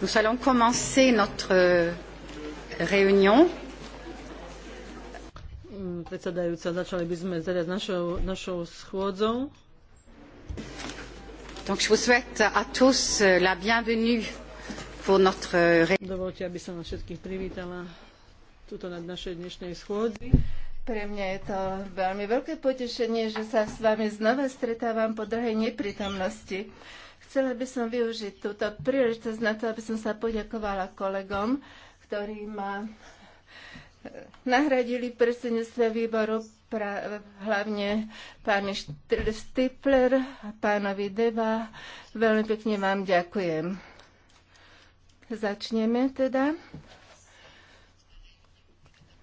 Nous allons commencer notre euh, réunion. Mm, predsedajúca, začali by sme teraz našou, našou schôdzou. Donc je vous souhaite à tous euh, la bienvenue pour notre euh, réunion. Dovolte, aby som vás všetkých privítala tuto na našej dnešnej schôdzi. Pre mňa je to veľmi veľké potešenie, že sa s vami znova stretávam po drahej neprítomnosti. Chcela by som využiť túto príležitosť na to, aby som sa poďakovala kolegom, ktorí ma eh, nahradili predsedníctve výboru pra, hlavne páni Stipler a pánovi Deva. Veľmi pekne vám ďakujem. Začneme teda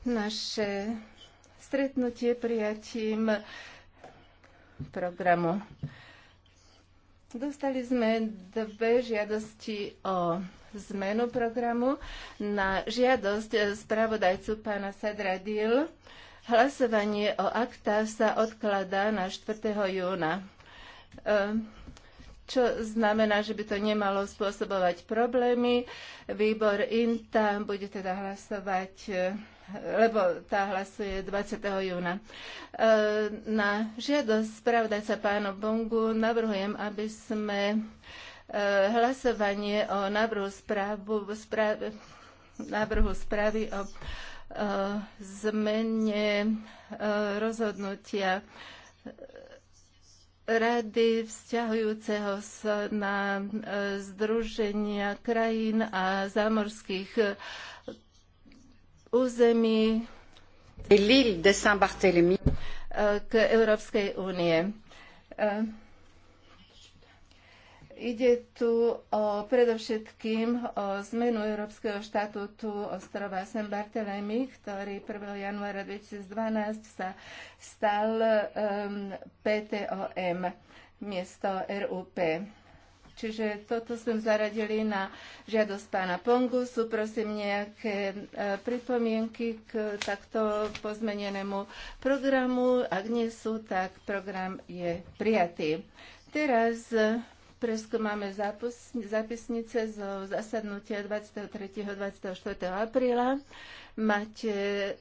naše stretnutie prijatím programu. Dostali sme dve žiadosti o zmenu programu na žiadosť spravodajcu pána Dil, Hlasovanie o akta sa odkladá na 4. júna. Ehm, čo znamená, že by to nemalo spôsobovať problémy. Výbor INTA bude teda hlasovať lebo tá hlasuje 20. júna. E, na žiadosť spravodajca pánu Bongu navrhujem, aby sme e, hlasovanie o návrhu, správu, správ, návrhu správy o e, zmene rozhodnutia rady vzťahujúceho sa na združenia krajín a zámorských území eh, k Európskej únie. Eh, ide tu o, predovšetkým o zmenu Európskeho štatútu ostrova Saint Barthélemy, ktorý 1. januára 2012 sa stal um, eh, PTOM miesto RUP. Čiže toto sme zaradili na žiadosť pána Pongu. Sú prosím nejaké e, pripomienky k takto pozmenenému programu. Ak nie sú, tak program je prijatý. Teraz e, preskúmame zápisnice zo zasadnutia 23. a 24. apríla. Máte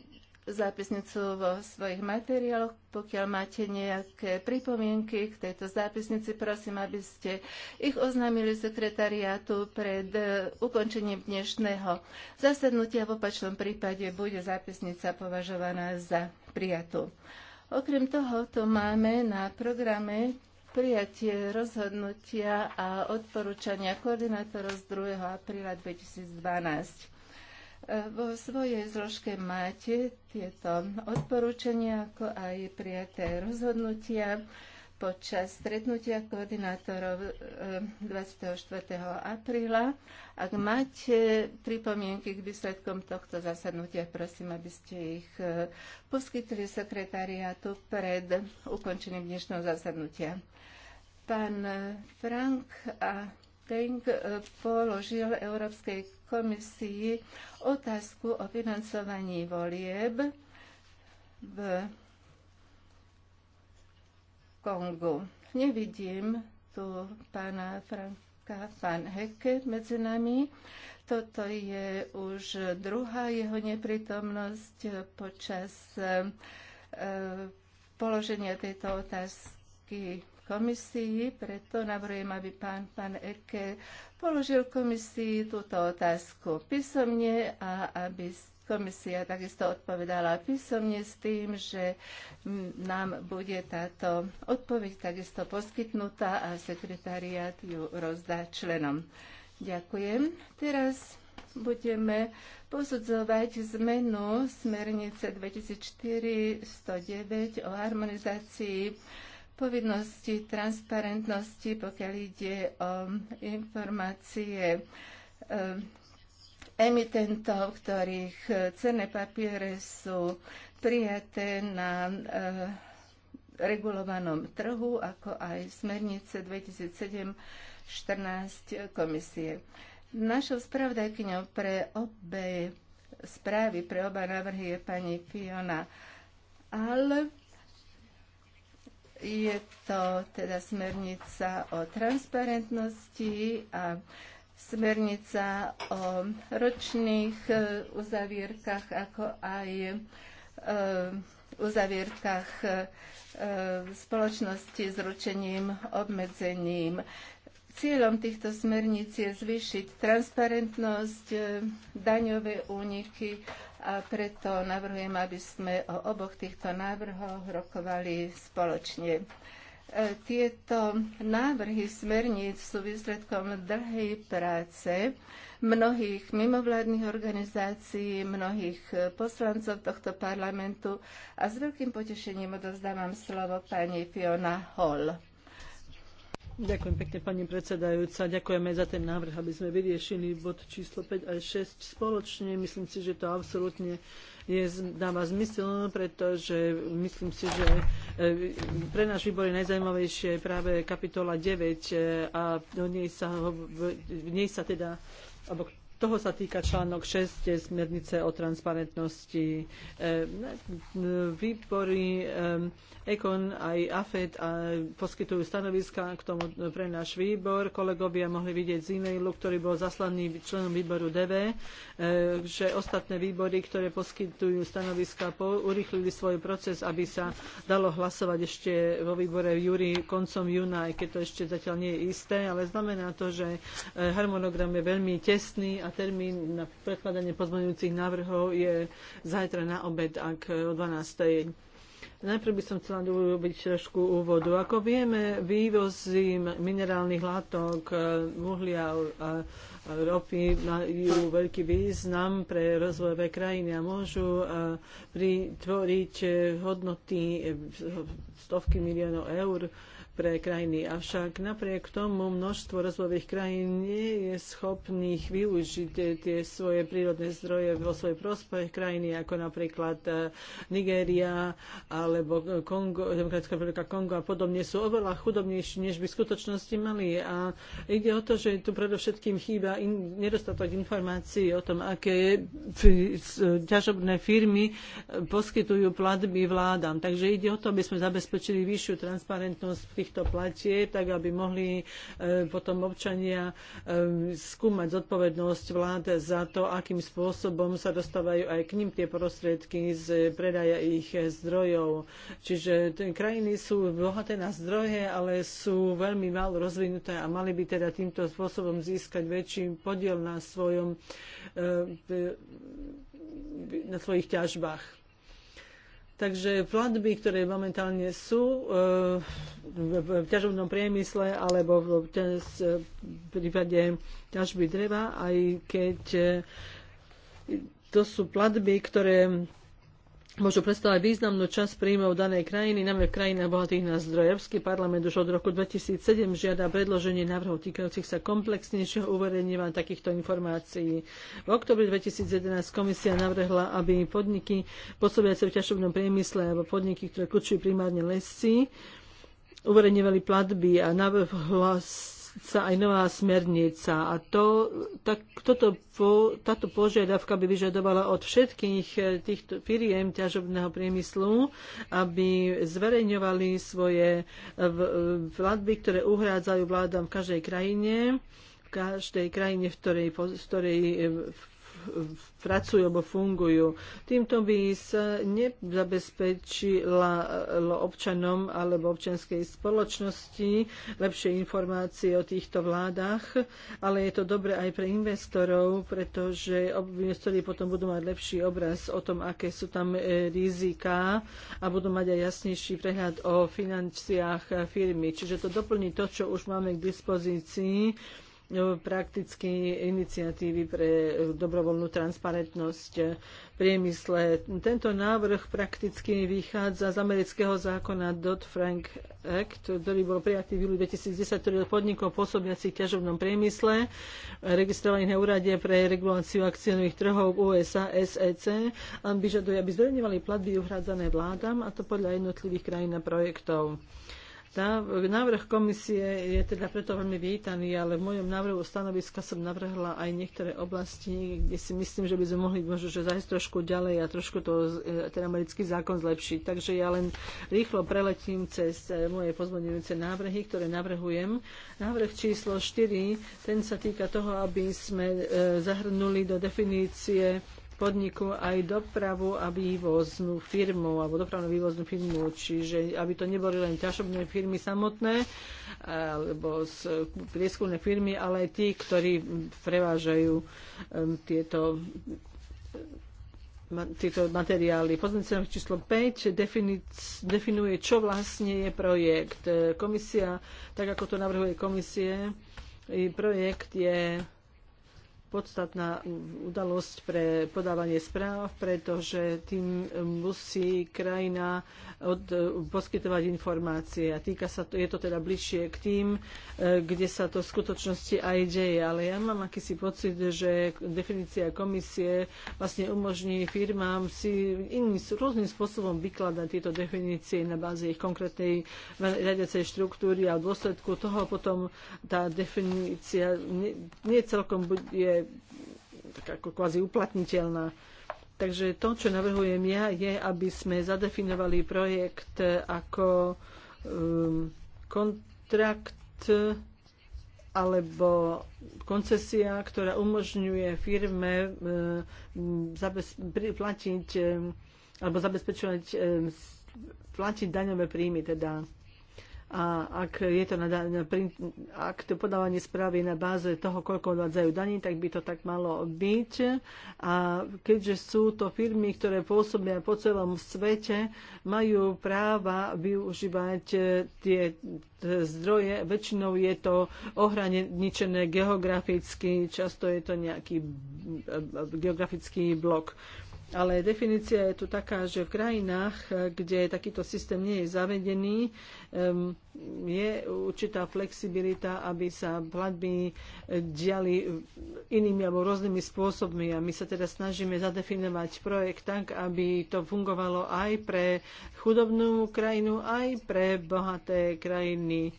zápisnicu vo svojich materiáloch. Pokiaľ máte nejaké pripomienky k tejto zápisnici, prosím, aby ste ich oznámili sekretariátu pred e, ukončením dnešného zasadnutia. V opačnom prípade bude zápisnica považovaná za prijatú. Okrem toho, tu máme na programe prijatie rozhodnutia a odporúčania koordinátorov z 2. apríla 2012. Vo svojej zložke máte tieto odporúčania, ako aj prijaté rozhodnutia počas stretnutia koordinátorov 24. Eh, apríla. Ak máte pripomienky k výsledkom tohto zasadnutia, prosím, aby ste ich eh, poskytli sekretariátu pred ukončením dnešného zasadnutia. Pán eh, Frank a Gering e, položil Európskej komisii otázku o financovaní volieb v Kongu. Nevidím tu pána Franka van Hecke medzi nami. Toto je už druhá jeho neprítomnosť počas e, položenia tejto otázky komisii, preto navrhujem, aby pán, pán Eke položil komisii túto otázku písomne a aby komisia takisto odpovedala písomne s tým, že nám bude táto odpoveď takisto poskytnutá a sekretariat ju rozdá členom. Ďakujem. Teraz budeme posudzovať zmenu smernice 2004-109 o harmonizácii povinnosti transparentnosti, pokiaľ ide o informácie eh, emitentov, ktorých eh, cenné papiere sú prijaté na eh, regulovanom trhu, ako aj smernice 2007-14 komisie. Našou spravodajkyňou pre obe správy, pre oba návrhy je pani Fiona Al je to teda smernica o transparentnosti a smernica o ročných e, uzavierkach, ako aj e, uzavierkach e, spoločnosti s ručením obmedzením. Cieľom týchto smerníc je zvýšiť transparentnosť, daňové úniky a preto navrhujem, aby sme o oboch týchto návrhoch rokovali spoločne. E, tieto návrhy smerníc sú výsledkom dlhej práce mnohých mimovládnych organizácií, mnohých poslancov tohto parlamentu a s veľkým potešením odovzdávam slovo pani Fiona Hall. Ďakujem pekne, pani predsedajúca. Ďakujeme za ten návrh, aby sme vyriešili bod číslo 5 a 6 spoločne. Myslím si, že to absolútne je, dáva zmysel, pretože myslím si, že e, pre náš výbor je najzajímavejšie práve kapitola 9 e, a do nej sa, v nej sa teda, alebo toho sa týka článok 6 smernice o transparentnosti. Ehm, výbory ehm, Ekon aj AFED poskytujú stanoviska k tomu pre náš výbor. Kolegovia mohli vidieť z e-mailu, ktorý bol zaslaný členom výboru DV, ehm, že ostatné výbory, ktoré poskytujú stanoviska, urychlili svoj proces, aby sa dalo hlasovať ešte vo výbore Júri koncom júna, aj keď to ešte zatiaľ nie je isté, ale znamená to, že harmonogram je veľmi tesný a termín na prekladanie pozmeňujúcich návrhov je zajtra na obed, ak o 12. Najprv by som chcela urobiť trošku úvodu. Ako vieme, vývozy minerálnych látok, eh, uhlia a ropy majú veľký význam pre rozvojové krajiny a môžu eh, pritvoriť hodnoty eh, stovky miliónov eur pre krajiny. Avšak napriek tomu množstvo rozvojových krajín nie je schopných využiť tie svoje prírodné zdroje vo svoj prospech krajiny, ako napríklad e, Nigéria alebo Kongo, Demokratická republika Kongo a podobne sú oveľa chudobnejší, než by v skutočnosti mali. A ide o to, že tu predovšetkým chýba in, nedostatok informácií o tom, aké ťažobné firmy e, poskytujú platby vládam. Takže ide o to, aby sme zabezpečili vyššiu transparentnosť v týchto platieb, tak aby mohli e, potom občania e, skúmať zodpovednosť vlád za to, akým spôsobom sa dostávajú aj k ním tie prostriedky z predaja ich zdrojov. Čiže krajiny sú bohaté na zdroje, ale sú veľmi málo rozvinuté a mali by teda týmto spôsobom získať väčší podiel na svojom e, na svojich ťažbách. Takže platby, ktoré momentálne sú eh, v ťažobnom priemysle alebo v prípade ťažby dreva, aj keď eh, to sú platby, ktoré môžu predstavovať významnú časť príjmov danej krajiny, najmä v krajinách bohatých na zdroje. Európsky parlament už od roku 2007 žiada predloženie návrhov týkajúcich sa komplexnejšieho uverejňovania takýchto informácií. V oktobri 2011 komisia navrhla, aby podniky pôsobiace v ťažobnom priemysle alebo podniky, ktoré kľúčujú primárne lesy, uverejňovali platby a navrhla sa aj nová smernica a to, tak, toto, táto požiadavka by vyžadovala od všetkých eh, týchto firiem ťažobného priemyslu, aby zverejňovali svoje eh, eh, platby, ktoré uhrádzajú vládam v každej krajine v každej krajine, v ktorej, v ktorej pracujú alebo fungujú. Týmto by sa nezabezpečilo eh, občanom alebo občianskej spoločnosti lepšie informácie o týchto vládach, ale je to dobré aj pre investorov, pretože investori potom budú mať lepší obraz o tom, aké sú tam eh, riziká a budú mať aj jasnejší prehľad o financiách eh, firmy. Čiže to doplní to, čo už máme k dispozícii E, prakticky iniciatívy pre dobrovoľnú transparentnosť v priemysle. Tento návrh prakticky vychádza z amerického zákona Dodd-Frank Act, ktorý bol prijatý v júli 2010, ktorý od podnikov pôsobiacich v ťažobnom priemysle, registrovaných na úrade pre reguláciu akciových trhov USA SEC, a e vyžaduje, aby zverejňovali platby uhradzané vládam, a to podľa jednotlivých krajín a projektov. Návrh komisie je teda preto veľmi vítaný, ale v mojom návrhu stanoviska som navrhla aj niektoré oblasti, kde si myslím, že by sme mohli možno že zajsť trošku ďalej a trošku to, e, ten americký zákon zlepšiť. Takže ja len rýchlo preletím cez e, moje pozvodňujúce návrhy, ktoré navrhujem. Návrh číslo 4, ten sa týka toho, aby sme e, zahrnuli do definície podniku aj dopravu a vývoznú firmu, alebo dopravnú vývoznú firmu, čiže aby to neboli len ťažobné firmy samotné, alebo e, prieskumné firmy, ale aj tí, ktorí prevážajú e, tieto e, tieto materiály. Pozmeňujúci číslo 5 definuje, čo vlastne je projekt. Komisia, tak ako to navrhuje komisie, projekt je podstatná udalosť pre podávanie správ, pretože tým musí krajina od, poskytovať informácie. A týka sa to, je to teda bližšie k tým, e, kde sa to v skutočnosti aj deje. Ale ja mám akýsi pocit, že definícia komisie vlastne umožní firmám si iným rôznym spôsobom vykladať tieto definície na báze ich konkrétnej riadiacej štruktúry a v dôsledku toho potom tá definícia nie, nie celkom bude taká ako kvázi uplatniteľná. Takže to, čo navrhujem ja, je, aby sme zadefinovali projekt ako um, kontrakt alebo koncesia, ktorá umožňuje firme um, platiť um, alebo zabezpečovať um, platiť daňové príjmy. Teda a ak, je to na, na, ak to podávanie správy na báze toho, koľko odvádzajú daní, tak by to tak malo byť. A keďže sú to firmy, ktoré pôsobia po celom svete, majú práva využívať e, tie zdroje. Väčšinou je to ohraničené geograficky, často je to nejaký e, e, geografický blok. Ale definícia je tu taká, že v krajinách, kde takýto systém nie je zavedený, je určitá flexibilita, aby sa platby diali inými alebo rôznymi spôsobmi. A my sa teda snažíme zadefinovať projekt tak, aby to fungovalo aj pre chudobnú krajinu, aj pre bohaté krajiny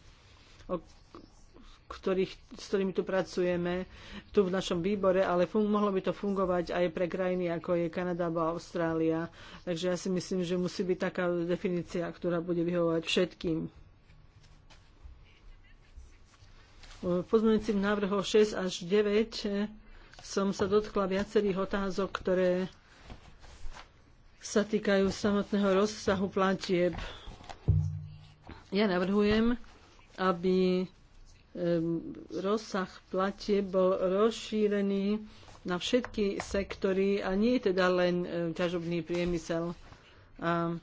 ktorých, s ktorými tu pracujeme tu v našom výbore, ale fun- mohlo by to fungovať aj pre krajiny ako je Kanada alebo Austrália. Takže ja si myslím, že musí byť taká definícia, ktorá bude vyhovovať všetkým. V pozmeňujúcim návrhu 6 až 9 som sa dotkla viacerých otázok, ktoré sa týkajú samotného rozsahu platieb. Ja navrhujem, aby rozsah platie bol rozšírený na všetky sektory a nie teda len e, ťažobný priemysel. A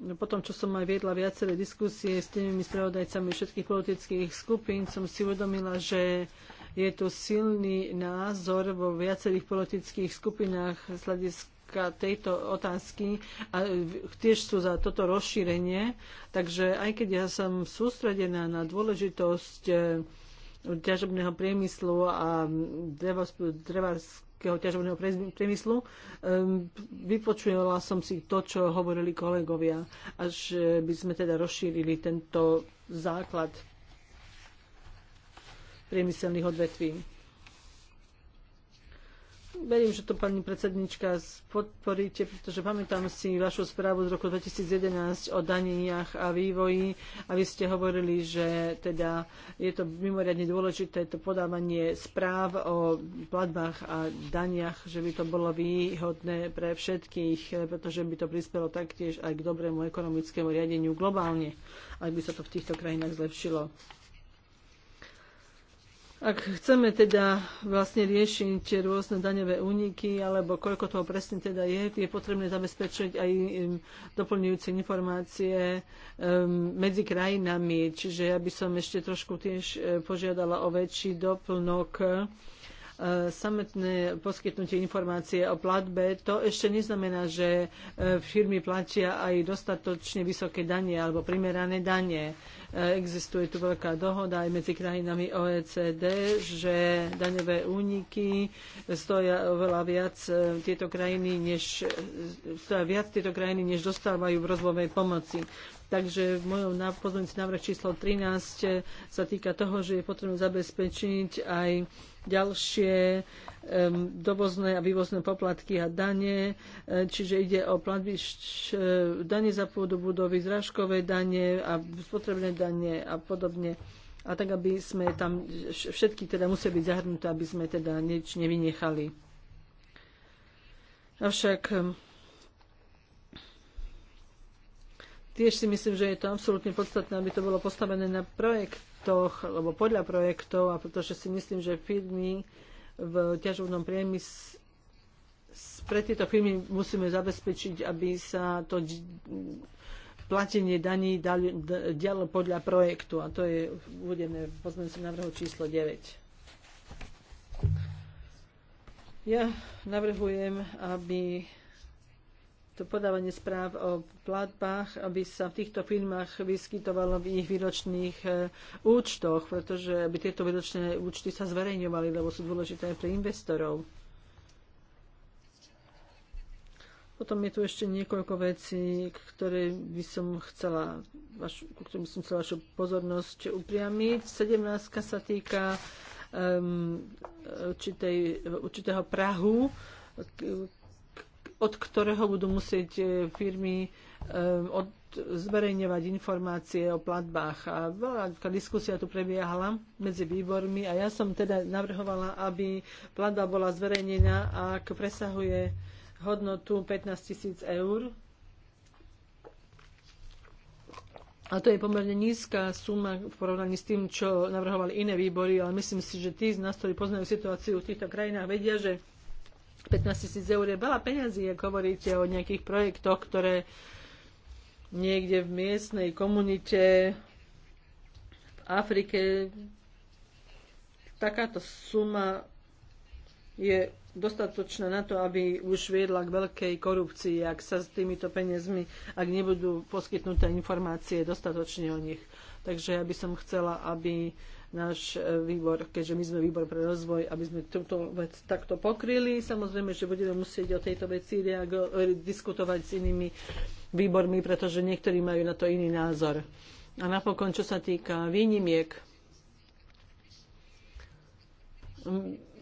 no, potom, čo som aj viedla viaceré diskusie s tými spravodajcami všetkých politických skupín, som si uvedomila, že je tu silný názor vo viacerých politických skupinách z hľadiska týka tejto otázky a tiež sú za toto rozšírenie. Takže aj keď ja som sústredená na dôležitosť eh, ťažobného priemyslu a drevarského ťažobného priemyslu, ehm, vypočujela som si to, čo hovorili kolegovia, až eh, by sme teda rozšírili tento základ priemyselných odvetví verím, že to pani predsednička podporíte, pretože pamätám si vašu správu z roku 2011 o daneniach a vývoji a vy ste hovorili, že teda je to mimoriadne dôležité to podávanie správ o platbách a daniach, že by to bolo výhodné pre všetkých, pretože by to prispelo taktiež aj k dobrému ekonomickému riadeniu globálne, ak by sa to v týchto krajinách zlepšilo. Ak chceme teda vlastne riešiť rôzne daňové úniky, alebo koľko toho presne teda je, je potrebné zabezpečiť aj doplňujúce informácie medzi krajinami. Čiže ja by som ešte trošku tiež e, požiadala o väčší doplnok e, samotné poskytnutie informácie o platbe, to ešte neznamená, že e, firmy platia aj dostatočne vysoké danie alebo primerané danie. Existuje tu veľká dohoda aj medzi krajinami OECD, že daňové úniky stoja oveľa viac e, tieto krajiny, než, e, stoja viac tieto krajiny, než dostávajú v rozvojovej pomoci. Takže v mojom pozornici návrh číslo 13 e, sa týka toho, že je potrebné zabezpečiť aj ďalšie dovozné a vývozné poplatky a dane, čiže ide o platby e, dane za pôdu budovy, zrážkové dane a spotrebné dane a podobne. A tak, aby sme tam, všetky teda musia byť zahrnuté, aby sme teda nič nevynechali. Avšak tiež si myslím, že je to absolútne podstatné, aby to bolo postavené na projektoch, alebo podľa projektov, a pretože si myslím, že firmy, v ťažovnom priemysle pre tieto firmy musíme zabezpečiť, aby sa to platenie daní dialo podľa projektu a to je uvedené v pozmeňujúcom návrhu číslo 9. Ja navrhujem, aby to podávanie správ o platbách, aby sa v týchto firmách vyskytovalo v ich výročných e, účtoch, pretože aby tieto výročné účty sa zverejňovali, lebo sú dôležité aj pre investorov. Potom je tu ešte niekoľko vecí, ktoré by som chcela, vašu, ktoré by som chcela vašu pozornosť upriamiť. 17 sa týka um, určitej, určitého Prahu, od ktorého budú musieť e, firmy e, od, zverejňovať informácie o platbách. A veľká diskusia tu prebiehala medzi výbormi a ja som teda navrhovala, aby platba bola zverejnená, ak presahuje hodnotu 15 tisíc eur. A to je pomerne nízka suma v porovnaní s tým, čo navrhovali iné výbory, ale myslím si, že tí z nás, ktorí poznajú situáciu v týchto krajinách, vedia, že 15 tisíc eur je veľa peňazí, ak hovoríte o nejakých projektoch, ktoré niekde v miestnej komunite v Afrike takáto suma je dostatočná na to, aby už viedla k veľkej korupcii, ak sa s týmito peniazmi, ak nebudú poskytnuté informácie dostatočne o nich. Takže ja by som chcela, aby náš e, výbor, keďže my sme výbor pre rozvoj, aby sme túto vec takto pokryli. Samozrejme, že budeme musieť o tejto veci e, diskutovať s inými výbormi, pretože niektorí majú na to iný názor. A napokon, čo sa týka výnimiek,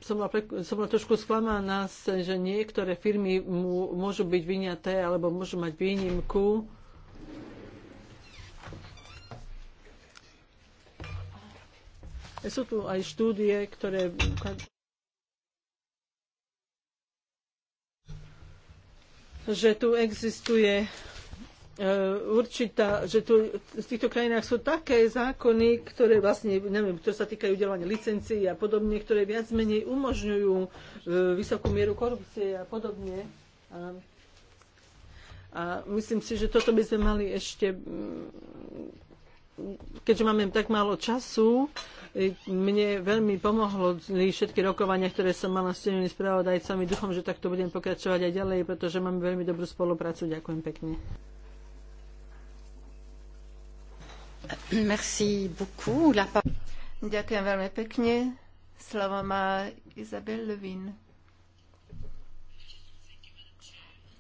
som bola, som bola trošku sklamaná, že niektoré firmy môžu byť vyňaté alebo môžu mať výnimku Sú tu aj štúdie, ktoré že tu existuje e, určitá, že tu v týchto krajinách sú také zákony, ktoré vlastne, neviem, ktoré sa týkajú udelovania licencií a podobne, ktoré viac menej umožňujú e, vysokú mieru korupcie a podobne. A, a myslím si, že toto by sme mali ešte, mm, keďže máme tak málo času, mne veľmi pomohlo všetky rokovania, ktoré som mala s tými spravodajcami. Dúfam, že takto budem pokračovať aj ďalej, pretože máme veľmi dobrú spoluprácu. Ďakujem pekne. Merci beaucoup. La... Ďakujem veľmi pekne. Slovo má Izabel Levin.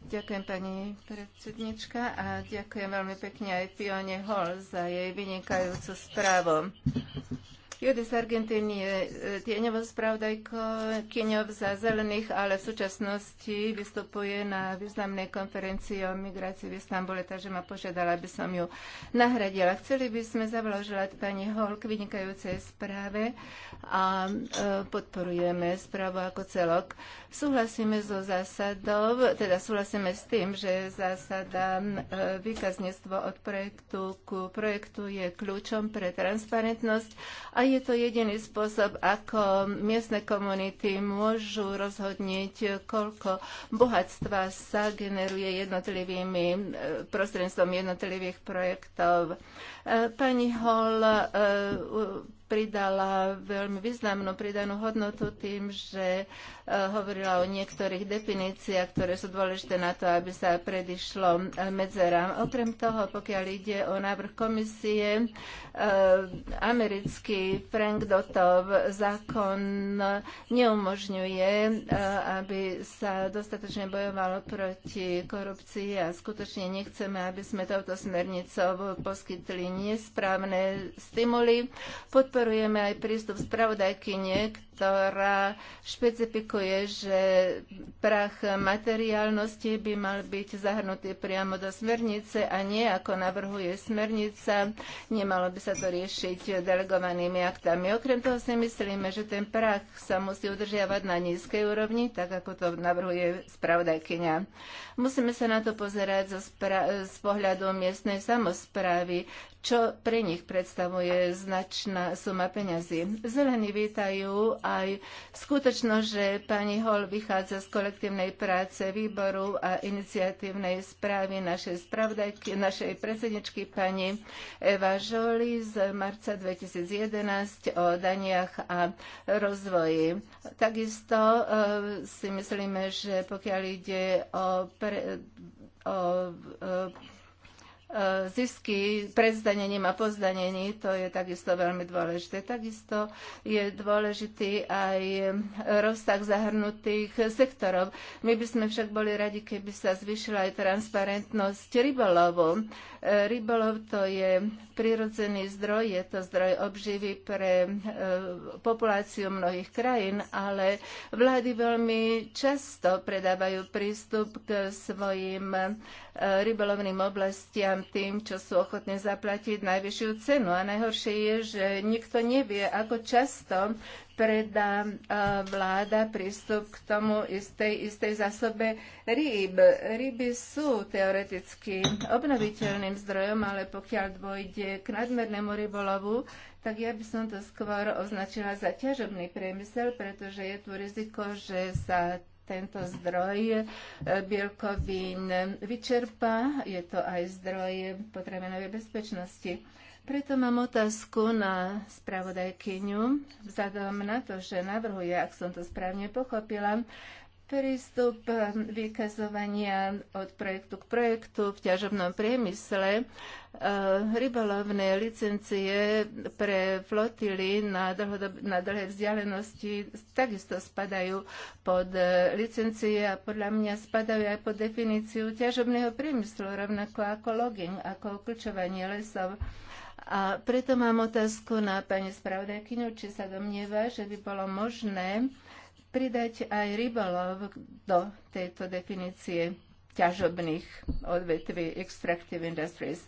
Ďakujem pani predsednička a ďakujem veľmi pekne aj Pione Hall za jej vynikajúcu správu z Argentíny je e, tieňovou spravodajkyňou za zelených, ale v súčasnosti vystupuje na významnej konferencii o migrácii v Istambule, takže ma požiadala, aby som ju nahradila. Chceli by sme zavlažovať pani Hol k vynikajúcej správe a e, podporujeme správu ako celok. Súhlasíme so zásadou, teda súhlasíme s tým, že zásada e, výkazníctvo od projektu ku projektu je kľúčom pre transparentnosť a je je to jediný spôsob, ako miestne komunity môžu rozhodniť, koľko bohatstva sa generuje jednotlivými, e, prostredstvom jednotlivých projektov. E, pani Hall e, pridala veľmi významnú pridanú hodnotu tým, že e, hovorila o niektorých definíciách, ktoré sú dôležité na to, aby sa predišlo e, medzerám. Okrem toho, pokiaľ ide o návrh komisie, e, americký Frank Dotov zákon neumožňuje, aby sa dostatočne bojovalo proti korupcii a skutočne nechceme, aby sme touto smernicou poskytli nesprávne stimuly. Podporujeme podporujeme aj prístup spravodajkyne k ktorá špecifikuje, že prach materiálnosti by mal byť zahrnutý priamo do smernice a nie ako navrhuje smernica. Nemalo by sa to riešiť delegovanými aktami. Okrem toho si myslíme, že ten prach sa musí udržiavať na nízkej úrovni, tak ako to navrhuje spravodajkynia. Musíme sa na to pozerať zo z pohľadu miestnej samozprávy, čo pre nich predstavuje značná suma peňazí. Zelení vítajú a aj skutočnosť, že pani Hol vychádza z kolektívnej práce výboru a iniciatívnej správy našej, našej predsedničky pani Eva Žoli z marca 2011 o daniach a rozvoji. Takisto eh, si myslíme, že pokiaľ ide o, pre, o, o eh, zisky pred zdanením a po zdanení, to je takisto veľmi dôležité. Takisto je dôležitý aj rozsah zahrnutých sektorov. My by sme však boli radi, keby sa zvýšila aj transparentnosť rybolovu. Rybolov to je prirodzený zdroj, je to zdroj obživy pre e, populáciu mnohých krajín, ale vlády veľmi často predávajú prístup k svojim e, rybolovným oblastiam tým, čo sú ochotní zaplatiť najvyššiu cenu. A najhoršie je, že nikto nevie, ako často predá e, vláda prístup k tomu istej, istej zásobe rýb. Ryby sú teoreticky obnoviteľným zdrojom, ale pokiaľ dôjde k nadmernému rybolovu, tak ja by som to skôr označila za ťažobný priemysel, pretože je tu riziko, že sa tento zdroj e, bielkovín vyčerpa. Je to aj zdroj potravinovej bezpečnosti. Preto mám otázku na spravodajkyňu, vzhľadom na to, že navrhuje, ak som to správne pochopila, prístup um, vykazovania od projektu k projektu v ťažobnom priemysle uh, rybolovné licencie pre flotily na, dlhodob- na dlhé vzdialenosti takisto spadajú pod uh, licencie a podľa mňa spadajú aj pod definíciu ťažobného priemyslu, rovnako ako logging, ako okľúčovanie lesov. A preto mám otázku na pani spravodajkyňu, či sa domnieva, že by bolo možné pridať aj rybolov do tejto definície ťažobných odvetví Extractive Industries.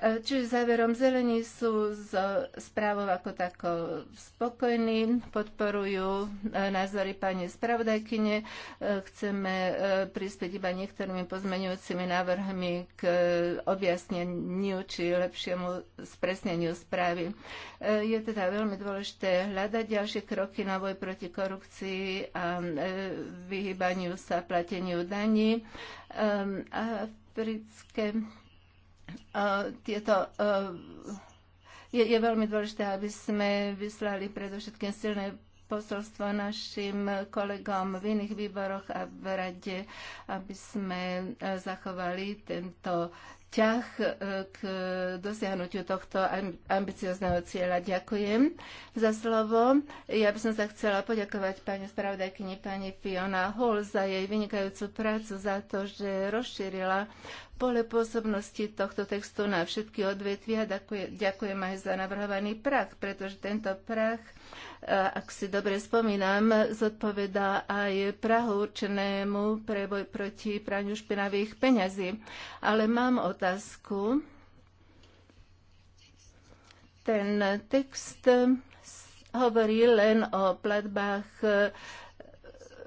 Čiže záverom zelení sú s správou ako tako spokojní, podporujú e, názory pani spravodajkyne. E, chceme e, prispieť iba niektorými pozmeňujúcimi návrhmi k objasneniu či lepšiemu spresneniu správy. Je teda veľmi dôležité hľadať ďalšie kroky na boj proti korupcii a vyhýbaniu sa plateniu daní. Africké Eh, tieto eh, je, je veľmi dôležité, aby sme vyslali predovšetkým silné posolstvo našim kolegom v iných výboroch a v rade, aby sme eh, zachovali tento ťah e, k dosiahnutiu tohto ambiciozného cieľa. Ďakujem za slovo. Ja by som sa chcela poďakovať pani spravodajkyni pani Fiona Hall za jej vynikajúcu prácu, za to, že rozšírila pole pôsobnosti tohto textu na všetky odvetvia. Ďakujem aj za navrhovaný prach, pretože tento prach ak si dobre spomínam, zodpovedá aj Prahu určenému pre boj proti praniu špinavých peňazí. Ale mám otázku. Ten text hovorí len o platbách e,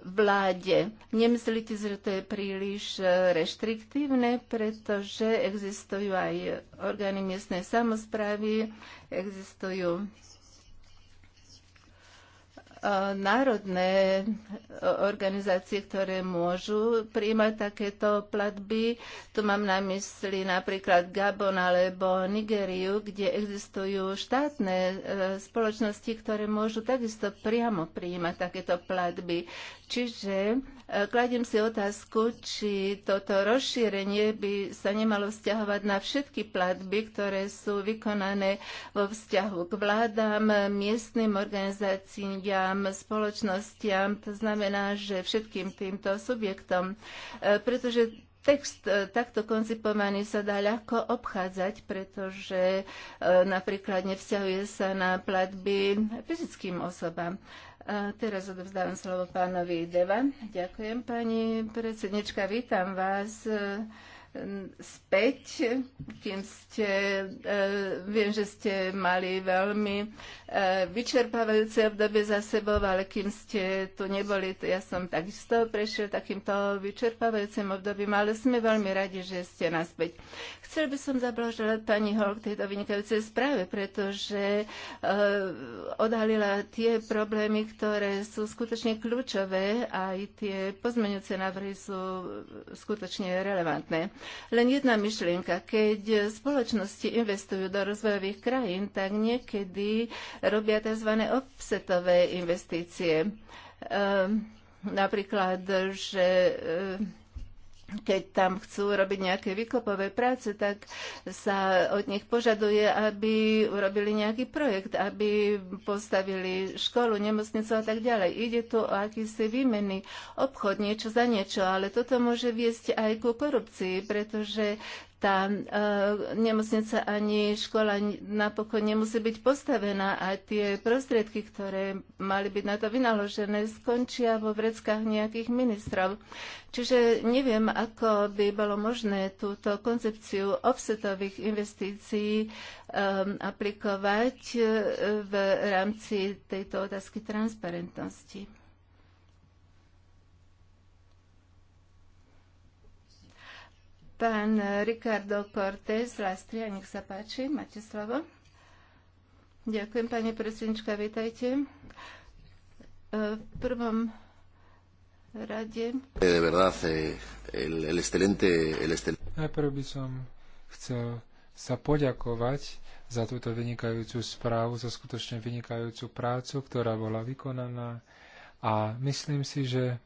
vláde. Nemyslíte, že to je príliš e, reštriktívne, pretože existujú aj orgány miestnej samozprávy, existujú E, národné e, organizácie, ktoré môžu príjmať takéto platby. Tu mám na mysli napríklad Gabon alebo Nigeriu, kde existujú štátne e, spoločnosti, ktoré môžu takisto priamo príjmať takéto platby. Čiže kladím si otázku, či toto rozšírenie by sa nemalo vzťahovať na všetky platby, ktoré sú vykonané vo vzťahu k vládám, miestnym organizáciám, firmám, spoločnostiam, to znamená, že všetkým týmto subjektom, e, pretože text e, takto koncipovaný sa dá ľahko obchádzať, pretože e, napríklad nevzťahuje sa na platby fyzickým osobám. teraz odovzdávam slovo pánovi Deva. Ďakujem, pani predsednička, vítam vás späť, kým ste, e, viem, že ste mali veľmi e, vyčerpávajúce obdobie za sebou, ale kým ste tu neboli, to ja som takisto prešiel takýmto vyčerpávajúcim obdobím, ale sme veľmi radi, že ste naspäť. Chcel by som zablažovať pani Hol k tejto vynikajúcej správe, pretože eh, odhalila tie problémy, ktoré sú skutočne kľúčové a aj tie pozmeňujúce návrhy sú skutočne relevantné. Len jedna myšlienka. Keď spoločnosti investujú do rozvojových krajín, tak niekedy robia tzv. offsetové investície. Eh, napríklad, že eh, keď tam chcú robiť nejaké vykopové práce, tak sa od nich požaduje, aby urobili nejaký projekt, aby postavili školu, nemocnicu a tak ďalej. Ide tu o akýsi výmenný obchod, niečo za niečo, ale toto môže viesť aj ku korupcii, pretože tá e, nemocnica ani škola napokon nemusí byť postavená a tie prostriedky, ktoré mali byť na to vynaložené, skončia vo vreckách nejakých ministrov. Čiže neviem, ako by bolo možné túto koncepciu offsetových investícií e, aplikovať e, v rámci tejto otázky transparentnosti. Pán Ricardo Cortés, Lastria, nech sa páči, máte slovo. Ďakujem, pani predsednička, vítajte. E, v prvom rade... Eh, de verdad, eh, el, el excelente, el excelente... Najprv by som chcel sa poďakovať za túto vynikajúcu správu, za skutočne vynikajúcu prácu, ktorá bola vykonaná. A myslím si, že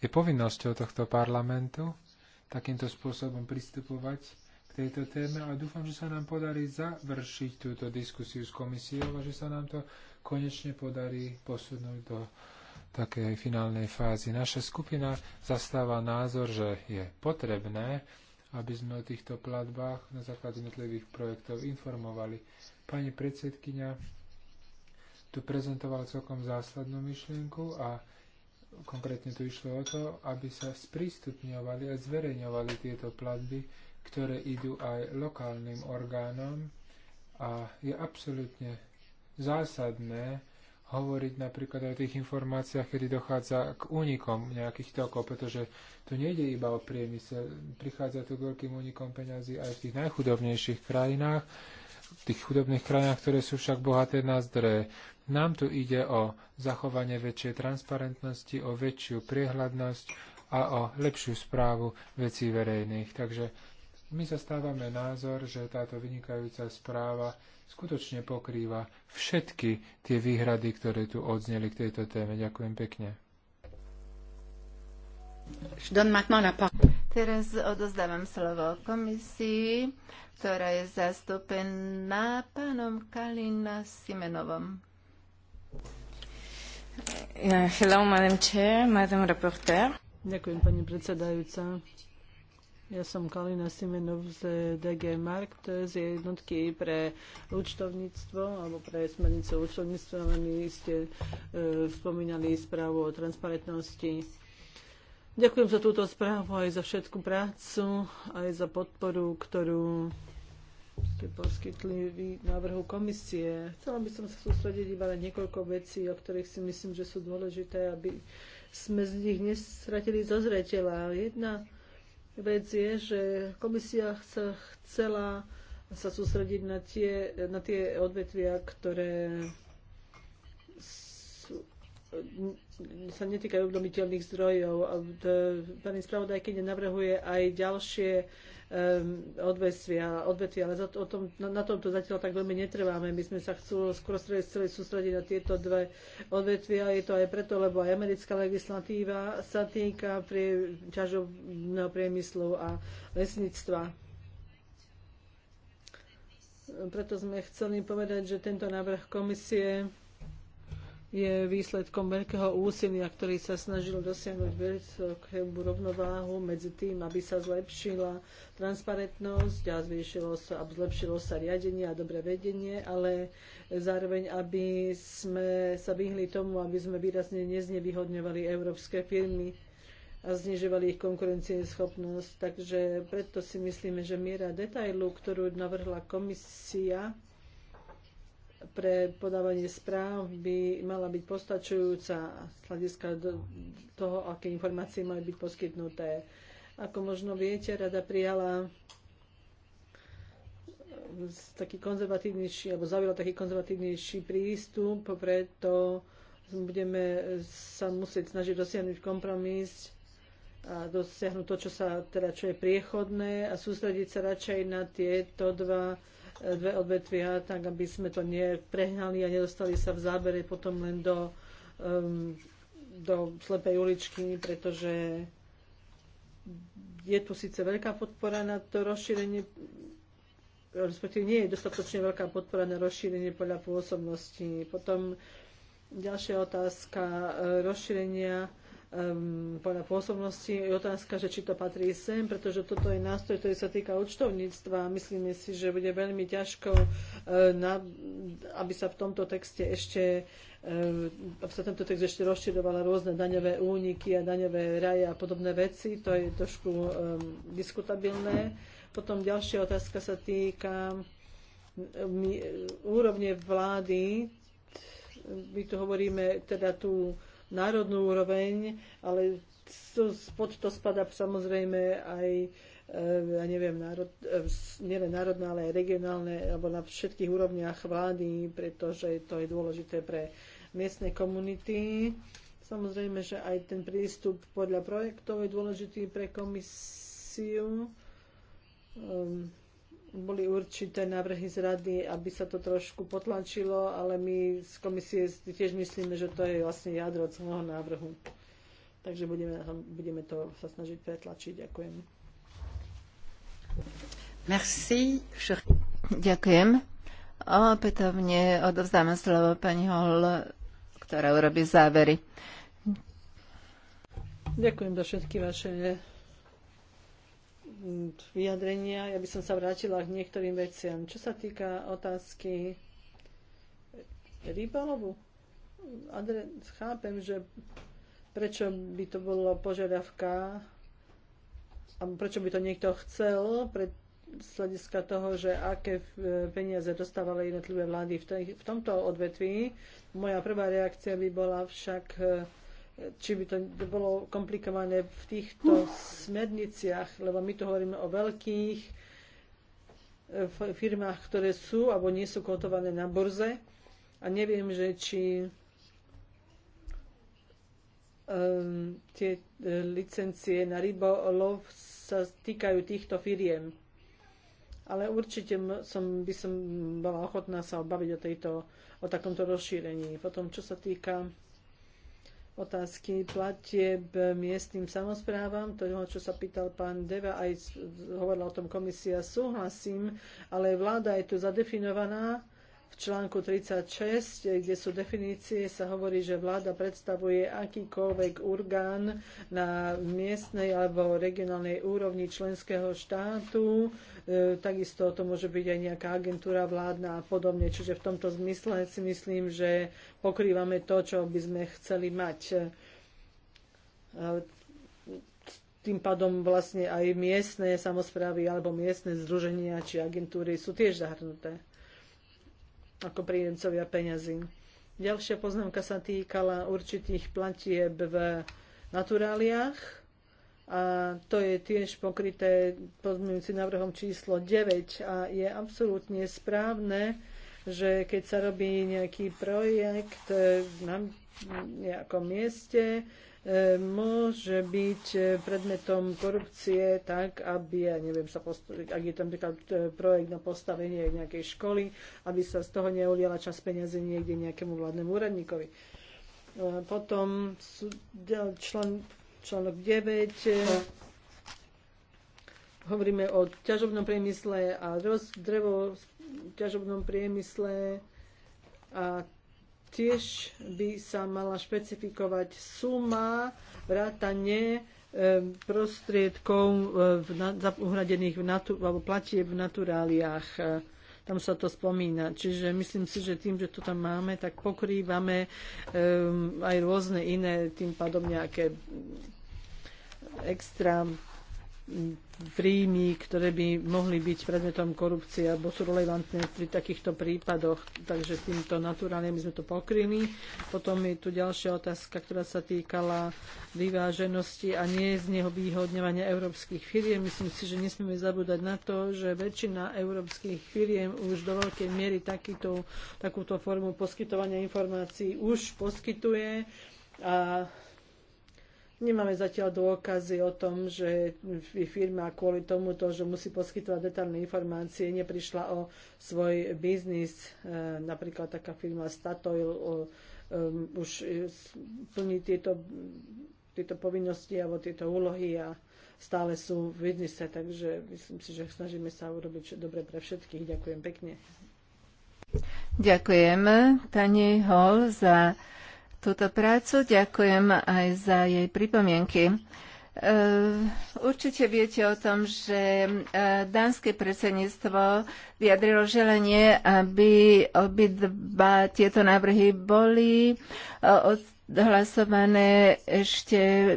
je povinnosťou tohto parlamentu takýmto spôsobom pristupovať k tejto téme a dúfam, že sa nám podarí završiť túto diskusiu s komisiou a že sa nám to konečne podarí posunúť do takej finálnej fázy. Naša skupina zastáva názor, že je potrebné, aby sme o týchto platbách na základe jednotlivých projektov informovali. Pani predsedkynia tu prezentovala celkom zásadnú myšlienku a Konkrétne tu išlo o to, aby sa sprístupňovali a zverejňovali tieto platby, ktoré idú aj lokálnym orgánom a je absolútne zásadné hovoriť napríklad o tých informáciách, kedy dochádza k únikom nejakých tokov, pretože tu nejde iba o priemysel, prichádza tu k veľkým únikom peňazí aj v tých najchudobnejších krajinách, v tých chudobných krajinách, ktoré sú však bohaté na zdroje. Nám tu ide o zachovanie väčšej transparentnosti, o väčšiu priehľadnosť a o lepšiu správu vecí verejných. Takže my zastávame názor, že táto vynikajúca správa skutočne pokrýva všetky tie výhrady, ktoré tu odzneli k tejto téme. Ďakujem pekne. Teraz odozdávam slovo komisii, ktorá je zastúpená pánom Kalina Simenovom. Hello, Madam Chair, Madam Reporter. Ďakujem, pani predsedajúca. Ja som Kalina Simenov z DG Mark, to je z jednotky pre účtovníctvo alebo pre smernicu účtovníctva. My ste e, spomínali správu o transparentnosti. Ďakujem za túto správu aj za všetku prácu, aj za podporu, ktorú ste poskytli vy návrhu komisie. Chcela by som sa sústrediť iba na niekoľko vecí, o ktorých si myslím, že sú dôležité, aby sme z nich nestratili zo zreteľa. Jedna vec je, že komisia sa chcela sa sústrediť na tie, na tie odvetvia, ktoré sú, sa netýkajú obnoviteľných zdrojov. Pani spravodajkyňa navrhuje aj ďalšie odvetvia, ale za to, o tom, na, na tomto zatiaľ tak veľmi netrváme. My sme sa chcú skôr chceli sústrediť na tieto dve odvetvia. Je to aj preto, lebo aj americká legislatíva sa týka prie, ťažobného priemyslu a lesníctva. Preto sme chceli povedať, že tento návrh komisie je výsledkom veľkého úsilia, ktorý sa snažil dosiahnuť vysokú rovnováhu medzi tým, aby sa zlepšila transparentnosť a zvýšilo sa, a zlepšilo sa riadenie a dobré vedenie, ale zároveň, aby sme sa vyhli tomu, aby sme výrazne neznevýhodňovali európske firmy a znižovali ich konkurencieschopnosť. Takže preto si myslíme, že miera detailu, ktorú navrhla komisia, pre podávanie správ by mala byť postačujúca z hľadiska toho, aké informácie majú byť poskytnuté. Ako možno viete, rada prijala e, taký konzervatívnejší, alebo zaujala taký konzervatívnejší prístup, preto budeme sa musieť snažiť dosiahnuť kompromis a dosiahnuť to, čo, sa, teda, čo je priechodné a sústrediť sa radšej na tieto dva dve odvetvia, tak aby sme to neprehnali a nedostali sa v zábere potom len do, um, do slepej uličky, pretože je tu síce veľká podpora na to rozšírenie, respektíve nie je dostatočne veľká podpora na rozšírenie podľa pôsobnosti. Potom ďalšia otázka e, rozšírenia um, podľa pôsobnosti. Je otázka, že či to patrí sem, pretože toto je nástroj, ktorý sa týka účtovníctva. Myslíme si, že bude veľmi ťažko, uh, na, aby sa v tomto texte ešte eh, aby sa tento text ešte rozširovala rôzne daňové úniky a daňové raje a podobné veci. To je trošku um, diskutabilné. Potom ďalšia otázka sa týka um, úrovne vlády. My tu hovoríme teda tu národnú úroveň, ale pod to spada samozrejme aj eh, ja neviem, národ, eh, nielen národné, ale aj regionálne, alebo na všetkých úrovniach vlády, pretože to je dôležité pre miestne komunity. Samozrejme, že aj ten prístup podľa projektov je dôležitý pre komisiu. Um, boli určité návrhy z rady, aby sa to trošku potlačilo, ale my z komisie tiež myslíme, že to je vlastne jadro celého návrhu. Takže budeme, budeme to sa snažiť pretlačiť. Ďakujem. Merci. Ďakujem. Opätovne odovzdáme slovo pani Hol, ktorá urobí závery. Ďakujem za všetky vaše vyjadrenia. Ja by som sa vrátila k niektorým veciam. Čo sa týka otázky rybalovu, Adre, chápem, že prečo by to bolo požiadavka a prečo by to niekto chcel, pred, z hľadiska toho, že aké peniaze dostávali jednotlivé vlády v, tej, v tomto odvetví. Moja prvá reakcia by bola však či by to bolo komplikované v týchto hm. smerniciach, lebo my to hovoríme o veľkých eh, firmách, ktoré sú alebo nie sú kotované na burze a neviem, že či um, tie eh, licencie na rybolov sa týkajú týchto firiem. Ale určite som, by som bola ochotná sa obaviť o, tejto, o takomto rozšírení. Potom, čo sa týka otázky platieb miestnym samozprávam, toho, čo sa pýtal pán Deva, aj hovorila o tom komisia, súhlasím, ale vláda je tu zadefinovaná v článku 36, kde sú definície, sa hovorí, že vláda predstavuje akýkoľvek orgán na miestnej alebo regionálnej úrovni členského štátu. E, takisto to môže byť aj nejaká agentúra vládna a podobne. Čiže v tomto zmysle si myslím, že pokrývame to, čo by sme chceli mať e, tým pádom vlastne aj miestne samozprávy alebo miestne združenia či agentúry sú tiež zahrnuté ako príjemcovia peňazí. Ďalšia poznámka sa týkala určitých platieb v naturáliách a to je tiež pokryté pozmeňujúcim návrhom číslo 9 a je absolútne správne, že keď sa robí nejaký projekt na nejakom mieste, E, môže byť e, predmetom korupcie tak, aby, ja neviem, sa postaviť, ak je tam napríklad e, projekt na postavenie nejakej školy, aby sa z toho neuliala čas peniaze niekde nejakému vládnemu úradníkovi. Potom člen, článok 9 hovoríme o ťažobnom priemysle a roz, drevo v ťažobnom priemysle a Tiež by sa mala špecifikovať suma, vrátanie prostriedkov uhradených v natu- alebo platie v naturáliách e, tam sa to spomína. Čiže myslím si, že tým, že to tam máme, tak pokrývame um, aj rôzne iné, tým pádom nejaké extra príjmy, ktoré by mohli byť predmetom korupcie alebo sú relevantné pri takýchto prípadoch. Takže týmto naturálne my sme to pokryli. Potom je tu ďalšia otázka, ktorá sa týkala vyváženosti a nie z neho výhodňovania európskych firiem. Myslím si, že nesmieme zabúdať na to, že väčšina európskych firiem už do veľkej miery takýto, takúto formu poskytovania informácií už poskytuje a Nemáme zatiaľ dôkazy o tom, že firma kvôli tomu, že musí poskytovať detálne informácie, neprišla o svoj biznis. E, napríklad taká firma Statoil už plní tieto, tieto povinnosti alebo tieto úlohy a stále sú v biznise, takže myslím si, že snažíme sa urobiť dobre pre všetkých. Ďakujem pekne. Ďakujem pani Hol za túto prácu. Ďakujem aj za jej pripomienky. E, určite viete o tom, že e, dánske predsedníctvo vyjadrilo želenie, aby obidva tieto návrhy boli e, Dohlasované ešte e,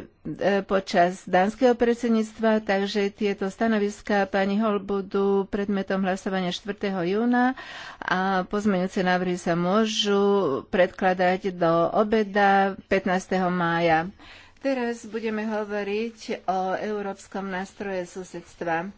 počas dánskeho predsedníctva, takže tieto stanoviská pani Hol budú predmetom hlasovania 4. júna a pozmeňujúce návrhy sa môžu predkladať do obeda 15. mája. Teraz budeme hovoriť o Európskom nástroje susedstva.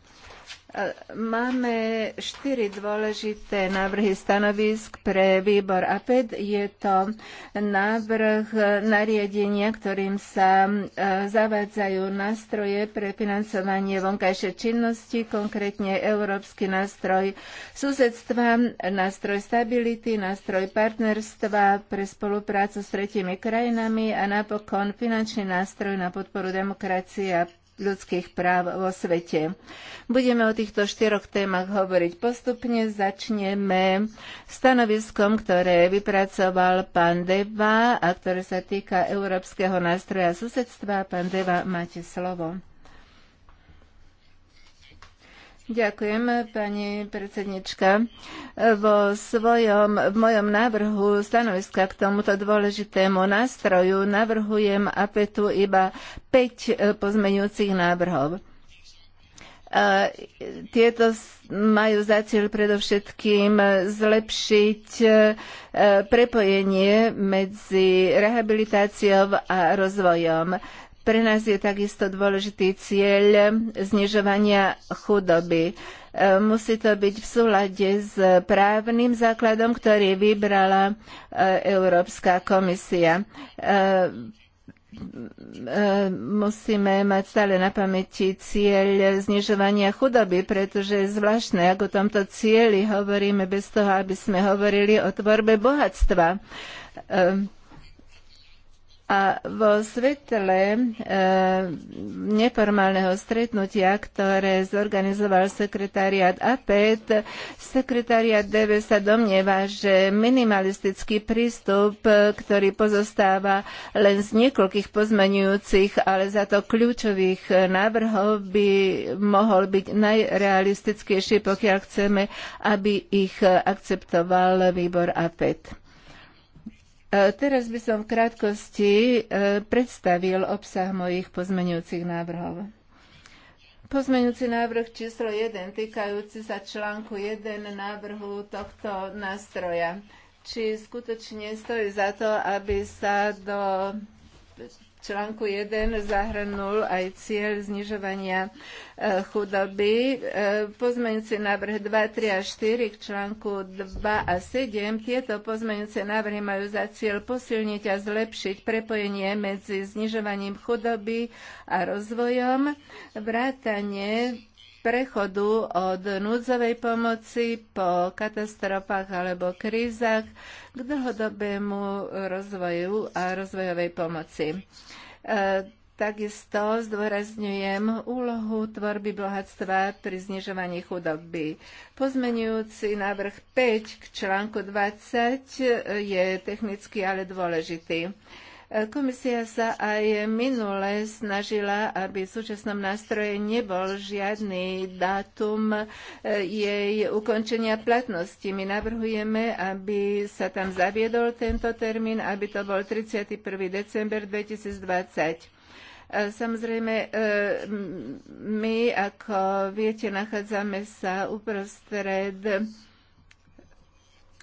Máme štyri dôležité návrhy stanovisk pre výbor APED. Je to návrh nariadenia, ktorým sa e, zavádzajú nástroje pre financovanie vonkajšej činnosti, konkrétne Európsky nástroj susedstva, nástroj stability, nástroj partnerstva pre spoluprácu s tretimi krajinami a napokon finančný nástroj na podporu demokracie a ľudských práv vo svete. Budeme o týchto štyroch témach hovoriť postupne. Začneme stanoviskom, ktoré vypracoval pán Deva a ktoré sa týka Európskeho nástroja susedstva. Pán Deva, máte slovo. Ďakujem, pani predsednička. Vo svojom, v mojom návrhu stanoviska k tomuto dôležitému nástroju navrhujem APETu iba 5 e, pozmeňujúcich návrhov. A e, tieto majú za cieľ predovšetkým zlepšiť e, prepojenie medzi rehabilitáciou a rozvojom. Pre nás je takisto dôležitý cieľ znižovania chudoby. E, musí to byť v súlade s právnym základom, ktorý vybrala e, Európska komisia e, musíme mať stále na pamäti cieľ znižovania chudoby, pretože je zvláštne, ako o tomto cieli hovoríme bez toho, aby sme hovorili o tvorbe bohatstva. A vo svetle e, neformálneho stretnutia, ktoré zorganizoval sekretariat APET, sekretariat DV sa domnieva, že minimalistický prístup, e, ktorý pozostáva len z niekoľkých pozmenujúcich, ale za to kľúčových e, návrhov, by mohol byť najrealistickejší, pokiaľ chceme, aby ich e, akceptoval výbor APET. E, teraz by som v krátkosti e, predstavil obsah mojich pozmeňujúcich návrhov. Pozmeňujúci návrh číslo 1 týkajúci sa článku 1 návrhu tohto nástroja. Či skutočne stojí za to, aby sa do článku 1 zahrnul aj cieľ znižovania e, chudoby. E, pozmeňujúce návrh 2, 3 a 4 k článku 2 a 7. Tieto pozmeňujúce návrhy majú za cieľ posilniť a zlepšiť prepojenie medzi znižovaním chudoby a rozvojom, vrátanie prechodu od núdzovej pomoci po katastrofách alebo krízach k dlhodobému rozvoju a rozvojovej pomoci. E, takisto zdôrazňujem úlohu tvorby bohatstva pri znižovaní chudoby. Pozmenujúci návrh 5 k článku 20 je technicky ale dôležitý. Komisia sa aj minule snažila, aby v súčasnom nástroje nebol žiadny dátum e, jej ukončenia platnosti. My navrhujeme, aby sa tam zaviedol tento termín, aby to bol 31. december 2020. E, samozrejme, e, my, ako viete, nachádzame sa uprostred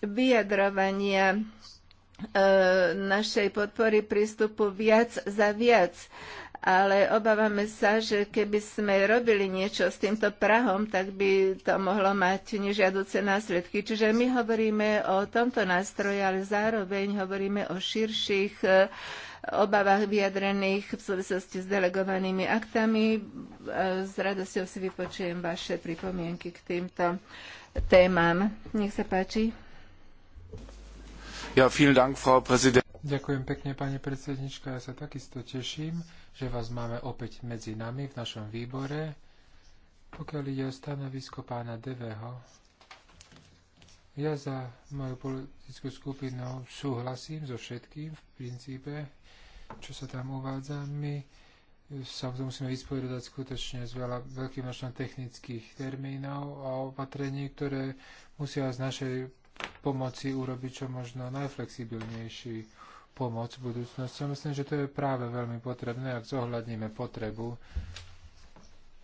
vyjadrovania našej podpory prístupu viac za viac ale obávame sa, že keby sme robili niečo s týmto Prahom, tak by to mohlo mať nežiaduce následky. Čiže my hovoríme o tomto nástroji, ale zároveň hovoríme o širších e, obavách vyjadrených v súvislosti s delegovanými aktami. E, s radosťou si vypočujem vaše pripomienky k týmto témam. Nech sa páči. Ja, vielen Dank, Frau Präsident. Ďakujem pekne, pani predsednička. Ja sa takisto teším, že vás máme opäť medzi nami v našom výbore. Pokiaľ ide o stanovisko pána Deveho, ja za moju politickú skupinu súhlasím so všetkým v princípe, čo sa tam uvádza. My sa to musíme vysporiadať skutočne s veľa, veľkým množstvom technických termínov a opatrení, ktoré musia z našej pomoci urobiť čo možno najflexibilnejší pomoc v budúcnosti. myslím, že to je práve veľmi potrebné, ak zohľadníme potrebu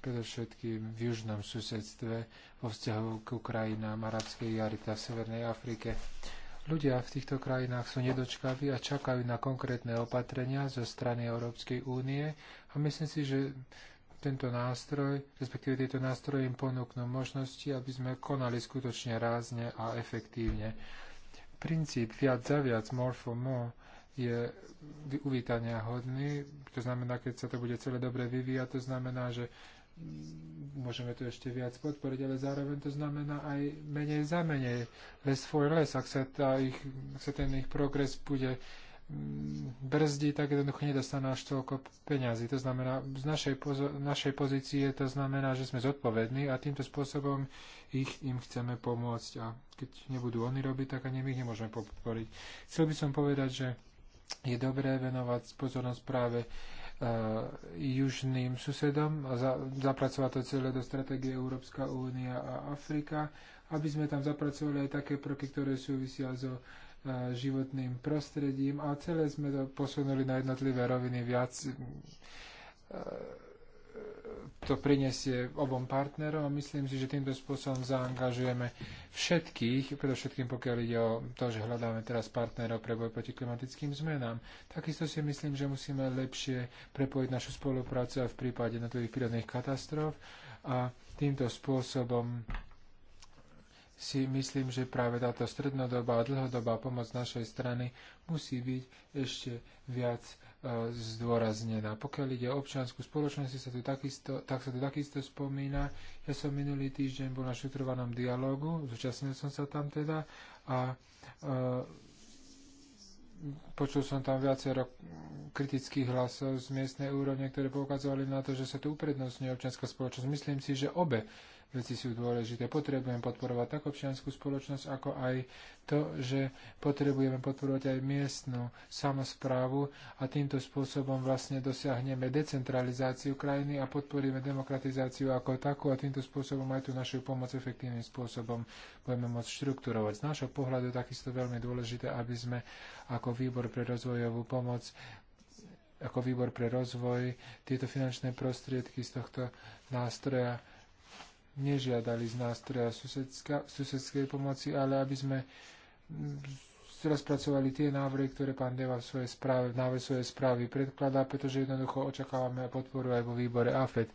predovšetkým v južnom susedstve vo vzťahu k krajinám arabskej jary a Severnej Afrike. Ľudia v týchto krajinách sú nedočkaví a čakajú na konkrétne opatrenia zo strany Európskej únie a myslím si, že tento nástroj, respektíve tieto nástroje im ponúknú možnosti, aby sme konali skutočne rázne a efektívne. Princíp viac za viac, more for more, je uvítania hodný. To znamená, keď sa to bude celé dobre vyvíjať, to znamená, že môžeme to ešte viac podporiť, ale zároveň to znamená aj menej za menej, less for less, ak sa, tá ich, ak sa ten ich progres bude Mm, brzdí, tak jednoducho nedostanú až toľko peňazí. To znamená, z našej, pozo- našej pozície to znamená, že sme zodpovední a týmto spôsobom ich, im chceme pomôcť a keď nebudú oni robiť, tak ani my ich nemôžeme podporiť. Chcel by som povedať, že je dobré venovať pozornosť práve uh, južným susedom a za, zapracovať to celé do stratégie Európska únia a Afrika, aby sme tam zapracovali aj také prvky, ktoré súvisia so uh, E, životným prostredím a celé sme to posunuli na jednotlivé roviny viac. E, e, to prinesie obom partnerom a myslím si, že týmto spôsobom zaangažujeme všetkých, predovšetkým pokiaľ ide o to, že hľadáme teraz partnerov pre boj proti klimatickým zmenám. Takisto si myslím, že musíme lepšie prepojiť našu spoluprácu aj v prípade jednotlivých prírodných katastrof a týmto spôsobom si myslím, že práve táto strednodobá a dlhodobá pomoc našej strany musí byť ešte viac e, zdôraznená. Pokiaľ ide o občianskú spoločnosť, sa tu takisto, tak sa tu takisto spomína. Ja som minulý týždeň bol na šutrovanom dialogu, zúčastnil som sa tam teda a e, počul som tam viacero kritických hlasov z miestnej úrovne, ktoré poukazovali na to, že sa tu uprednostňuje občianská spoločnosť. Myslím si, že obe veci sú dôležité. Potrebujeme podporovať tak občianskú spoločnosť, ako aj to, že potrebujeme podporovať aj miestnu samozprávu a týmto spôsobom vlastne dosiahneme decentralizáciu krajiny a podporíme demokratizáciu ako takú a týmto spôsobom aj tú našu pomoc efektívnym spôsobom budeme môcť štrukturovať. Z nášho pohľadu takisto veľmi dôležité, aby sme ako výbor pre rozvojovú pomoc ako výbor pre rozvoj tieto finančné prostriedky z tohto nástroja nežiadali z nástroja susedskej pomoci, ale aby sme rozpracovali tie návrhy, ktoré pán Deva v svojej správe, v návrhe svojej správy predkladá, pretože jednoducho očakávame podporu aj vo výbore AFED.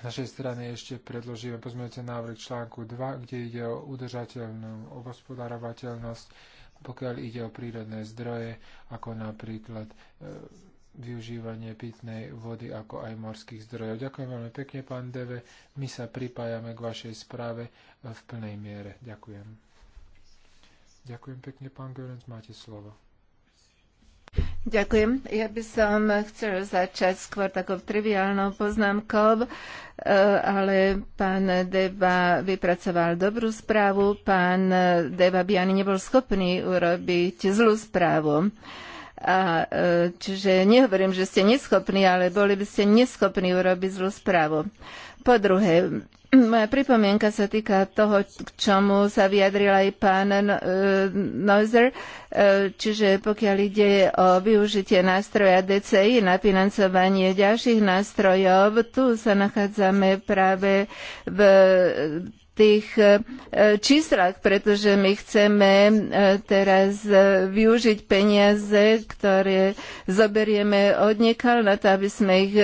Z našej strany ešte predložíme pozmeňujúce návrh článku 2, kde ide o udržateľnú obospodárovateľnosť, pokiaľ ide o prírodné zdroje, ako napríklad e, využívanie pitnej vody, ako aj morských zdrojov. Ďakujem veľmi pekne, pán Deve. My sa pripájame k vašej správe v plnej miere. Ďakujem. Ďakujem pekne, pán Görens, máte slovo. Ďakujem. Ja by som chcel začať skôr takou triviálnou poznámkou, e, ale pán Deva vypracoval dobrú správu, pán Deva by ani nebol schopný urobiť zlú správu. A, e, čiže nehovorím, že ste neschopní, ale boli by ste neschopní urobiť zlú správu. Po druhé, moja pripomienka sa týka toho, k čomu sa vyjadril aj pán e, Neuser, e, čiže pokiaľ ide o využitie nástroja DCI na financovanie ďalších nástrojov, tu sa nachádzame práve v tých e, číslach, pretože my chceme e, teraz e, využiť peniaze, ktoré zoberieme od na to, aby sme ich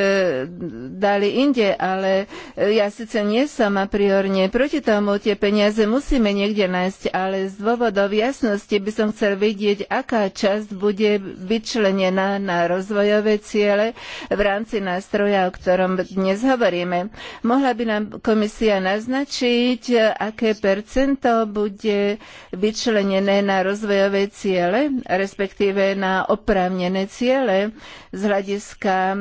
dali inde, ale ja síce nie som a priorne proti tomu, tie peniaze musíme niekde nájsť, ale z dôvodov jasnosti by som chcel vidieť, aká časť bude vyčlenená na rozvojové ciele v rámci nástroja, o ktorom dnes hovoríme. Mohla by nám komisia naznačiť, aké percento bude vyčlenené na rozvojové ciele, respektíve na oprávnené ciele z hľadiska e,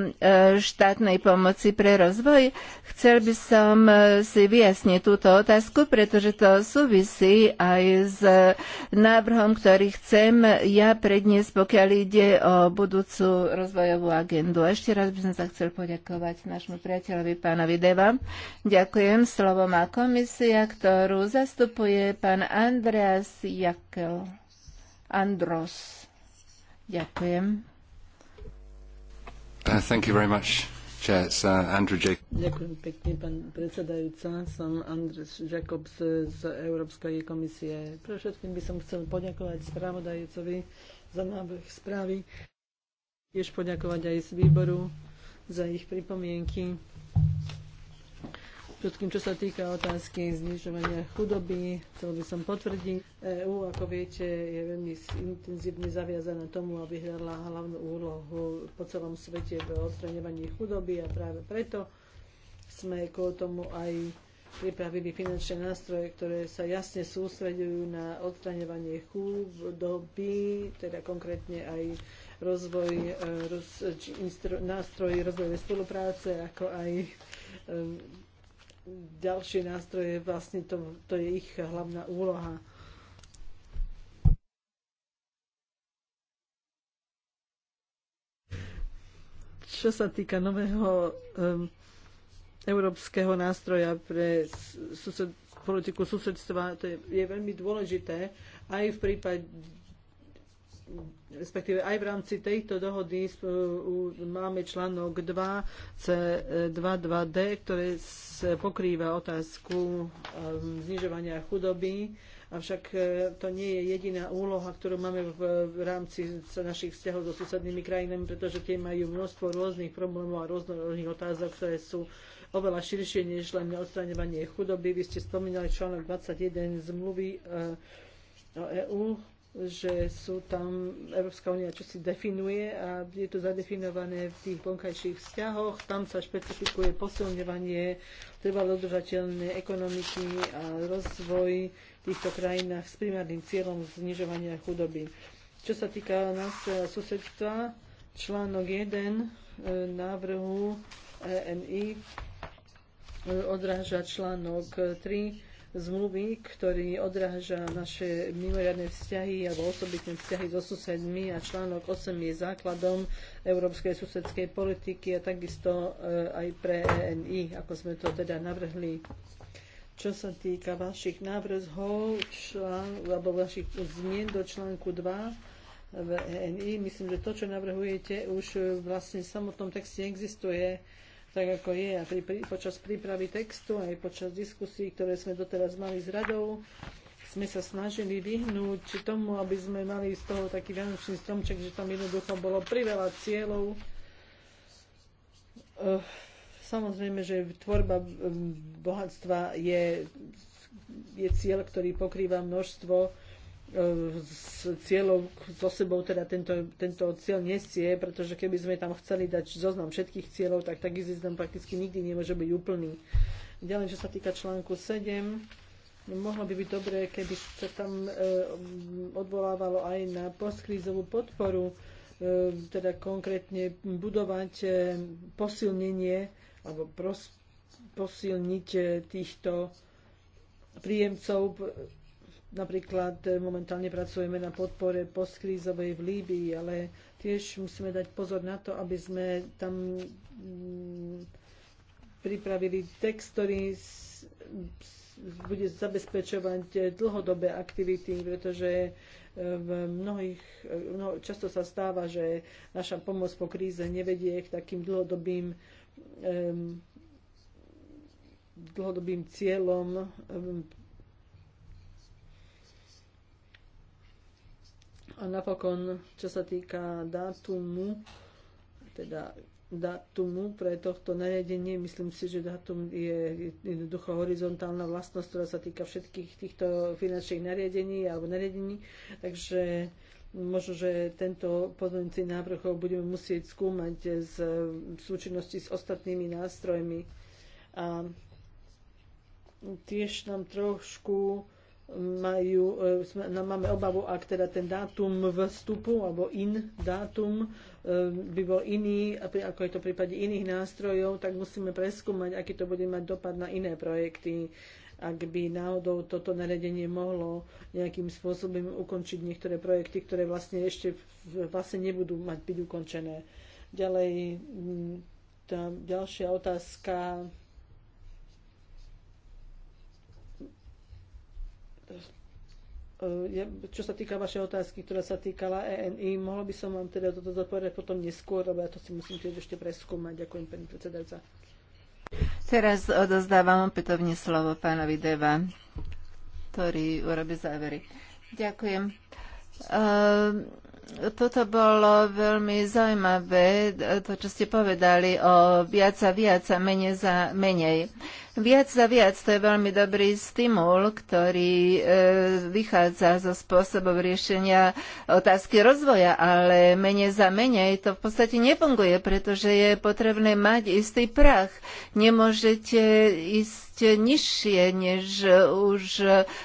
štátnej pomoci pre rozvoj. Chcel by som e, si vyjasniť túto otázku, pretože to súvisí aj s návrhom, ktorý chcem ja predniesť, pokiaľ ide o budúcu rozvojovú agendu. Ešte raz by som sa chcel poďakovať nášmu priateľovi pánovi Deva. Ďakujem, slovo má komisia Pozícia, ktorú zastupuje pán Andreas Jakel. Andros. Ďakujem. Uh, thank you very much. Chairs, uh, Andrew Ďakujem pekne, pán predsedajúca. Som Andres Jacobs z Európskej komisie. Pre všetkým by som chcel poďakovať správodajúcovi za návrh správy. Tiež poďakovať aj z výboru za ich pripomienky. Všetkým, čo sa týka otázky znižovania chudoby, chcel by som potvrdiť. EÚ, ako viete, je veľmi intenzívne zaviazaná tomu, aby hrala hlavnú úlohu po celom svete v odstraňovaní chudoby a práve preto sme k tomu aj pripravili finančné nástroje, ktoré sa jasne sústredujú na odstraňovanie chudoby, teda konkrétne aj rozvoj, e, roz, nástroj rozvojovej spolupráce, ako aj um, ďalšie nástroje, vlastne to, to je ich hlavná úloha. Čo sa týka nového um, európskeho nástroja pre sused, politiku susedstva, to je, je veľmi dôležité aj v prípade respektíve aj v rámci tejto dohody e, máme článok 2 C22D, e, ktoré pokrýva otázku e, znižovania chudoby. Avšak to nie je jediná úloha, ktorú máme v, rámci našich vzťahov so susednými krajinami, pretože tie majú množstvo rôznych problémov a rôznorodných otázok, ktoré sú oveľa širšie než len odstraňovanie chudoby. Vy ste spomínali článok 21 zmluvy o EÚ, že sú tam, Európska únia čo si definuje a je to zadefinované v tých vonkajších vzťahoch. Tam sa špecifikuje posilňovanie treba udržateľnej ekonomiky a rozvoj v týchto krajinách s primárnym cieľom znižovania chudoby. Čo sa týka nás susedstva, článok 1 e, návrhu ENI e, odráža článok 3 zmluvy, ktorý odráža naše mimoriadne vzťahy alebo osobitné vzťahy so susedmi a článok 8 je základom európskej susedskej politiky a takisto e, aj pre ENI, ako sme to teda navrhli. Čo sa týka vašich návrhov alebo vašich zmien do článku 2, v ENI. Myslím, že to, čo navrhujete, už vlastne v samotnom texte existuje tak ako je. A pri, počas prípravy textu aj počas diskusí, ktoré sme doteraz mali s radou, sme sa snažili vyhnúť tomu, aby sme mali z toho taký vianočný stromček, že tam jednoducho bolo priveľa cieľov. Eh, samozrejme, že tvorba eh, bohatstva je, je cieľ, ktorý pokrýva množstvo E, s cieľom so sebou teda tento, tento cieľ nesie, pretože keby sme tam chceli dať zoznam všetkých cieľov, tak taký zoznam prakticky nikdy nemôže byť úplný. Ďalej, čo sa týka článku 7, no mohlo by byť dobré, keby sa tam e, odvolávalo aj na postkrízovú podporu, e, teda konkrétne budovať e, posilnenie alebo pros, posilniť e, týchto príjemcov e, Napríklad eh, momentálne pracujeme na podpore postkrízovej v Líbii, ale tiež musíme dať pozor na to, aby sme tam mm, pripravili text, ktorý bude zabezpečovať eh, dlhodobé aktivity, pretože eh, v mnohých, mnoho, často sa stáva, že naša pomoc po kríze nevedie k takým dlhodobým dlhodobým cieľom A napokon, čo sa týka dátumu, teda datumu pre tohto nariadenie. Myslím si, že datum je jednoducho horizontálna vlastnosť, ktorá sa týka všetkých týchto finančných nariadení alebo nariadení. Takže možno, že tento pozornicí návrh budeme musieť skúmať z, v súčinnosti s ostatnými nástrojmi. A tiež nám trošku majú, e, máme obavu, ak teda ten dátum vstupu alebo in dátum e, by bol iný, ako je to v prípade iných nástrojov, tak musíme preskúmať, aký to bude mať dopad na iné projekty, ak by náhodou toto naredenie mohlo nejakým spôsobom ukončiť niektoré projekty, ktoré vlastne ešte vlastne nebudú mať byť ukončené. Ďalej, tá ďalšia otázka čo sa týka vašej otázky, ktorá sa týkala ENI, mohlo by som vám teda toto zapovedať potom neskôr, lebo ja to si musím tiež ešte preskúmať. Ďakujem, pani predsedajúca. Teraz odozdávam opätovne slovo pánovi Deva, ktorý urobí závery. Ďakujem. Uh, toto bolo veľmi zaujímavé, to, čo ste povedali o viac a viac a menej za menej. Uh, Viac za viac to je veľmi dobrý stimul, ktorý e, vychádza zo spôsobov riešenia otázky rozvoja, ale menej za menej to v podstate nefunguje, pretože je potrebné mať istý prach. Nemôžete ísť nižšie, než už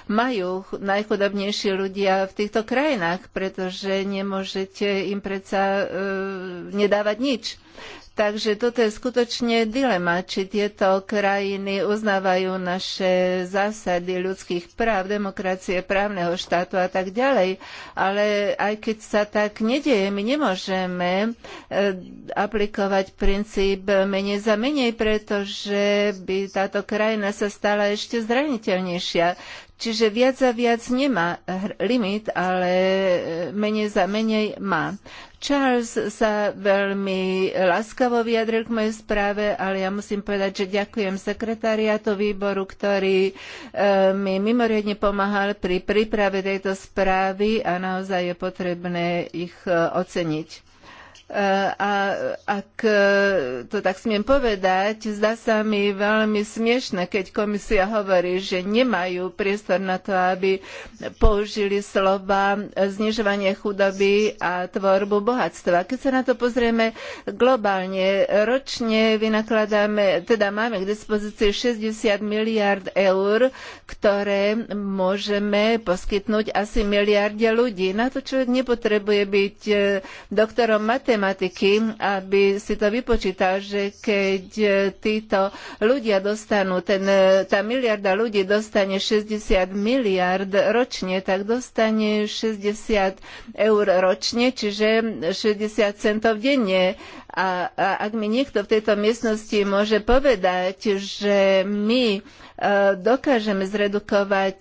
majú najchudobnejší ľudia v týchto krajinách, pretože nemôžete im predsa e, nedávať nič. Takže toto je skutočne dilema, či tieto krajiny uznávajú naše zásady ľudských práv, demokracie, právneho štátu a tak ďalej. Ale aj keď sa tak nedieje, my nemôžeme e, aplikovať princíp menej za menej, pretože by táto krajina sa stala ešte zraniteľnejšia. Čiže viac za viac nemá limit, ale e, menej za menej má. Charles sa veľmi láskavo vyjadril k mojej správe, ale ja musím povedať, že ďakujem sekretariatu výboru, ktorý e, mi mimoriadne pomáhal pri príprave tejto správy a naozaj je potrebné ich e, oceniť a ak to tak smiem povedať, zdá sa mi veľmi smiešne, keď komisia hovorí, že nemajú priestor na to, aby použili slova znižovanie chudoby a tvorbu bohatstva. Keď sa na to pozrieme globálne, ročne vynakladáme, teda máme k dispozícii 60 miliard eur, ktoré môžeme poskytnúť asi miliarde ľudí. Na to človek nepotrebuje byť eh, doktorom matematiky, matematiky, aby si to vypočítal, že keď e, títo ľudia dostanú, ten, e, tá miliarda ľudí dostane 60 miliard ročne, tak dostane 60 eur ročne, čiže 60 centov denne. A, a ak mi niekto v tejto miestnosti môže povedať, že my e, dokážeme zredukovať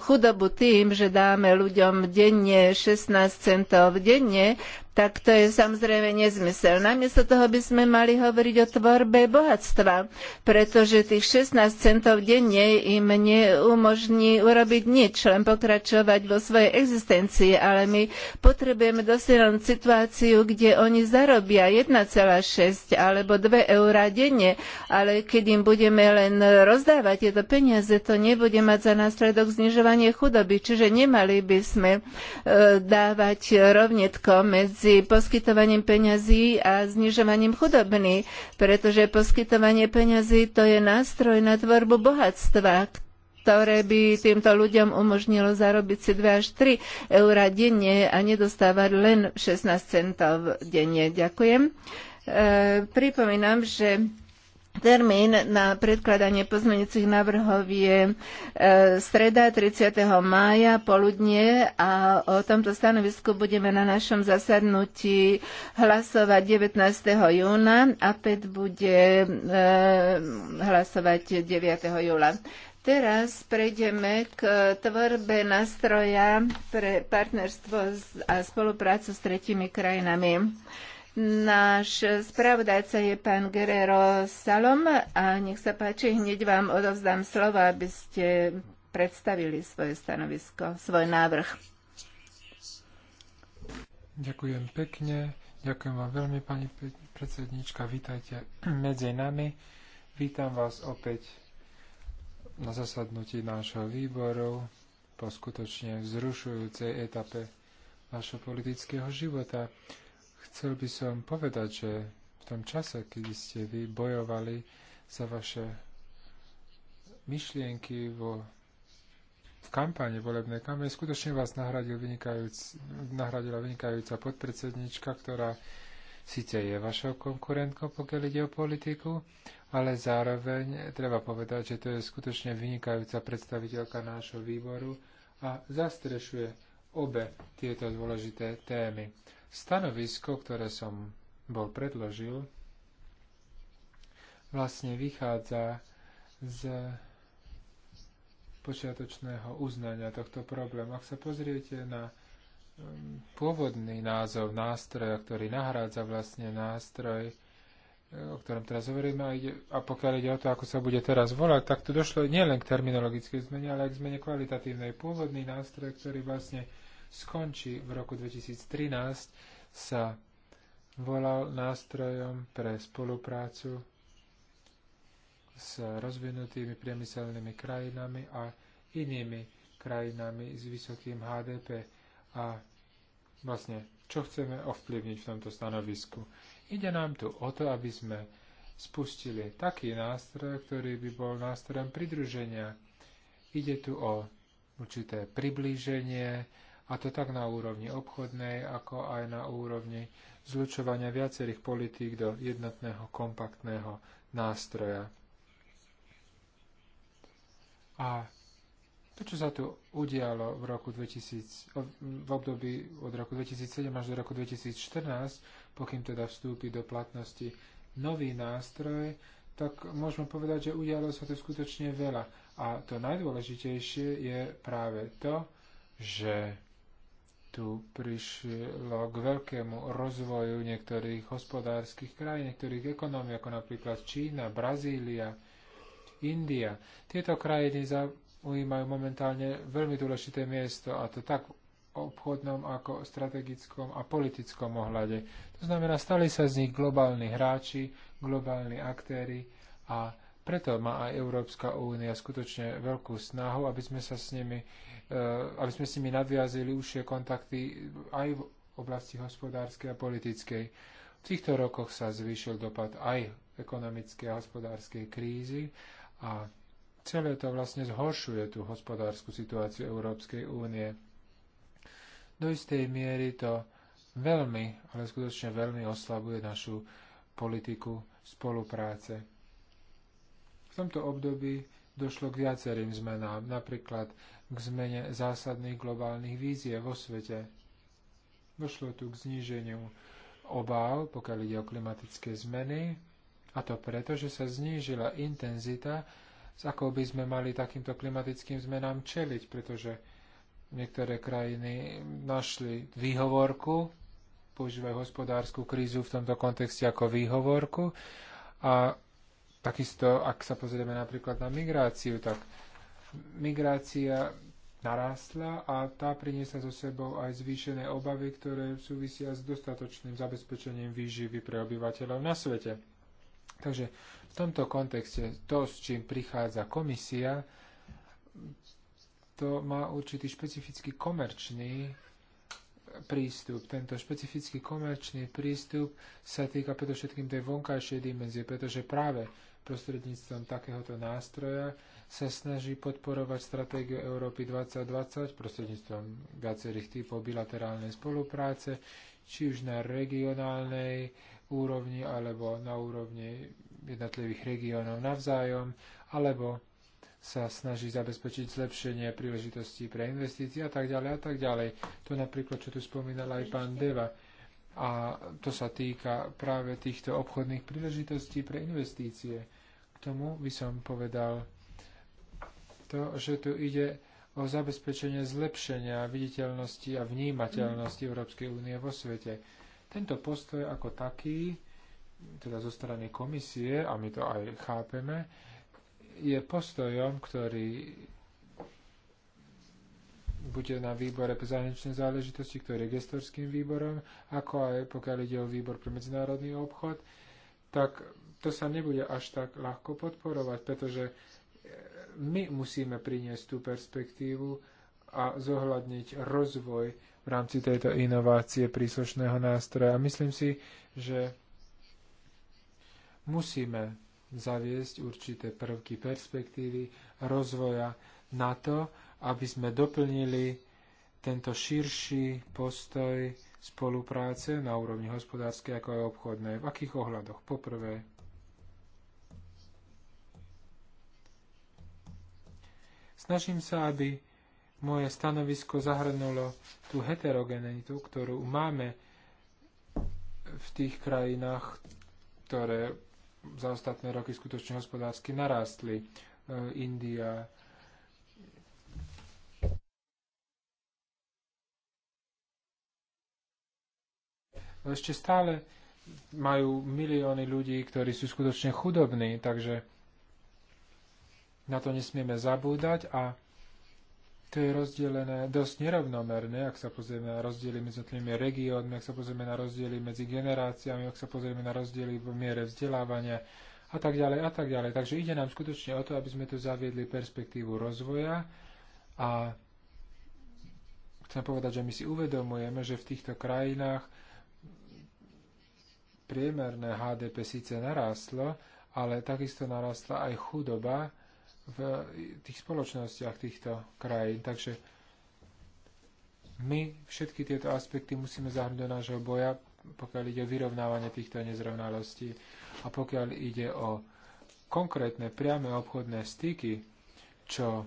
chudobu tým, že dáme ľuďom denne 16 centov denne, tak to je samozrejme nezmysel. Namiesto toho by sme mali hovoriť o tvorbe bohatstva, pretože tých 16 centov denne im neumožní urobiť nič, len pokračovať vo svojej existencii, ale my potrebujeme dosiahnuť situáciu, kde oni zarobia 1,6 alebo 2 eurá denne, ale keď im budeme len rozdávať tieto peniaze, to nebude mať za následok znižovanie chudoby, čiže nemali by sme e, dávať rovnetko medzi medzi poskytovaním peňazí a znižovaním chudobný, pretože poskytovanie peňazí to je nástroj na tvorbu bohatstva, ktoré by týmto ľuďom umožnilo zarobiť si 2 až 3 eurá denne a nedostávať len 16 centov denne. Ďakujem. E, pripomínam, že Termín na predkladanie pozmeňujúcich návrhov je e, streda 30. mája, poludne a o tomto stanovisku budeme na našom zasadnutí hlasovať 19. júna a PET bude e, hlasovať 9. júla. Teraz prejdeme k tvorbe nástroja pre partnerstvo a spoluprácu s tretimi krajinami. Náš spravodajca je pán Guerrero Salom a nech sa páči, hneď vám odovzdám slovo, aby ste predstavili svoje stanovisko, svoj návrh. Ďakujem pekne. Ďakujem vám veľmi, pani predsednička. Vítajte medzi nami. Vítam vás opäť na zasadnutí nášho výboru po skutočne vzrušujúcej etape vašho politického života. Chcel by som povedať, že v tom čase, kedy ste vy bojovali za vaše myšlienky vo, v kampáne volebnej kampane, skutočne vás nahradil vynikajúc, nahradila vynikajúca podpredsednička, ktorá síce je vašou konkurentkou, pokiaľ ide o politiku, ale zároveň treba povedať, že to je skutočne vynikajúca predstaviteľka nášho výboru a zastrešuje obe tieto dôležité témy. Stanovisko, ktoré som bol predložil, vlastne vychádza z počiatočného uznania tohto problému. Ak sa pozriete na um, pôvodný názov nástroja, ktorý nahrádza vlastne nástroj, eh, o ktorom teraz hovoríme, a, ide, a pokiaľ ide o to, ako sa bude teraz volať, tak tu došlo nielen k terminologickej zmene, ale aj k zmene kvalitatívnej. Pôvodný nástroj, ktorý vlastne skončí v roku 2013, sa volal nástrojom pre spoluprácu s rozvinutými priemyselnými krajinami a inými krajinami s vysokým HDP. A vlastne, čo chceme ovplyvniť v tomto stanovisku? Ide nám tu o to, aby sme spustili taký nástroj, ktorý by bol nástrojom pridruženia. Ide tu o určité priblíženie a to tak na úrovni obchodnej, ako aj na úrovni zlučovania viacerých politík do jednotného kompaktného nástroja. A to, čo sa tu udialo v, roku 2000, v období od roku 2007 až do roku 2014, pokým teda vstúpi do platnosti nový nástroj, tak môžeme povedať, že udialo sa to skutočne veľa. A to najdôležitejšie je práve to, že tu prišlo k veľkému rozvoju niektorých hospodárskych krajín, niektorých ekonómií, ako napríklad Čína, Brazília, India. Tieto krajiny zaujímajú momentálne veľmi dôležité miesto, a to tak obchodnom, ako strategickom a politickom ohľade. To znamená, stali sa z nich globálni hráči, globálni aktéry a preto má aj Európska únia skutočne veľkú snahu, aby sme sa s nimi, eh, aby sme s nimi nadviazili užšie kontakty aj v oblasti hospodárskej a politickej. V týchto rokoch sa zvýšil dopad aj ekonomickej a hospodárskej krízy a celé to vlastne zhoršuje tú hospodárskú situáciu Európskej únie. Do istej miery to veľmi, ale skutočne veľmi oslabuje našu politiku spolupráce tomto období došlo k viacerým zmenám, napríklad k zmene zásadných globálnych vízie vo svete. Došlo tu k zníženiu obáv, pokiaľ ide o klimatické zmeny, a to preto, že sa znížila intenzita, s akou by sme mali takýmto klimatickým zmenám čeliť, pretože niektoré krajiny našli výhovorku, používajú hospodárskú krízu v tomto kontexte ako výhovorku a Takisto, ak sa pozrieme napríklad na migráciu, tak migrácia narástla a tá priniesla so sebou aj zvýšené obavy, ktoré súvisia s dostatočným zabezpečením výživy pre obyvateľov na svete. Takže v tomto kontexte to, s čím prichádza komisia, to má určitý špecifický komerčný prístup. Tento špecifický komerčný prístup sa týka predovšetkým tej vonkajšej dimenzie, pretože práve prostredníctvom takéhoto nástroja sa snaží podporovať stratégiu Európy 2020 prostredníctvom viacerých typov bilaterálnej spolupráce, či už na regionálnej úrovni alebo na úrovni jednotlivých regiónov navzájom, alebo sa snaží zabezpečiť zlepšenie príležitostí pre investície a tak ďalej a tak ďalej. To napríklad, čo tu spomínal aj pán Deva. A to sa týka práve týchto obchodných príležitostí pre investície tomu by som povedal to, že tu ide o zabezpečenie zlepšenia viditeľnosti a vnímateľnosti Európskej únie vo svete. Tento postoj ako taký, teda zo strany komisie, a my to aj chápeme, je postojom, ktorý bude na výbore pre zahraničné záležitosti, ktorý je gestorským výborom, ako aj pokiaľ ide o výbor pre medzinárodný obchod, tak to sa nebude až tak ľahko podporovať, pretože e, my musíme priniesť tú perspektívu a zohľadniť rozvoj v rámci tejto inovácie príslušného nástroja. Myslím si, že musíme zaviesť určité prvky perspektívy rozvoja na to, aby sme doplnili tento širší postoj spolupráce na úrovni hospodárskej ako aj obchodnej. V akých ohľadoch? Poprvé, Snažím sa, aby moje stanovisko zahrnulo tú heterogenitu, ktorú máme v tých krajinách, ktoré za ostatné roky skutočne hospodársky narástli. E, India, ešte stále majú milióny ľudí, ktorí sú skutočne chudobní, takže na to nesmieme zabúdať a to je rozdelené dosť nerovnomerne, ak sa pozrieme na rozdiely medzi tými regiónmi, ak sa pozrieme na rozdiely medzi generáciami, ak sa pozrieme na rozdiely v miere vzdelávania a tak ďalej a tak ďalej. Takže ide nám skutočne o to, aby sme tu zaviedli perspektívu rozvoja a chcem povedať, že my si uvedomujeme, že v týchto krajinách priemerné HDP síce narastlo, ale takisto narastla aj chudoba, v tých spoločnostiach týchto krajín. Takže my všetky tieto aspekty musíme zahrnúť do nášho boja, pokiaľ ide o vyrovnávanie týchto nezrovnalostí a pokiaľ ide o konkrétne priame obchodné styky, čo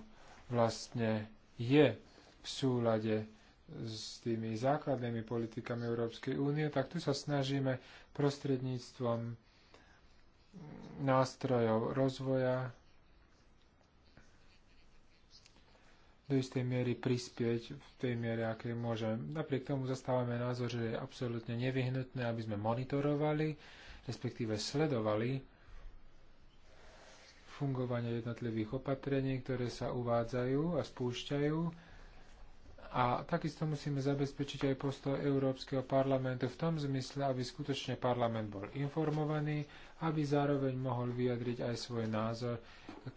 vlastne je v súlade s tými základnými politikami Európskej únie, tak tu sa snažíme prostredníctvom nástrojov rozvoja do istej miery prispieť v tej miere, aké môžeme. Napriek tomu zastávame názor, že je absolútne nevyhnutné, aby sme monitorovali, respektíve sledovali fungovanie jednotlivých opatrení, ktoré sa uvádzajú a spúšťajú. A takisto musíme zabezpečiť aj postoj Európskeho parlamentu v tom zmysle, aby skutočne parlament bol informovaný, aby zároveň mohol vyjadriť aj svoj názor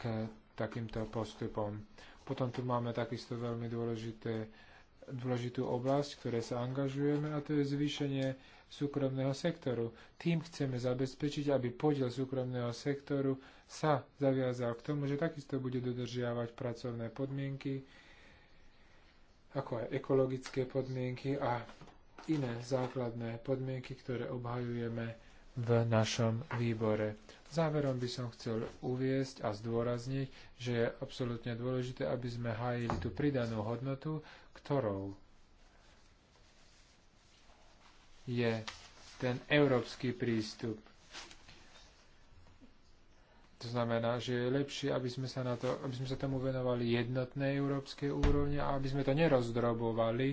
k takýmto postupom. Potom tu máme takisto veľmi dôležité, dôležitú oblasť, ktoré sa angažujeme a to je zvýšenie súkromného sektoru. Tým chceme zabezpečiť, aby podiel súkromného sektoru sa zaviazal k tomu, že takisto bude dodržiavať pracovné podmienky, ako aj ekologické podmienky a iné základné podmienky, ktoré obhajujeme v našom výbore. Záverom by som chcel uviesť a zdôrazniť, že je absolútne dôležité, aby sme hájili tú pridanú hodnotu, ktorou je ten európsky prístup. To znamená, že je lepšie, aby sme sa, na to, aby sme sa tomu venovali jednotnej európskej úrovne a aby sme to nerozdrobovali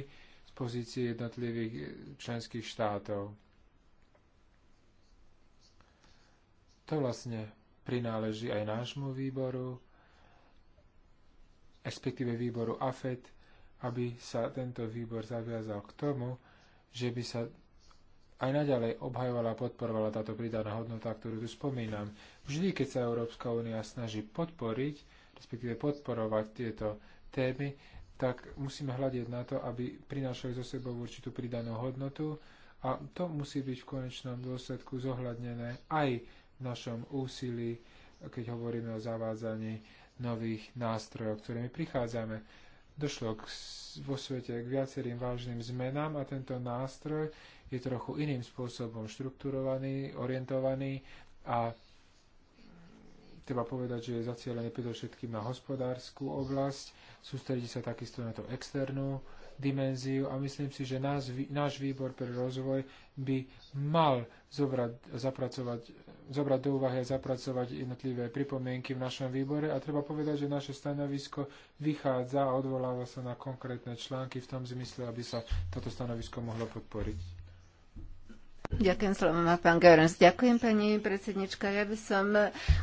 z pozície jednotlivých členských štátov. To vlastne prináleží aj nášmu výboru, respektíve výboru AFET, aby sa tento výbor zaviazal k tomu, že by sa aj naďalej obhajovala a podporovala táto pridaná hodnota, ktorú tu spomínam. Vždy, keď sa Európska únia snaží podporiť, respektíve podporovať tieto témy, tak musíme hľadiť na to, aby prinášali zo sebou určitú pridanú hodnotu a to musí byť v konečnom dôsledku zohľadnené aj našom úsilí, keď hovoríme o zavádzaní nových nástrojov, ktorými prichádzame. Došlo k, vo svete k viacerým vážnym zmenám a tento nástroj je trochu iným spôsobom štrukturovaný, orientovaný a treba povedať, že je zacielený predovšetkým na hospodárskú oblasť, sústredí sa takisto na tú externú dimenziu a myslím si, že nás, náš výbor pre rozvoj by mal zobrať, zapracovať zobrať do úvahy a zapracovať jednotlivé pripomienky v našom výbore a treba povedať, že naše stanovisko vychádza a odvoláva sa na konkrétne články v tom zmysle, aby sa toto stanovisko mohlo podporiť. Ďakujem slovo, má pán Görens. Ďakujem, pani predsednička. Ja by som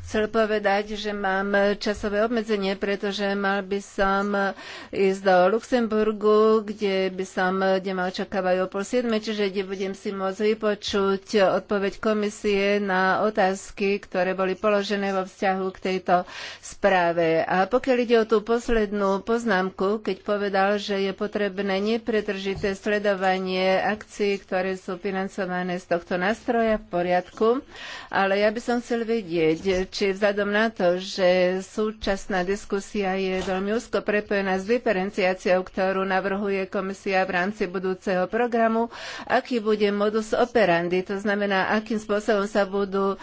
chcel povedať, že mám časové obmedzenie, pretože mal by som ísť do Luxemburgu, kde by som, kde ma očakávajú o pol siedme, čiže kde budem si môcť vypočuť odpoveď komisie na otázky, ktoré boli položené vo vzťahu k tejto správe. A pokiaľ ide o tú poslednú poznámku, keď povedal, že je potrebné nepretržité sledovanie akcií, ktoré sú financované z tohto nástroja v poriadku, ale ja by som chcel vedieť, či vzhľadom na to, že súčasná diskusia je veľmi úzko prepojená s diferenciáciou, ktorú navrhuje komisia v rámci budúceho programu, aký bude modus operandi, to znamená, akým spôsobom sa budú e,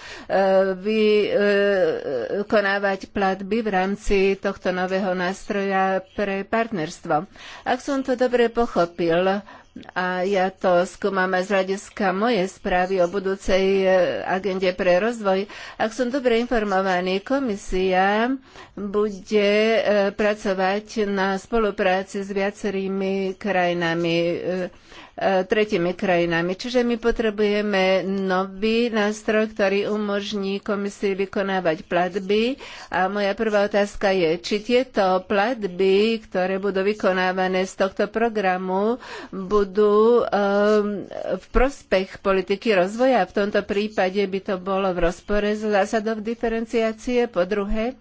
vykonávať platby v rámci tohto nového nástroja pre partnerstvo. Ak som to dobre pochopil, a ja to skúmam aj z hľadiska mojej správy o budúcej e, agende pre rozvoj. Ak som dobre informovaný, komisia bude e, pracovať na spolupráci s viacerými krajinami e, E, tretimi krajinami. Čiže my potrebujeme nový nástroj, ktorý umožní komisii vykonávať platby. A moja prvá otázka je, či tieto platby, ktoré budú vykonávané z tohto programu, budú um, v prospech politiky rozvoja. V tomto prípade by to bolo v rozpore s zásadou diferenciácie. Po druhé,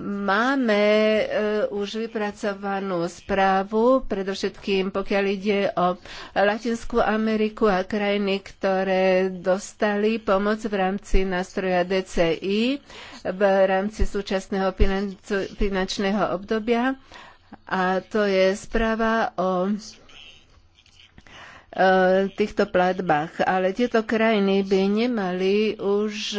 Máme e, už vypracovanú správu, predovšetkým pokiaľ ide o Latinskú Ameriku a krajiny, ktoré dostali pomoc v rámci nástroja DCI v rámci súčasného finančného obdobia. A to je správa o E, týchto platbách. Ale tieto krajiny by nemali už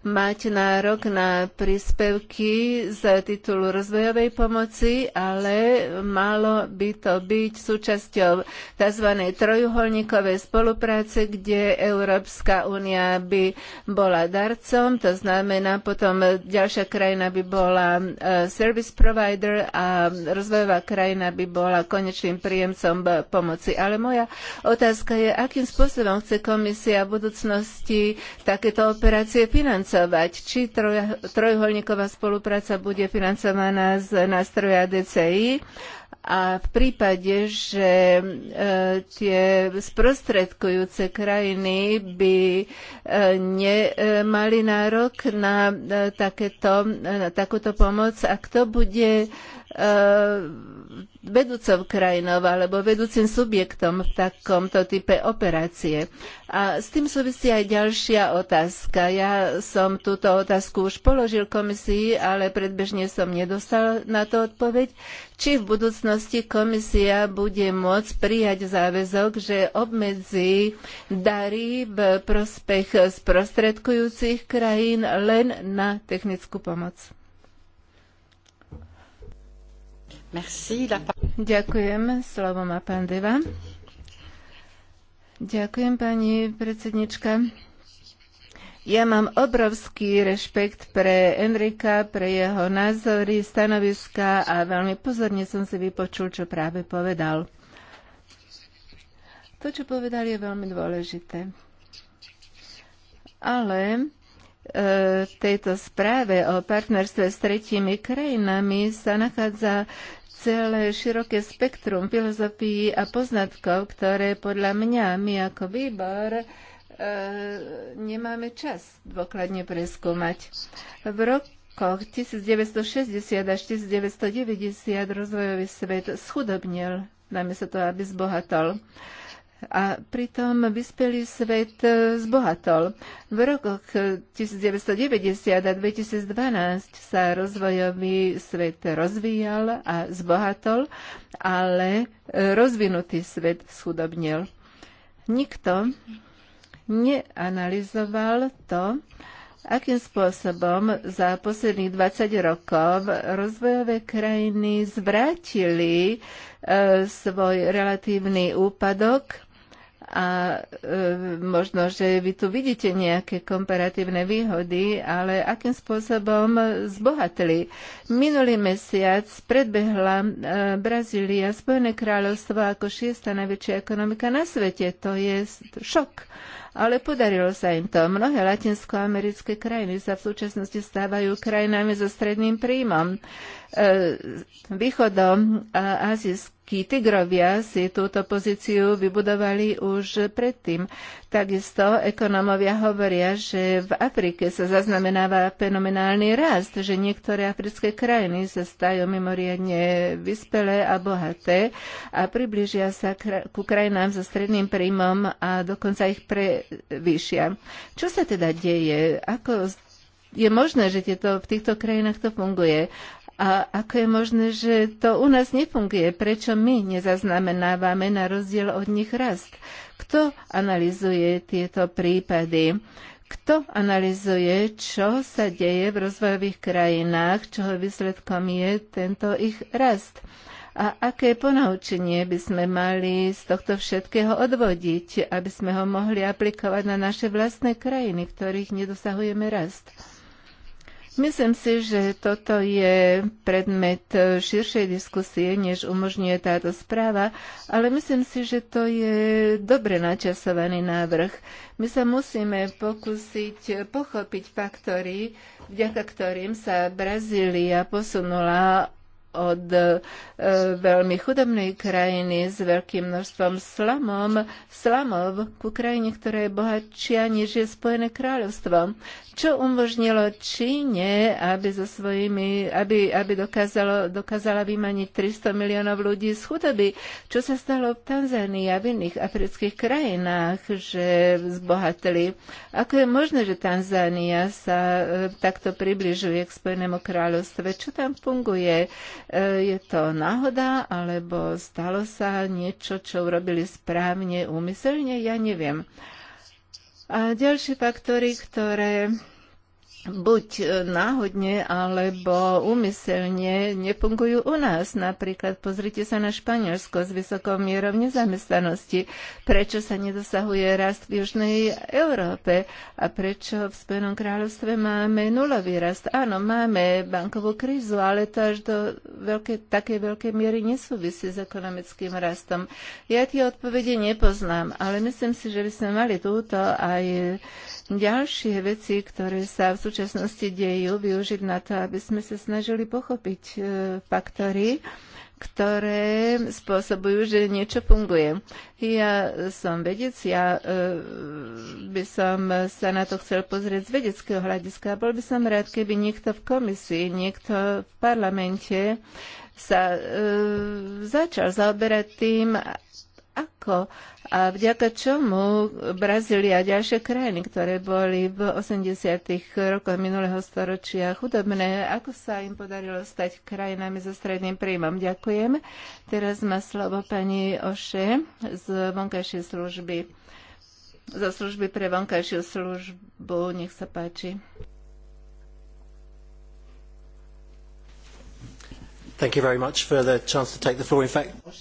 mať nárok na príspevky z titulu rozvojovej pomoci, ale malo by to byť súčasťou tzv. trojuholníkovej spolupráce, kde Európska únia by bola darcom, to znamená potom ďalšia krajina by bola e, service provider a rozvojová krajina by bola konečným príjemcom pomoci. Ale moja Otázka je, akým spôsobom chce komisia v budúcnosti takéto operácie financovať. Či troj, trojholníková spolupráca bude financovaná z nástroja DCI a v prípade, že e, tie sprostredkujúce krajiny by e, nemali nárok na, e, takéto, na takúto pomoc a kto bude e, vedúcou krajinou alebo vedúcim subjektom v takomto type operácie. A s tým súvisí aj ďalšia otázka. Ja som túto otázku už položil komisii, ale predbežne som nedostal na to odpoveď. Či v budúcnosti komisia bude môcť prijať záväzok, že obmedzí dary v prospech sprostredkujúcich krajín len na technickú pomoc? Merci, la... Ďakujem. Slovo má pán Deva. Ďakujem, pani predsednička. Ja mám obrovský rešpekt pre Enrika, pre jeho názory, stanoviska a veľmi pozorne som si vypočul, čo práve povedal. To, čo povedal, je veľmi dôležité. Ale v e, tejto správe o partnerstve s tretími krajinami sa nachádza celé široké spektrum filozofií a poznatkov, ktoré podľa mňa my ako výbor e, nemáme čas dôkladne preskúmať. V rokoch 1960 až 1990 rozvojový svet schudobnil, sa to, aby zbohatol a pritom vyspelý svet e, zbohatol. V rokoch 1990 a 2012 sa rozvojový svet rozvíjal a zbohatol, ale e, rozvinutý svet schudobnil. Nikto neanalizoval to, Akým spôsobom za posledných 20 rokov rozvojové krajiny zvrátili e, svoj relatívny úpadok a e, možno, že vy tu vidíte nejaké komparatívne výhody, ale akým spôsobom zbohatli. Minulý mesiac predbehla e, Brazília, Spojené kráľovstvo ako šiesta najväčšia ekonomika na svete. To je šok ale podarilo sa im to. Mnohé latinskoamerické krajiny sa v súčasnosti stávajú krajinami so stredným príjmom. E, východom azijskí tigrovia si túto pozíciu vybudovali už predtým. Takisto ekonomovia hovoria, že v Afrike sa zaznamenáva fenomenálny rast, že niektoré africké krajiny sa stajú mimoriadne vyspelé a bohaté a približia sa ku krajinám so stredným príjmom a dokonca ich pre, vyššia. Čo sa teda deje? Ako je možné, že tieto, v týchto krajinách to funguje? A ako je možné, že to u nás nefunguje? Prečo my nezaznamenávame na rozdiel od nich rast? Kto analizuje tieto prípady? Kto analizuje, čo sa deje v rozvojových krajinách, čoho výsledkom je tento ich rast? A aké ponaučenie by sme mali z tohto všetkého odvodiť, aby sme ho mohli aplikovať na naše vlastné krajiny, v ktorých nedosahujeme rast? Myslím si, že toto je predmet širšej diskusie, než umožňuje táto správa, ale myslím si, že to je dobre načasovaný návrh. My sa musíme pokúsiť pochopiť faktory, vďaka ktorým sa Brazília posunula od e, veľmi chudobnej krajiny s veľkým množstvom slamom, slamov ku krajine, ktorá je bohatšia než je Spojené kráľovstvo. Čo umožnilo Číne, aby, so svojimi, aby, aby dokázalo, dokázala vymaniť 300 miliónov ľudí z chudoby? Čo sa stalo v Tanzánii a v iných afrických krajinách, že zbohatili? Ako je možné, že Tanzánia sa e, takto približuje k Spojenému kráľovstve? Čo tam funguje? E, je to náhoda, alebo stalo sa niečo, čo urobili správne, úmyselne? Ja neviem. A ďalšie faktory, ktoré buď e, náhodne alebo úmyselne nefungujú u nás. Napríklad pozrite sa na Španielsko s vysokou mierou nezamestnanosti. Prečo sa nedosahuje rast v Južnej Európe? A prečo v Spojenom kráľovstve máme nulový rast? Áno, máme bankovú krízu, ale to až do veľké, takej veľkej miery nesúvisí s ekonomickým rastom. Ja tie odpovede nepoznám, ale myslím si, že by sme mali túto aj ďalšie veci, ktoré sa v súčasnosti dejú, využiť na to, aby sme sa snažili pochopiť e, faktory, ktoré spôsobujú, že niečo funguje. Ja som vedec, ja e, by som sa na to chcel pozrieť z vedeckého hľadiska. Bol by som rád, keby niekto v komisii, niekto v parlamente sa e, začal zaoberať tým, ako a vďaka čomu Brazília a ďalšie krajiny, ktoré boli v 80. rokoch minulého storočia chudobné, ako sa im podarilo stať krajinami so stredným príjmom. Ďakujem. Teraz má slovo pani Oše z vonkajšej služby, Za služby pre vonkajšiu službu. Nech sa páči.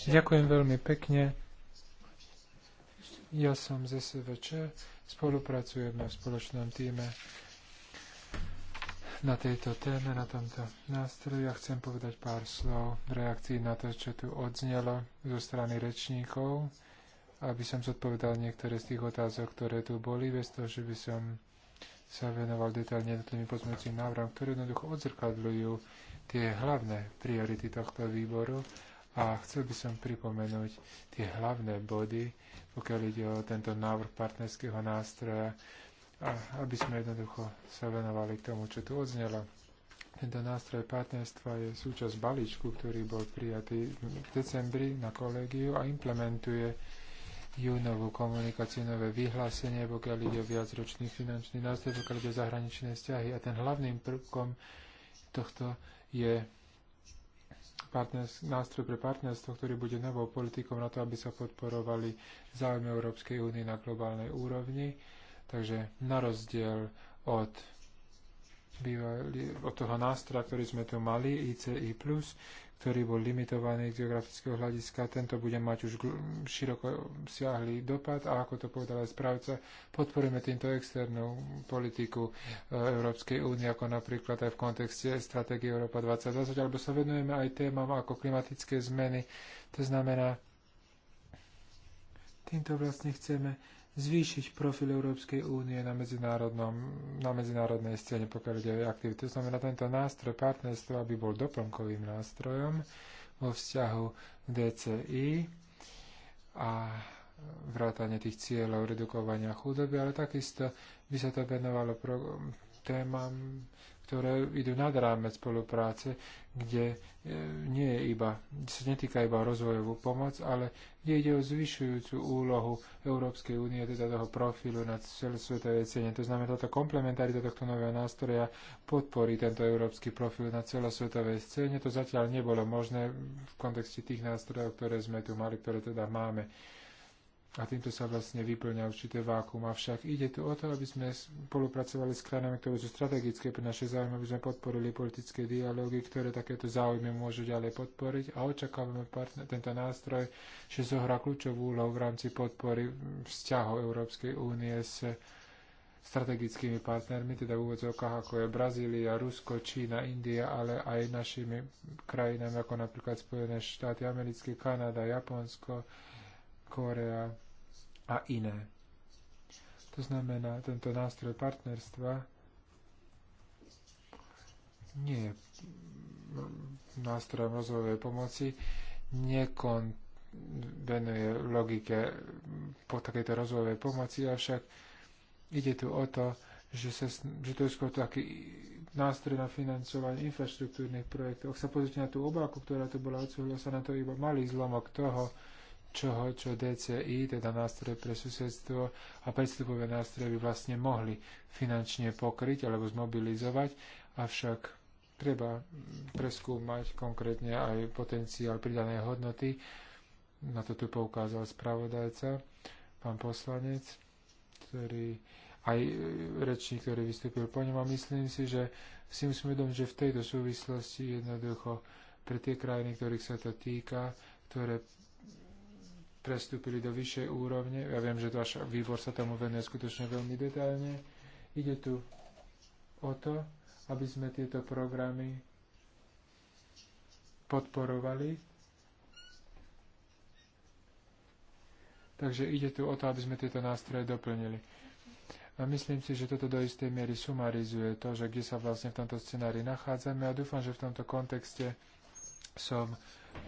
Ďakujem veľmi pekne ja som z SVČ, spolupracujeme v spoločnom týme na tejto téme, na tomto nástroji. Ja chcem povedať pár slov v reakcii na to, čo tu odznelo zo strany rečníkov, aby som zodpovedal niektoré z tých otázok, ktoré tu boli, bez toho, že by som sa venoval detailne jednotlivým pozmeňujúcim návrhom, ktoré jednoducho odzrkadľujú tie hlavné priority tohto výboru a chcel by som pripomenúť tie hlavné body, pokiaľ ide o tento návrh partnerského nástroja, a aby sme jednoducho sa venovali k tomu, čo tu odznelo. Tento nástroj partnerstva je súčasť balíčku, ktorý bol prijatý v decembri na kolégiu a implementuje júnovú komunikáciu, nové vyhlásenie, pokiaľ ide o viacročný finančný nástroj, pokiaľ ide o zahraničné vzťahy. A ten hlavným prvkom tohto je nástroj pre partnerstvo, ktorý bude novou politikou na to, aby sa podporovali záujmy Európskej únie na globálnej úrovni. Takže na rozdiel od, bývali, od toho nástroja, ktorý sme tu mali, ICI+, ktorý bol limitovaný z geografického hľadiska, tento bude mať už široko siahlý dopad a ako to povedal aj správca, podporujeme týmto externú politiku e, Európskej únie, ako napríklad aj v kontexte stratégie Európa 2020, alebo sa venujeme aj témam ako klimatické zmeny. To znamená, týmto vlastne chceme zvýšiť profil Európskej únie na, na medzinárodnej scéne, pokiaľ ide o aktivity. To znamená, tento nástroj partnerstva by bol doplnkovým nástrojom vo vzťahu DCI a vrátanie tých cieľov redukovania chudoby, ale takisto by sa to venovalo pro, témam ktoré idú nad rámec spolupráce, kde e, nie je iba, sa netýka iba rozvojovú pomoc, ale kde ide o zvyšujúcu úlohu Európskej únie, teda toho profilu na celosvetovej cene. To znamená, táto komplementarita tohto nového nástroja podporí tento európsky profil na celosvetovej scéne. To zatiaľ nebolo možné v kontexte tých nástrojov, ktoré sme tu mali, ktoré teda máme a týmto sa vlastne vyplňa určité vákum. Avšak ide tu o to, aby sme spolupracovali s krajinami, ktoré sú strategické pre naše záujmy, aby sme podporili politické dialógy, ktoré takéto záujmy môžu ďalej podporiť a očakávame tento nástroj, že zohrá kľúčovú úlohu v rámci podpory vzťahov Európskej únie s strategickými partnermi, teda v úvodzovkách ako je Brazília, Rusko, Čína, India, ale aj našimi krajinami ako napríklad Spojené štáty americké, Kanada, Japonsko, Korea a iné. To znamená, tento nástroj partnerstva nie je nástrojom rozvojovej pomoci, nekonvenuje logike po takejto rozvojovej pomoci, avšak ide tu o to, že, sa, že to je skôr taký nástroj na financovanie infraštruktúrnych projektov. Ak sa pozrite na tú obálku, ktorá tu bola odsúhlasená, to iba malý zlomok toho, čoho, čo DCI, teda nástroje pre susedstvo a predstupové nástroje by vlastne mohli finančne pokryť alebo zmobilizovať, avšak treba preskúmať konkrétne aj potenciál pridanej hodnoty. Na to tu poukázal spravodajca, pán poslanec, ktorý aj e, rečník, ktorý vystúpil po ňom a myslím si, že si musíme uvedomiť, že v tejto súvislosti jednoducho pre tie krajiny, ktorých sa to týka, ktoré prestúpili do vyššej úrovne. Ja viem, že váš výbor sa tomu venuje skutočne veľmi detailne. Ide tu o to, aby sme tieto programy podporovali. Takže ide tu o to, aby sme tieto nástroje doplnili. A myslím si, že toto do istej miery sumarizuje to, že kde sa vlastne v tomto scenári nachádzame a dúfam, že v tomto kontexte som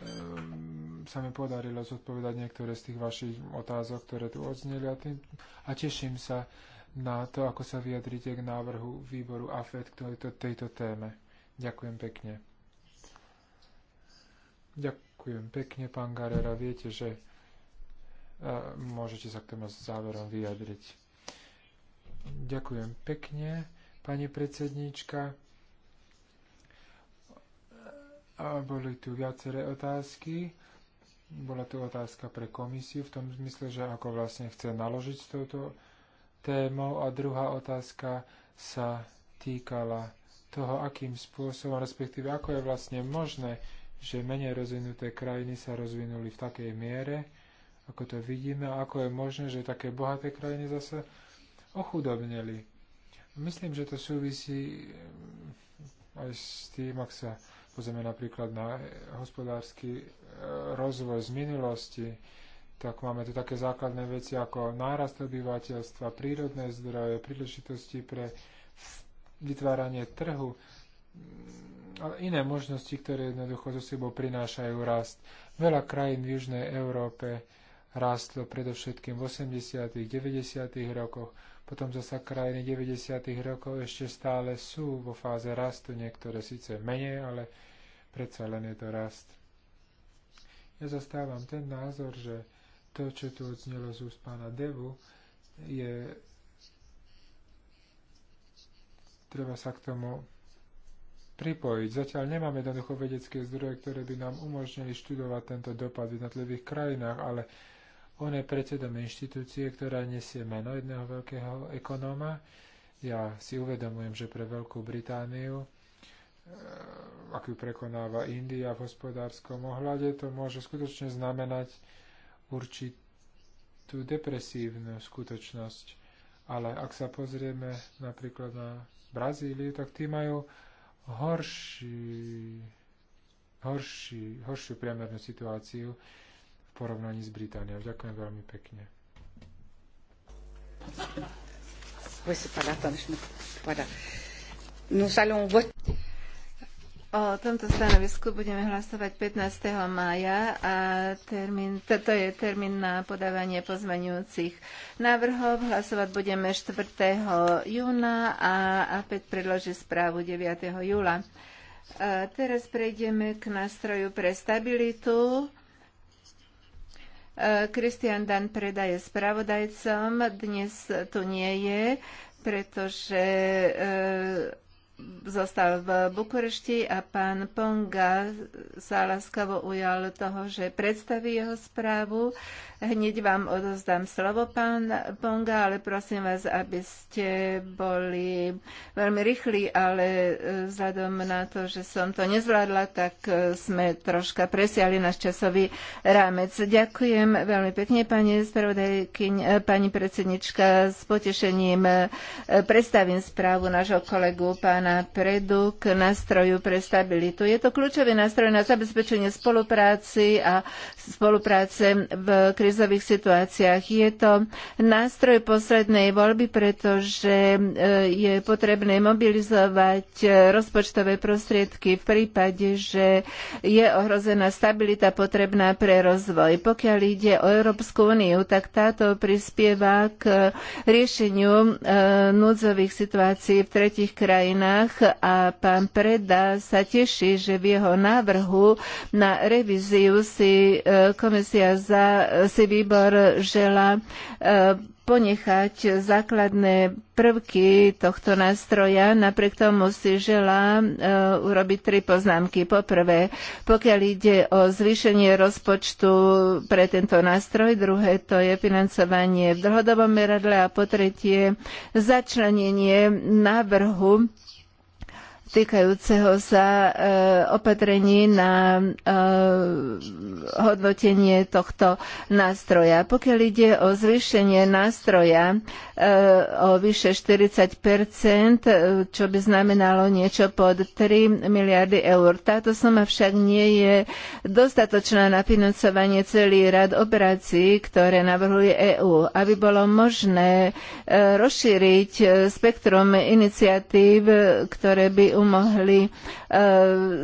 ehm, sa mi podarilo zodpovedať niektoré z tých vašich otázok, ktoré tu odzneli a, tým, a teším sa na to, ako sa vyjadrite k návrhu výboru AFED k tejto, tejto téme. Ďakujem pekne. Ďakujem pekne, pán Garera. Viete, že a, e, môžete sa k tomu záverom vyjadriť. Ďakujem pekne, pani predsedníčka. Boli tu viaceré otázky. Bola tu otázka pre komisiu v tom zmysle, že ako vlastne chce naložiť s touto témou. A druhá otázka sa týkala toho, akým spôsobom, respektíve ako je vlastne možné, že menej rozvinuté krajiny sa rozvinuli v takej miere, ako to vidíme, a ako je možné, že také bohaté krajiny zase ochudobnili. Myslím, že to súvisí mm, aj s tým, ak sa pozrieme napríklad na hospodársky e, rozvoj z minulosti, tak máme tu také základné veci ako nárast obyvateľstva, prírodné zdroje, príležitosti pre vytváranie trhu, mm, ale iné možnosti, ktoré jednoducho so sebou prinášajú rast. Veľa krajín v Južnej Európe rástlo predovšetkým v 80. 90. rokoch potom zase krajiny 90. rokov ešte stále sú vo fáze rastu, niektoré síce menej, ale predsa len je to rast. Ja zastávam ten názor, že to, čo tu odznelo z úst pána Devu, je treba sa k tomu pripojiť. Zatiaľ nemáme jednoducho vedecké zdroje, ktoré by nám umožnili študovať tento dopad v jednotlivých krajinách, ale on je predsedom inštitúcie, ktorá nesie meno jedného veľkého ekonóma. Ja si uvedomujem, že pre Veľkú Britániu, e, ak ju prekonáva India v hospodárskom ohľade, to môže skutočne znamenať určitú depresívnu skutočnosť. Ale ak sa pozrieme napríklad na Brazíliu, tak tí majú horší, horší, horšiu priemernú situáciu porovnaní s Britániou. Ďakujem veľmi pekne. O tomto stanovisku budeme hlasovať 15. mája a termín, toto je termín na podávanie pozmeňujúcich návrhov. Hlasovať budeme 4. júna a APEC predloží správu 9. júla. A teraz prejdeme k nástroju pre stabilitu. Kristian Dan Preda je spravodajcom, dnes tu nie je, pretože zostal v Bukurešti a pán Ponga sa láskavo ujal toho, že predstaví jeho správu. Hneď vám odozdám slovo, pán Ponga, ale prosím vás, aby ste boli veľmi rýchli, ale e, vzhľadom na to, že som to nezvládla, tak e, sme troška presiali náš časový rámec. Ďakujem veľmi pekne, pani spravodajkyň, e, pani predsednička. S potešením predstavím správu nášho kolegu, pán napredu k nástroju pre stabilitu. Je to kľúčový nástroj na zabezpečenie spolupráci a spolupráce v krizových situáciách. Je to nástroj poslednej voľby, pretože e, je potrebné mobilizovať e, rozpočtové prostriedky v prípade, že je ohrozená stabilita potrebná pre rozvoj. Pokiaľ ide o Európsku úniu, tak táto prispieva k riešeniu e, núdzových situácií v tretich krajinách krajinách a pán Preda sa teší, že v jeho návrhu na revíziu si e, komisia za, si výbor žela e, ponechať základné prvky tohto nástroja. Napriek tomu si želá e, urobiť tri poznámky. Poprvé, pokiaľ ide o zvýšenie rozpočtu pre tento nástroj, druhé to je financovanie v dlhodobom meradle a po tretie začlenenie návrhu týkajúceho sa e, opatrení na e, hodnotenie tohto nástroja. Pokiaľ ide o zvýšenie nástroja e, o vyše 40 čo by znamenalo niečo pod 3 miliardy eur. Táto suma však nie je dostatočná na financovanie celý rad operácií, ktoré navrhuje EÚ. Aby bolo možné rozšíriť spektrum iniciatív, ktoré by pomohli mohli e,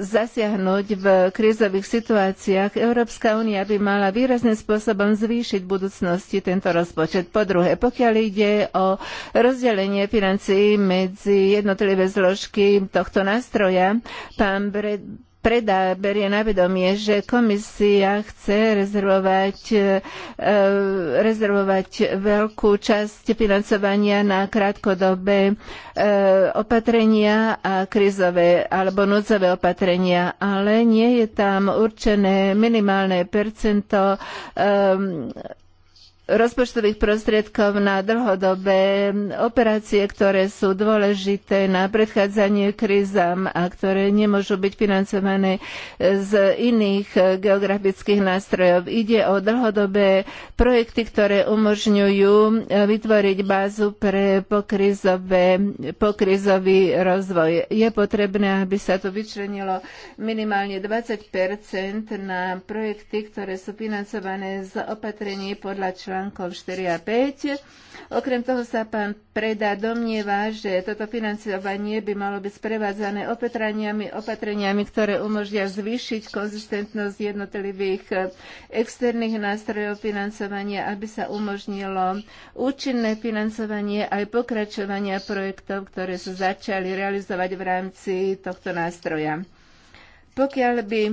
zasiahnuť v krízových situáciách. Európska únia by mala výrazným spôsobom zvýšiť v budúcnosti tento rozpočet. Po druhé, pokiaľ ide o rozdelenie financií medzi jednotlivé zložky tohto nástroja, pán Bre- predá, berie na vedomie, že komisia chce rezervovať, e, rezervovať veľkú časť financovania na krátkodobé e, opatrenia a krizové alebo núdzové opatrenia, ale nie je tam určené minimálne percento e, rozpočtových prostriedkov na dlhodobé operácie, ktoré sú dôležité na predchádzanie krízam a ktoré nemôžu byť financované z iných geografických nástrojov. Ide o dlhodobé projekty, ktoré umožňujú vytvoriť bázu pre pokrizové, pokrizový rozvoj. Je potrebné, aby sa tu vyčlenilo minimálne 20 na projekty, ktoré sú financované z opatrení podľa článku článkov 4 a 5. Okrem toho sa pán Preda domnieva, že toto financovanie by malo byť sprevádzané opatreniami, opatreniami, ktoré umožnia zvýšiť konzistentnosť jednotlivých eh, externých nástrojov financovania, aby sa umožnilo účinné financovanie aj pokračovania projektov, ktoré sa začali realizovať v rámci tohto nástroja. Pokiaľ by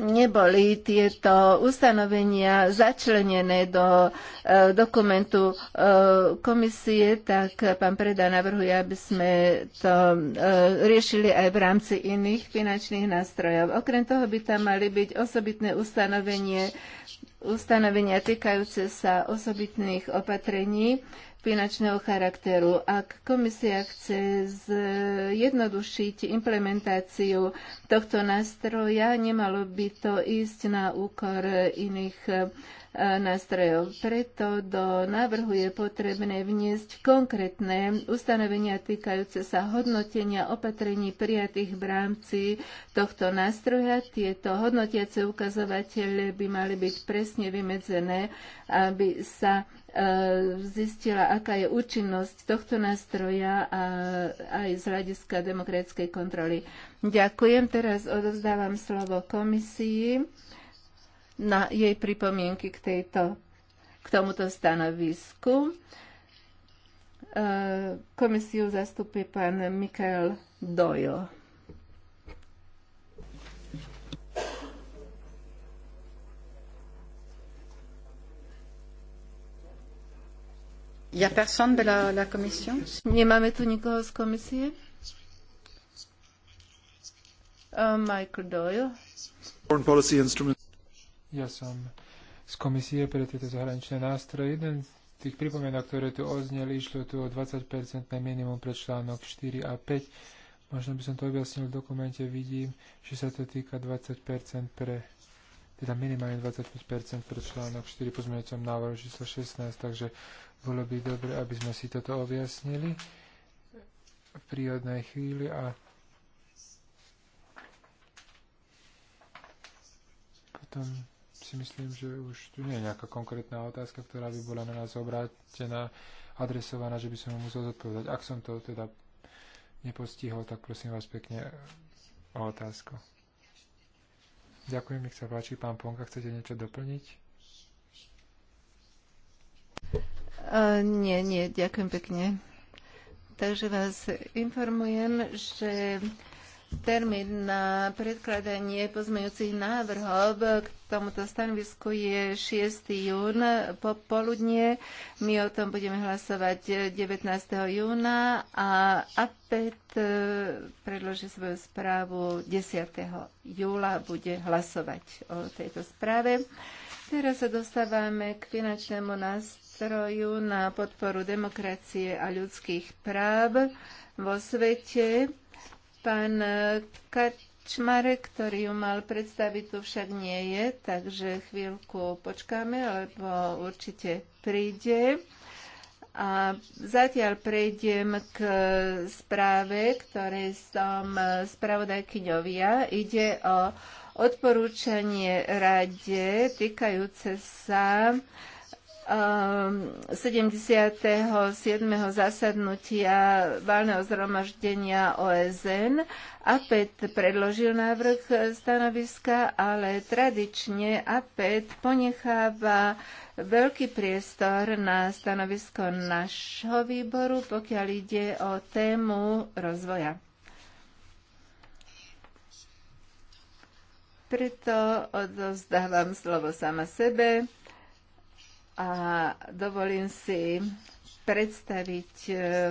neboli tieto ustanovenia začlenené do e, dokumentu e, komisie, tak pán Preda navrhuje, aby sme to e, riešili aj v rámci iných finančných nástrojov. Okrem toho by tam mali byť osobitné ustanovenie, ustanovenia týkajúce sa osobitných opatrení finančného charakteru. Ak komisia chce zjednodušiť implementáciu tohto nástroja, nemalo by to ísť na úkor iných nástrojov. Preto do návrhu je potrebné vniesť konkrétne ustanovenia týkajúce sa hodnotenia opatrení prijatých v rámci tohto nástroja. Tieto hodnotiace ukazovatele by mali byť presne vymedzené, aby sa e, zistila, aká je účinnosť tohto nástroja a aj z hľadiska demokratickej kontroly. Ďakujem. Teraz odovzdávam slovo komisii na jej pripomienky k, tejto, k tomuto stanovisku. E, komisiu zastupuje pán Mikael Dojo. Ja personne de la, la commission? Nemáme tu nikoho z komisie? Uh, Michael Doyle. Foreign policy instruments. Ja som z komisie pre tieto zahraničné nástroje. Jeden z tých pripomienok, ktoré tu ozneli, išlo tu o 20-percentné minimum pre článok 4 a 5. Možno by som to objasnil v dokumente, vidím, že sa to týka 20% pre teda minimálne 25% pre článok 4 som návrhu číslo 16, takže bolo by dobre, aby sme si toto objasnili v prírodnej chvíli a potom si myslím, že už tu nie je nejaká konkrétna otázka, ktorá by bola na nás obrátená, adresovaná, že by som mu musel zodpovedať. Ak som to teda nepostihol, tak prosím vás pekne o otázku. Ďakujem, nech sa páči. Pán Ponka, chcete niečo doplniť? Uh, nie, nie, ďakujem pekne. Takže vás informujem, že Termín na predkladanie pozmeňujúcich návrhov k tomuto stanovisku je 6. jún popoludne. My o tom budeme hlasovať 19. júna a APET e, predloží svoju správu 10. júla, bude hlasovať o tejto správe. Teraz sa dostávame k finančnému nástroju na podporu demokracie a ľudských práv vo svete. Pán e, Kačmarek, ktorý ju mal predstaviť, tu však nie je, takže chvíľku počkáme, lebo určite príde. A zatiaľ prejdem k správe, ktoré som spravodajkyňovia. Ide o odporúčanie rade týkajúce sa uh, 77. Ehm, zasadnutia valného zhromaždenia OSN. APET predložil návrh stanoviska, ale tradične APET ponecháva veľký priestor na stanovisko našho výboru, pokiaľ ide o tému rozvoja. Preto odozdávam slovo sama sebe a dovolím si predstaviť eh,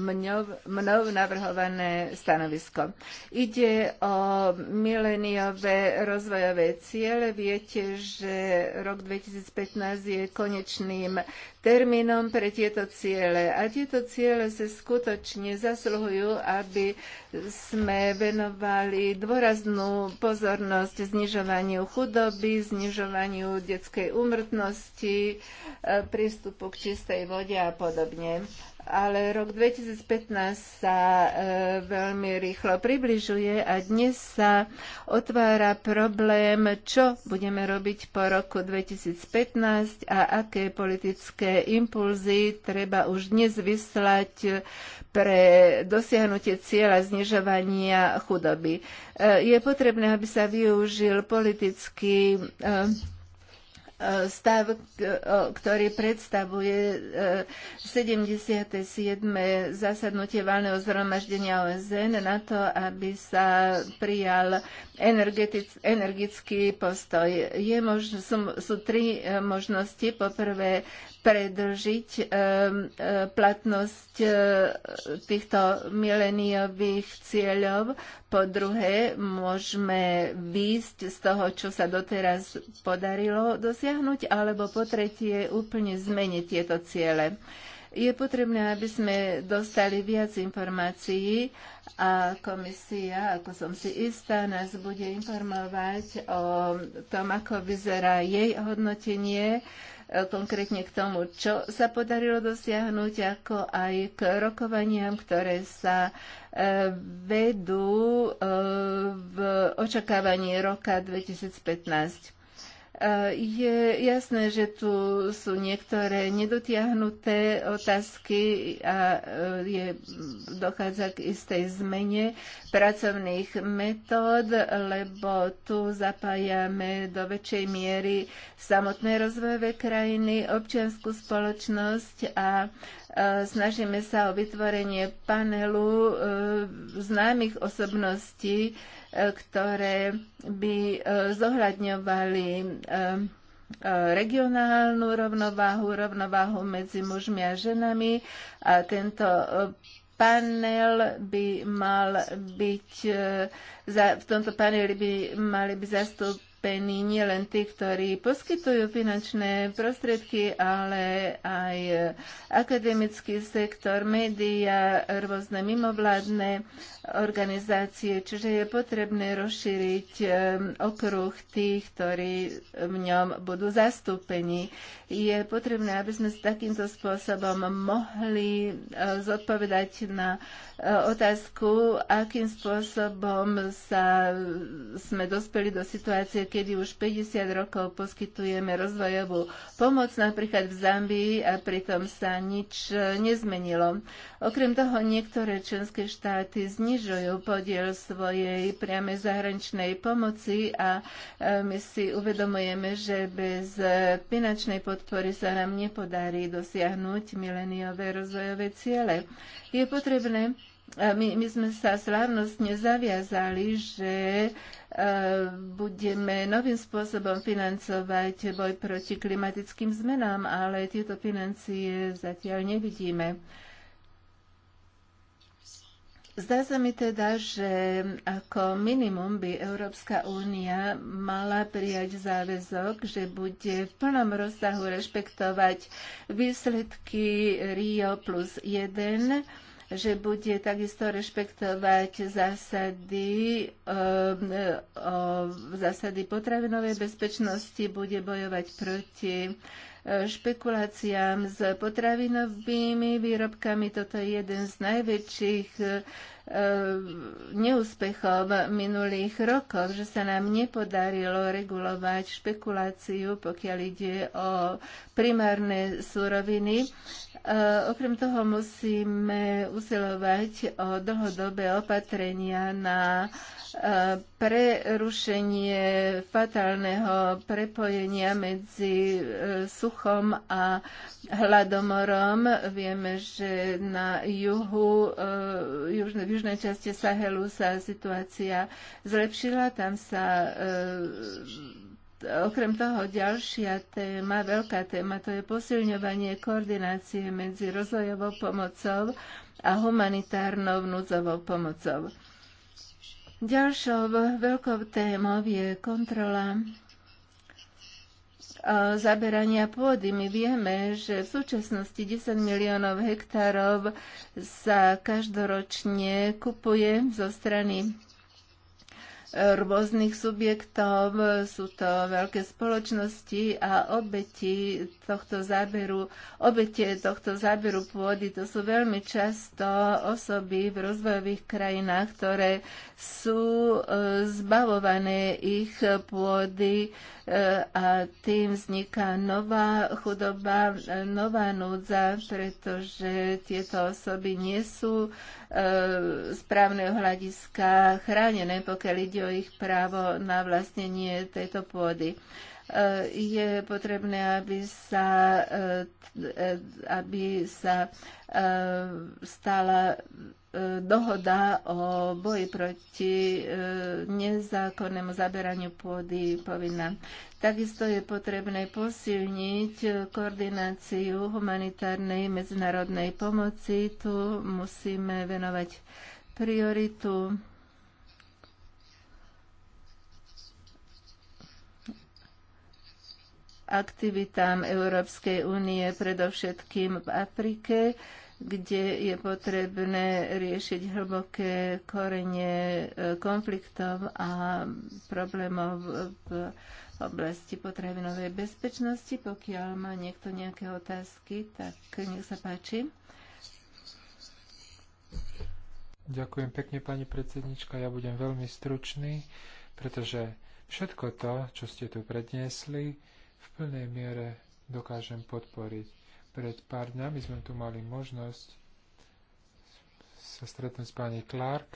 mňov, mnou navrhované stanovisko. Ide o mileniové rozvojové ciele. Viete, že rok 2015 je konečným termínom pre tieto ciele. A tieto ciele sa skutočne zasluhujú, aby sme venovali dôraznú pozornosť znižovaniu chudoby, znižovaniu detskej úmrtnosti, e, prístupu k čistej vode a podobne ale rok 2015 sa e, veľmi rýchlo približuje a dnes sa otvára problém, čo budeme robiť po roku 2015 a aké politické impulzy treba už dnes vyslať pre dosiahnutie cieľa znižovania chudoby. E, je potrebné, aby sa využil politický e, stav, ktorý predstavuje 77. E, zasadnutie valného zhromaždenia OSN na to, aby sa prijal energický postoj. Je sú, sú tri e, možnosti. Poprvé, predlžiť platnosť e, týchto mileniových cieľov. Po druhé, môžeme výjsť z toho, čo sa doteraz podarilo dosiahnuť, alebo po tretie, úplne zmeniť tieto ciele. Je potrebné, aby sme dostali viac informácií a komisia, ako som si istá, nás bude informovať o tom, ako vyzerá jej hodnotenie E, konkrétne k tomu, čo sa podarilo dosiahnuť, ako aj k rokovaniam, ktoré sa e, vedú e, v očakávaní roka 2015. Je jasné, že tu sú niektoré nedotiahnuté otázky a e, je, dochádza k istej zmene pracovných metód, lebo tu zapájame do väčšej miery samotné rozvojové krajiny, občianskú spoločnosť a Eh, snažíme sa o vytvorenie panelu eh, známych osobností, eh, ktoré by zohľadňovali regionálnu rovnováhu, rovnováhu medzi mužmi a ženami a tento panel by mal byť, v tomto paneli by mali by zastúpiť zastúpení nielen tí, ktorí poskytujú finančné prostriedky, ale aj akademický sektor, média, rôzne mimovládne organizácie. Čiže je potrebné rozšíriť eh, okruh tých, ktorí v ňom budú zastúpení. Je potrebné, aby sme s takýmto spôsobom mohli eh, zodpovedať na otázku, akým spôsobom sa sme dospeli do situácie, kedy už 50 rokov poskytujeme rozvojovú pomoc napríklad v Zambii a pritom sa nič nezmenilo. Okrem toho niektoré členské štáty znižujú podiel svojej priame zahraničnej pomoci a my si uvedomujeme, že bez finančnej podpory sa nám nepodarí dosiahnuť mileniové rozvojové ciele. Je potrebné E, my, my sme sa slávnostne zaviazali, že e, budeme novým spôsobom financovať boj proti klimatickým zmenám, ale tieto financie zatiaľ nevidíme. Zdá sa mi teda, že ako minimum by Európska únia mala prijať záväzok, že bude v plnom rozsahu rešpektovať výsledky Rio plus 1 že bude takisto rešpektovať zásady, eh, eh, zásady potravinovej bezpečnosti, bude bojovať proti eh, špekuláciám s potravinovými výrobkami. Toto je jeden z najväčších neúspechov minulých rokov, že sa nám nepodarilo regulovať špekuláciu, pokiaľ ide o primárne suroviny Eh, okrem toho musíme usilovať o dlhodobé opatrenia na eh, prerušenie fatálneho prepojenia medzi eh, suchom a hladomorom. Vieme, že na juhu, v južnej časti Sahelu sa situácia zlepšila, tam sa Okrem toho ďalšia téma, veľká téma, to je posilňovanie koordinácie medzi rozvojovou pomocou a humanitárnou núdzovou pomocou. Ďalšou veľkou témou je kontrola e, zaberania pôdy. My vieme, že v súčasnosti 10 miliónov hektárov sa každoročne kupuje zo strany rôznych subjektov, sú to veľké spoločnosti a obeti tohto záberu, obete tohto záberu pôdy, to sú veľmi často osoby v rozvojových krajinách, ktoré sú e, zbavované ich pôdy e, a tým vzniká nová chudoba, e, nová núdza, pretože tieto osoby nie sú správneho hľadiska chránené, pokiaľ ide o ich právo na vlastnenie tejto pôdy e, je potrebné, aby sa, e, e, aby sa stala dohoda o boji proti nezákonnému zaberaniu pôdy povinná. Takisto je potrebné posilniť koordináciu humanitárnej medzinárodnej pomoci. Tu musíme venovať prioritu aktivitám Európskej únie, predovšetkým v Afrike, kde je potrebné riešiť hlboké korenie e, konfliktov a problémov v oblasti potravinovej bezpečnosti. Pokiaľ má niekto nejaké otázky, tak nech sa páči. Ďakujem pekne, pani predsednička. Ja budem veľmi stručný, pretože všetko to, čo ste tu predniesli, v plnej miere dokážem podporiť. Pred pár dňami sme tu mali možnosť sa stretnúť s pani Clark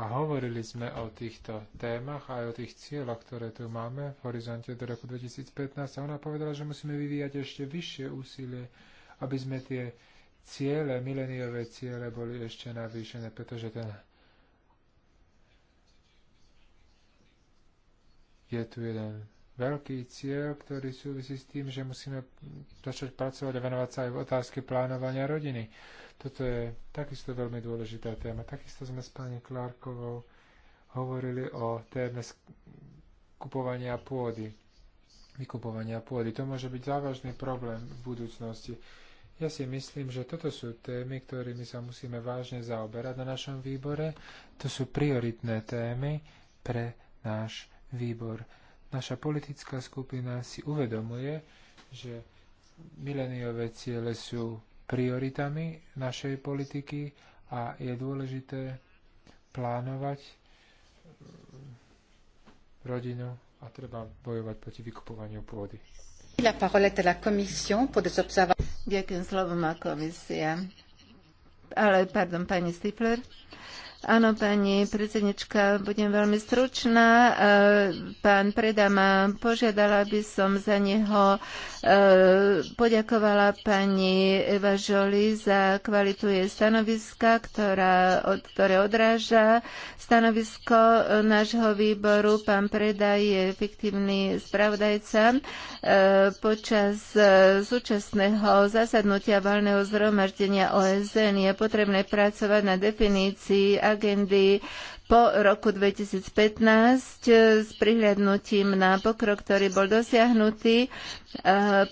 a hovorili sme o týchto témach a aj o tých cieľoch, ktoré tu máme v horizonte do roku 2015 a ona povedala, že musíme vyvíjať ešte vyššie úsilie, aby sme tie ciele, mileniové ciele boli ešte navýšené, pretože ten je tu jeden veľký cieľ, ktorý súvisí s tým, že musíme začať pracovať a venovať sa aj v otázke plánovania rodiny. Toto je takisto veľmi dôležitá téma. Takisto sme s pani Klárkovou hovorili o téme kupovania pôdy. Vykupovania pôdy. To môže byť závažný problém v budúcnosti. Ja si myslím, že toto sú témy, ktorými sa musíme vážne zaoberať na našom výbore. To sú prioritné témy pre náš výbor. Naša politická skupina si uvedomuje, že mileniové ciele sú prioritami našej politiky a je dôležité plánovať rodinu a treba bojovať proti vykupovaniu pôdy. Ďakujem slovo má komisia. Ale, pardon, pani Stifler. Uh, Áno, pani predsednička, budem veľmi stručná. E, pán Preda ma požiadala, aby som za neho e, poďakovala pani Eva Žoli za kvalitu jej stanoviska, ktorá, od, ktoré odráža stanovisko nášho výboru. Pán Preda je fiktívny spravodajca. E, počas súčasného zasadnutia valného zhromaždenia OSN je potrebné pracovať na definícii agendy po roku 2015 e, s prihľadnutím na pokrok, ktorý bol dosiahnutý. E,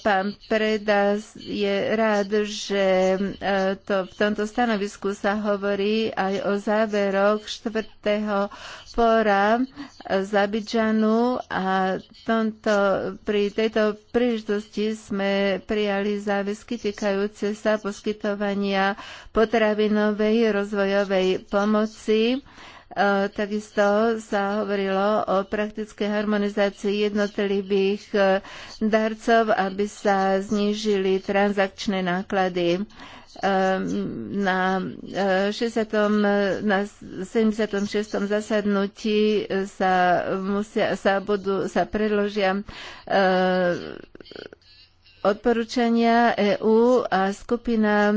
pán Preda je rád, že e, to, v tomto stanovisku sa hovorí aj o záveroch štvrtého fóra z Abidžanu a tomto, pri tejto príležitosti sme prijali záväzky týkajúce sa poskytovania potravinovej rozvojovej pomoci E, takisto sa hovorilo o praktickej harmonizácii jednotlivých e, darcov, aby sa znížili transakčné náklady e, na, 60, na 76. zasadnutí sa, musia, sa, budú, sa predložia Odporúčania EÚ a skupina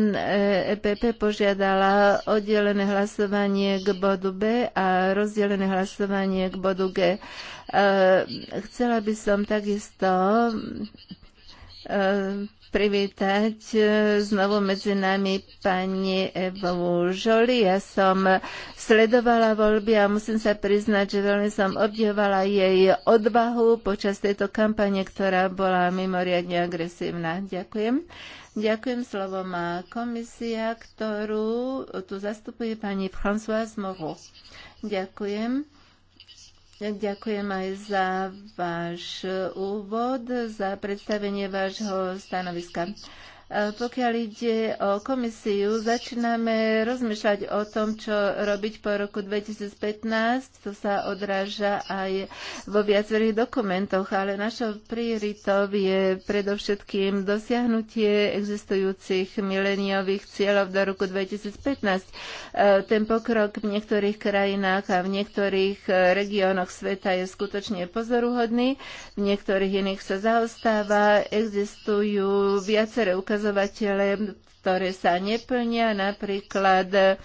EPP e požiadala oddelené hlasovanie k bodu B a rozdelené hlasovanie k bodu G. E, chcela by som takisto e, privítať e, znovu medzi nami pani Evu Žoli. Ja som sledovala voľby a musím sa priznať, že veľmi som obdivovala jej odvahu počas tejto kampane, ktorá bola mimoriadne agresívna. Ďakujem. Ďakujem, slovo má komisia, ktorú tu zastupuje pani Françoise Moreau. Ďakujem. Ďakujem aj za váš úvod, za predstavenie vášho stanoviska. E, pokiaľ ide o komisiu, začíname rozmýšľať o tom, čo robiť po roku 2015. To sa odráža aj vo viacerých dokumentoch, ale našou prioritou je predovšetkým dosiahnutie existujúcich mileniových cieľov do roku 2015. E, ten pokrok v niektorých krajinách a v niektorých e, regiónoch sveta je skutočne pozoruhodný, v niektorých iných sa zaostáva, existujú viaceré ukazovanie ukazovatele, ktoré sa neplnia, napríklad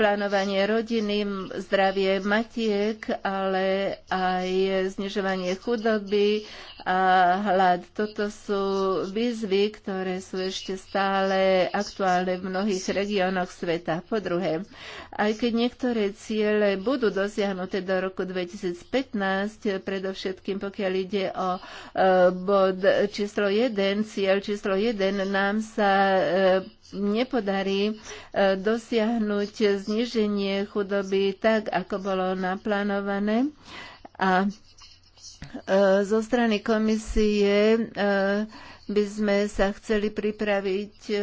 plánovanie rodiny, zdravie matiek, ale aj znižovanie chudoby a hlad. Toto sú výzvy, ktoré sú ešte stále aktuálne v mnohých regiónoch sveta. Po druhé, aj keď niektoré ciele budú dosiahnuté do roku 2015, predovšetkým pokiaľ ide o e, bod číslo 1, cieľ číslo 1, nám sa e, nepodarí e, dosiahnuť zníženie chudoby tak, ako bolo naplánované. A e, zo strany komisie e, by sme sa chceli pripraviť, e,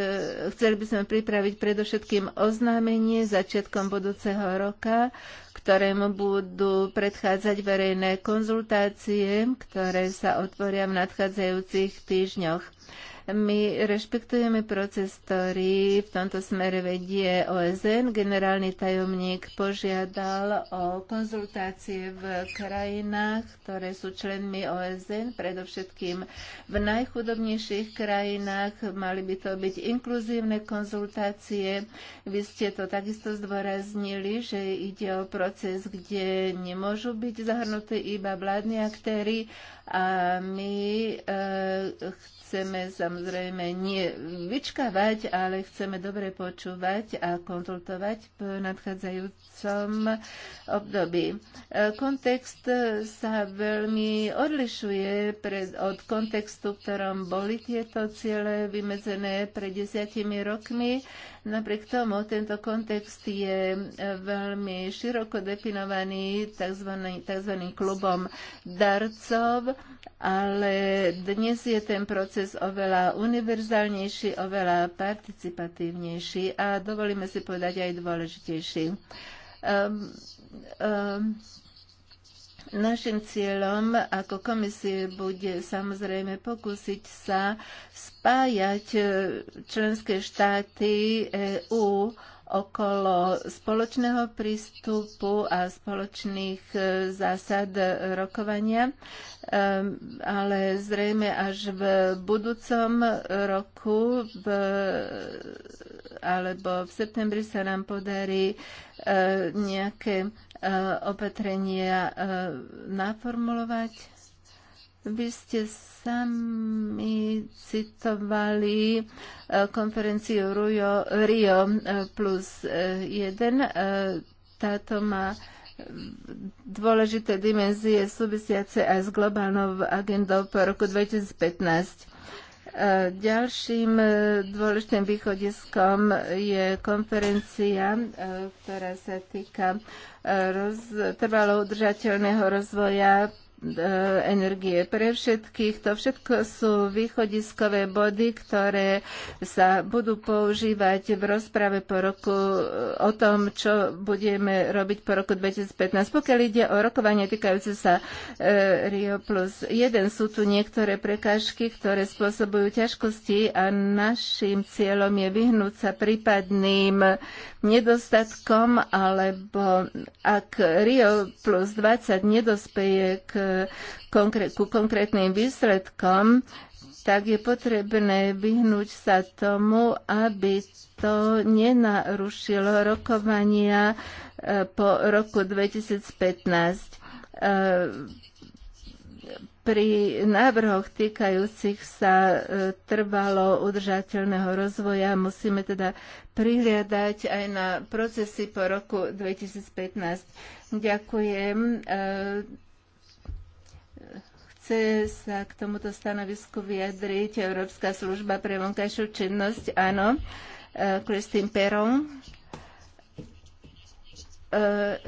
chceli by sme pripraviť predovšetkým oznámenie začiatkom budúceho roka, ktorému budú predchádzať verejné konzultácie, ktoré sa otvoria v nadchádzajúcich týždňoch. My rešpektujeme proces, ktorý v tomto smere vedie OSN. Generálny tajomník požiadal o konzultácie v krajinách, ktoré sú členmi OSN, predovšetkým v najchudobnejších krajinách. Mali by to byť inkluzívne konzultácie. Vy ste to takisto zdôraznili, že ide o proces, kde nemôžu byť zahrnuté iba vládni aktéry a my e, chceme sa samozrejme nie vyčkávať, ale chceme dobre počúvať a konzultovať v nadchádzajúcom období. Kontext sa veľmi odlišuje pred, od kontextu, v ktorom boli tieto ciele vymedzené pred desiatimi rokmi. Napriek tomu tento kontext je veľmi široko definovaný tzv. tzv. klubom darcov, ale dnes je ten proces oveľa univerzálnejší, oveľa participatívnejší a dovolíme si povedať aj dôležitejší. Um, um, Našim cieľom ako komisie bude samozrejme pokúsiť sa spájať e, členské štáty EU okolo spoločného prístupu a spoločných e, zásad rokovania, e, ale zrejme až v budúcom roku v, alebo v septembri sa nám podarí e, nejaké opatrenia naformulovať vy ste sami citovali e, konferenciu Rio, Rio e, plus 1. E, táto má dôležité dimenzie súvisiace aj s globálnou agendou po roku 2015. Ďalším dôležitým východiskom je konferencia, ktorá sa týka roz, trvalo udržateľného rozvoja E, energie pre všetkých. To všetko sú východiskové body, ktoré sa budú používať v rozprave po roku e, o tom, čo budeme robiť po roku 2015. Pokiaľ ide o rokovanie týkajúce sa e, Rio plus 1, sú tu niektoré prekážky, ktoré spôsobujú ťažkosti a našim cieľom je vyhnúť sa prípadným nedostatkom, alebo ak Rio plus 20 nedospeje k konkrét, ku konkrétnym výsledkom, tak je potrebné vyhnúť sa tomu, aby to nenarušilo rokovania e, po roku 2015 e, pri návrhoch týkajúcich sa e, trvalo udržateľného rozvoja musíme teda prihliadať aj na procesy po roku 2015. Ďakujem. Chce sa k tomuto stanovisku vyjadriť Európska služba pre vonkajšiu činnosť. Áno, eh, Christine Peron. Eh,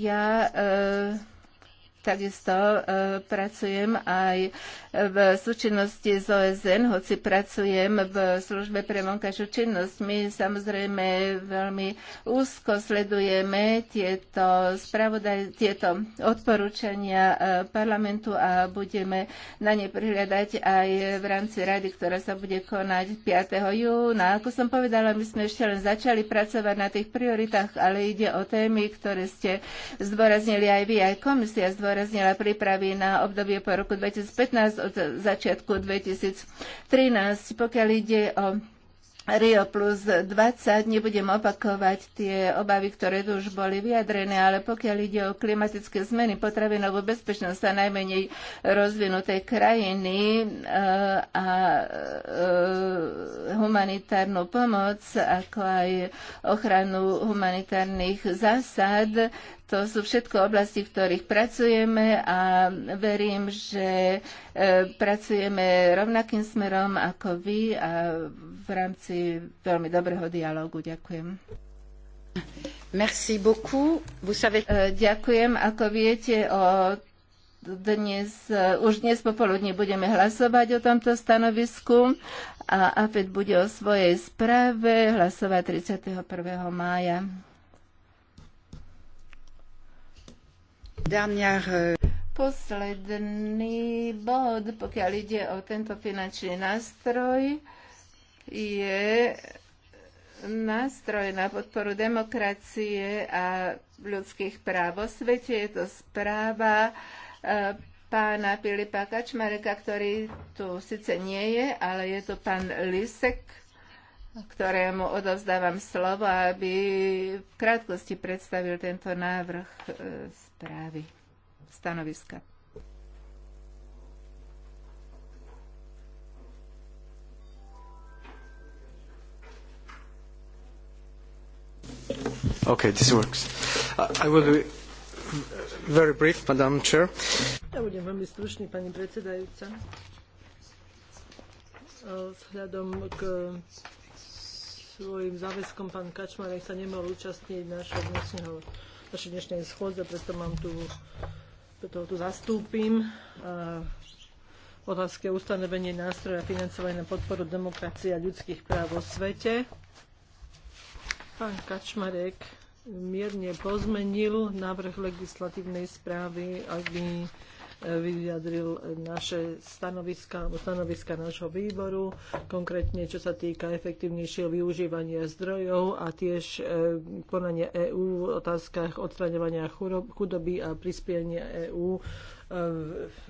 ja eh, Takisto e, pracujem aj v súčinnosti z OSN, hoci pracujem v službe pre vonkajšiu činnosť. My samozrejme veľmi úzko sledujeme tieto, spravodaj, tieto odporúčania e, parlamentu a budeme na ne prihľadať aj v rámci rady, ktorá sa bude konať 5. júna. Ako som povedala, my sme ešte len začali pracovať na tých prioritách, ale ide o témy, ktoré ste zdôraznili aj vy, aj komisia zdôraznili zdôraznila prípravy na obdobie po roku 2015 od začiatku 2013. Pokiaľ ide o Rio plus 20, nebudem opakovať tie obavy, ktoré tu už boli vyjadrené, ale pokiaľ ide o klimatické zmeny, potravinovú bezpečnosť a najmenej rozvinuté krajiny e, a e, humanitárnu pomoc, ako aj ochranu humanitárnych zásad, to sú všetko oblasti, v ktorých pracujeme a verím, že e, pracujeme rovnakým smerom ako vy a v rámci veľmi dobrého dialogu. Ďakujem. Merci beaucoup. Vous savez... E, ďakujem. Ako viete, o dnes, e, už dnes popoludne budeme hlasovať o tomto stanovisku a AFED bude o svojej správe hlasovať 31. mája. Dernière... Posledný bod, pokiaľ ide o tento finančný nástroj, je nástroj na podporu demokracie a ľudských práv. Vo svete je to správa e, pána Filipa Kačmareka, ktorý tu síce nie je, ale je to pán Lisek, ktorému odovzdávam slovo, aby v krátkosti predstavil tento návrh e, správy, stanoviska. Okay, this works. I will be very brief, Madam Chair. Ja budem veľmi stručný, pani predsedajúca. Vzhľadom k svojim záväzkom pán Kačmarek sa nemohol účastniť našho dnešného našej dnešnej schôdze, preto mám tu, preto tu zastúpim otázke ustanovenie nástroja financovania na podporu demokracie a ľudských práv vo svete. Pán Kačmarek mierne pozmenil návrh legislatívnej správy, aby vyjadril naše stanoviska, alebo stanoviska nášho výboru, konkrétne čo sa týka efektívnejšieho využívania zdrojov a tiež e, konania EÚ v otázkach odstraňovania chudoby a prispienia EÚ e,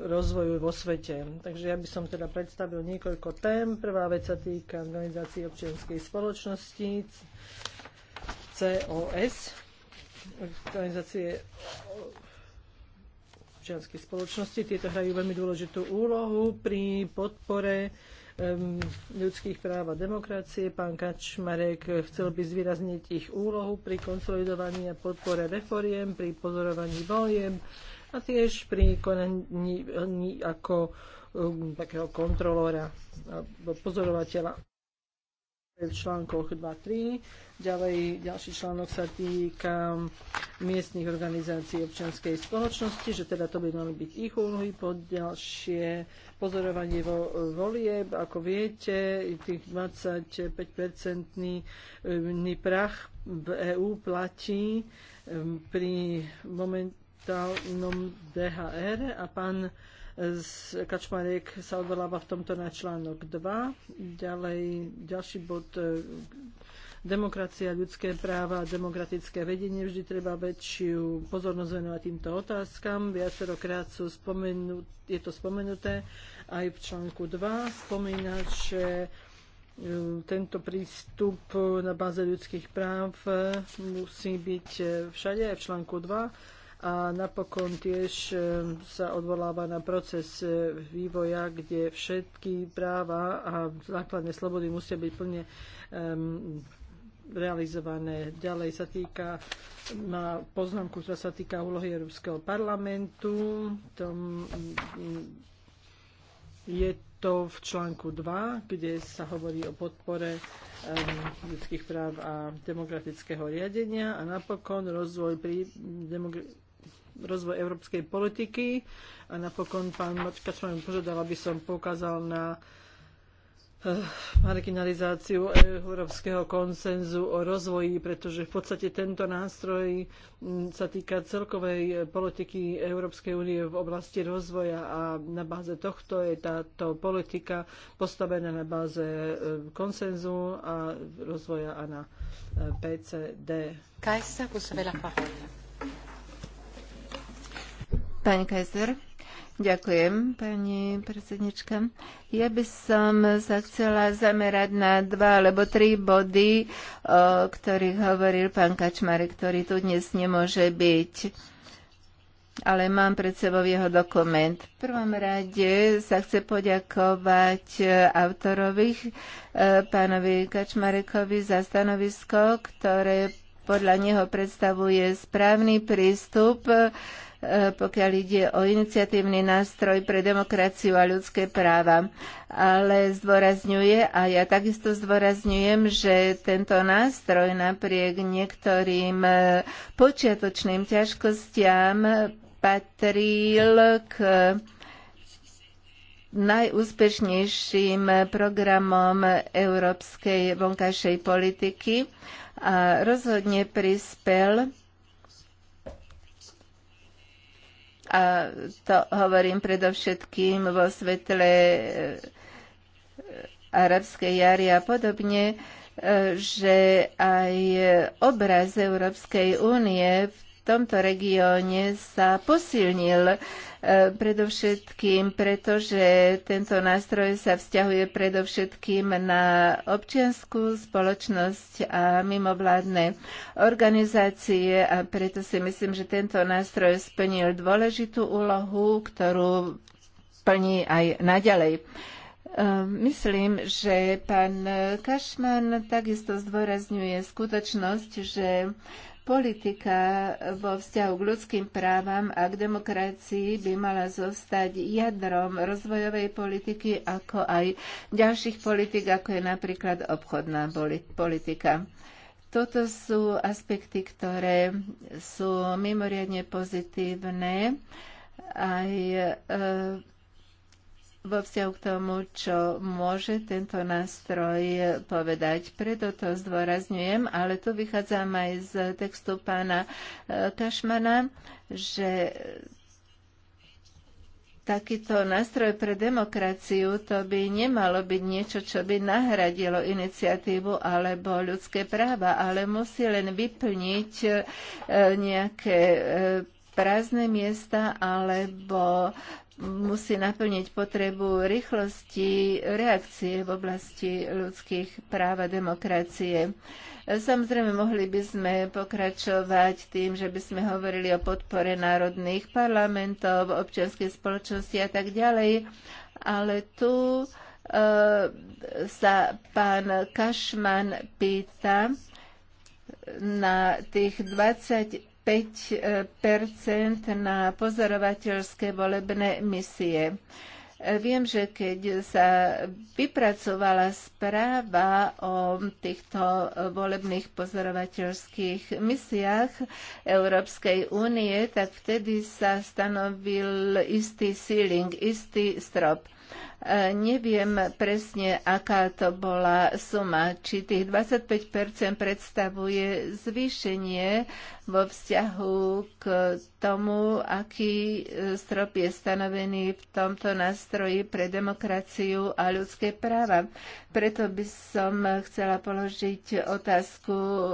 rozvoju vo svete. Takže ja by som teda predstavil niekoľko tém. Prvá vec sa týka organizácie občianskej spoločnosti COS, organizácie občianskej spoločnosti. Tieto hrajú veľmi dôležitú úlohu pri podpore ľudských práv a demokracie. Pán Kačmarek chcel by zvýrazniť ich úlohu pri konsolidovaní a podpore reforiem, pri pozorovaní vojem a tiež pri konaní eh, ako takého kontrolóra alebo pozorovateľa v článkoch 2.3. Ďalej ďalší článok sa týka miestnych organizácií občianskej spoločnosti, že teda to by mali byť ich úlohy po ďalšie pozorovanie vo, volieb. Ako viete, tých 25-percentný um, prach v EÚ platí um, pri momentálnom DHR a pán Kačmarek sa odvoláva v tomto na článok 2. Ďalej, ďalší bod e, demokracia, ľudské práva a demokratické vedenie. Vždy treba väčšiu pozornosť venovať týmto otázkam. Viacerokrát sú spomenú, je to spomenuté aj v článku 2. Spomína, že e, tento prístup na báze ľudských práv musí byť e, všade aj v článku 2 a napokon tiež e, sa odvoláva na proces e, vývoja, kde všetky práva a základné slobody musia byť plne um, realizované. Ďalej sa týka na poznámku, ktorá sa týka úlohy Európskeho parlamentu. Tom, mm, je to v článku 2, kde sa hovorí o podpore ľudských práv a demokratického riadenia a napokon rozvoj pri demogra- rozvoj európskej politiky. A napokon pán Mačka, čo požiadal, aby som poukázal na eh, marginalizáciu európskeho konsenzu o rozvoji, pretože v podstate tento nástroj hm, sa týka celkovej politiky Európskej únie v oblasti rozvoja a na báze tohto je táto politika postavená na báze eh, konsenzu a rozvoja a na eh, PCD. Kajsa, kusovela avez Pani Kajzer. Ďakujem, pani predsednička. Ja by som sa chcela zamerať na dva alebo tri body, o ktorých hovoril pán Kačmarek, ktorý tu dnes nemôže byť ale mám pred sebou jeho dokument. V prvom rade sa chce poďakovať e, autorovi, e, pánovi Kačmarekovi, za stanovisko, ktoré podľa neho predstavuje správny prístup e, E, pokiaľ ide o iniciatívny nástroj pre demokraciu a ľudské práva. Ale zdôrazňuje, a ja takisto zdôrazňujem, že tento nástroj napriek niektorým e, počiatočným ťažkostiam patril k najúspešnejším programom európskej vonkajšej politiky a rozhodne prispel A to hovorím predovšetkým vo svetle e, arabskej jary a podobne, e, že aj obraz Európskej únie v tomto regióne sa posilnil e, predovšetkým, pretože tento nástroj sa vzťahuje predovšetkým na občianskú spoločnosť a mimovládne organizácie a preto si myslím, že tento nástroj splnil dôležitú úlohu, ktorú plní aj naďalej. E, myslím, že pán Kašman takisto zdôrazňuje skutočnosť, že politika vo vzťahu k ľudským právam a k demokracii by mala zostať jadrom rozvojovej politiky, ako aj ďalších politik, ako je napríklad obchodná politika. Toto sú aspekty, ktoré sú mimoriadne pozitívne aj e, vo vzťahu k tomu, čo môže tento nástroj povedať. Preto to zdôrazňujem, ale tu vychádzam aj z textu pána Kašmana, e, že takýto nástroj pre demokraciu, to by nemalo byť niečo, čo by nahradilo iniciatívu alebo ľudské práva, ale musí len vyplniť e, nejaké e, prázdne miesta alebo musí naplniť potrebu rýchlosti reakcie v oblasti ľudských práv a demokracie. Samozrejme, mohli by sme pokračovať tým, že by sme hovorili o podpore národných parlamentov, občianskej spoločnosti a tak ďalej, ale tu eh, sa pán Kašman pýta na tých 20 5 na pozorovateľské volebné misie. Viem, že keď sa vypracovala správa o týchto volebných pozorovateľských misiách Európskej únie, tak vtedy sa stanovil istý ceiling, istý strop. Neviem presne, aká to bola suma. Či tých 25 predstavuje zvýšenie vo vzťahu k tomu, aký e, strop je stanovený v tomto nástroji pre demokraciu a ľudské práva. Preto by som chcela položiť otázku, e,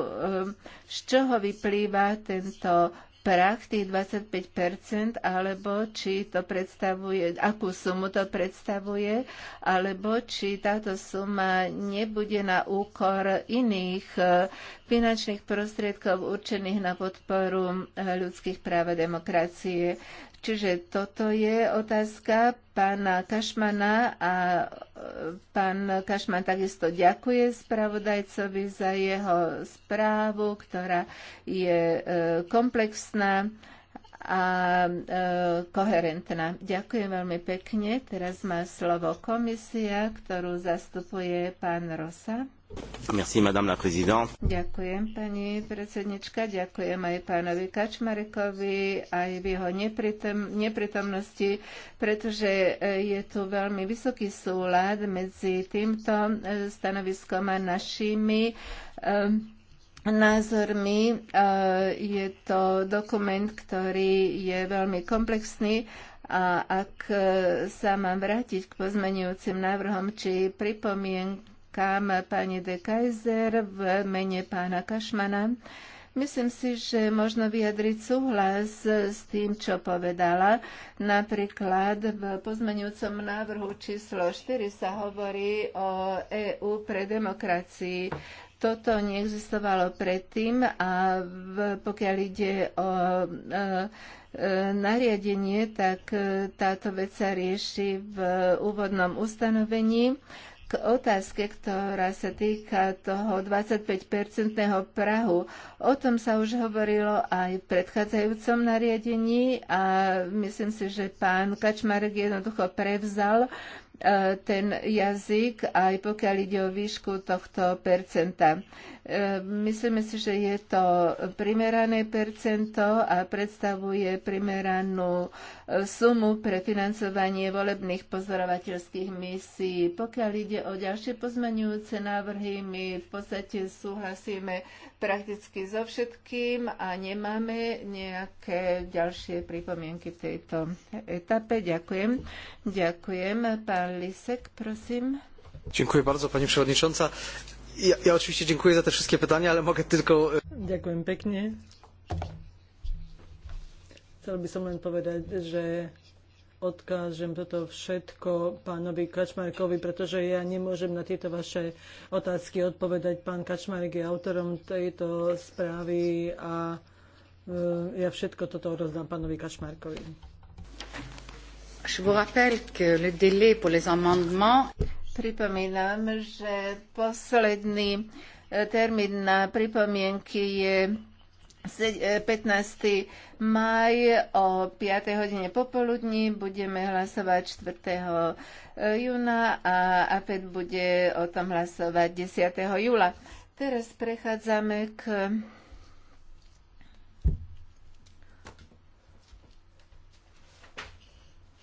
z čoho vyplýva tento prach tých 25 alebo či to predstavuje, akú sumu to predstavuje, alebo či táto suma nebude na úkor iných eh, finančných prostriedkov určených na podporu eh, ľudských práv a demokracie. Čiže toto je otázka pána Kašmana a e, pán Kašman takisto ďakuje spravodajcovi za jeho správu, ktorá je e, komplexná a e, koherentná. Ďakujem veľmi pekne. Teraz má slovo komisia, ktorú zastupuje pán Rosa. Ďakujem, pani predsednička, ďakujem aj pánovi Kačmarekovi, aj v jeho neprítomnosti, pretože e, je tu veľmi vysoký súlad medzi týmto e, stanoviskom a našimi e, názormi. Je to dokument, ktorý je veľmi komplexný a ak sa mám vrátiť k pozmenujúcim návrhom či pripomienkam, otázkam pani de Kaiser v mene pána Kašmana. Myslím si, že možno vyjadriť súhlas s tým, čo povedala. Napríklad v pozmeňujúcom návrhu číslo 4 sa hovorí o EÚ pre demokracii. Toto neexistovalo predtým a v, pokiaľ ide o e, e nariadenie, tak e, táto vec sa rieši v úvodnom ustanovení. K otázke, ktorá sa týka toho 25-percentného Prahu, o tom sa už hovorilo aj v predchádzajúcom nariadení a myslím si, že pán Kačmarek jednoducho prevzal e, ten jazyk, aj pokiaľ ide o výšku tohto percenta. Myslíme si, že je to primerané percento a predstavuje primeranú e, sumu pre financovanie volebných pozorovateľských misií. Pokiaľ ide o ďalšie pozmenujúce návrhy, my v podstate súhlasíme prakticky so všetkým a nemáme nejaké ďalšie pripomienky v tejto etape. Ďakujem. Ďakujem. Pán Lisek, prosím. Dziękuję bardzo, Pani Przewodnicząca. Ja, ja oczywiście dziękuję za te wszystkie pytania, ale mogę tylko... Ďakujem e, pekne. Chcel by som len povedať, že odkážem toto všetko pánovi Kačmarkovi, pretože ja nemôžem na tieto vaše otázky odpovedať. Pán Kačmarek je autorom tejto správy a e, ja všetko toto rozdám pánovi Kačmarkovi. Je vous rappelle que le délai pour les amendements Pripomínam, že posledný e, termín na pripomienky je 15. E, maj o 5. hodine popoludní budeme hlasovať 4. E, júna a APET bude o tom hlasovať 10. júla. Teraz prechádzame k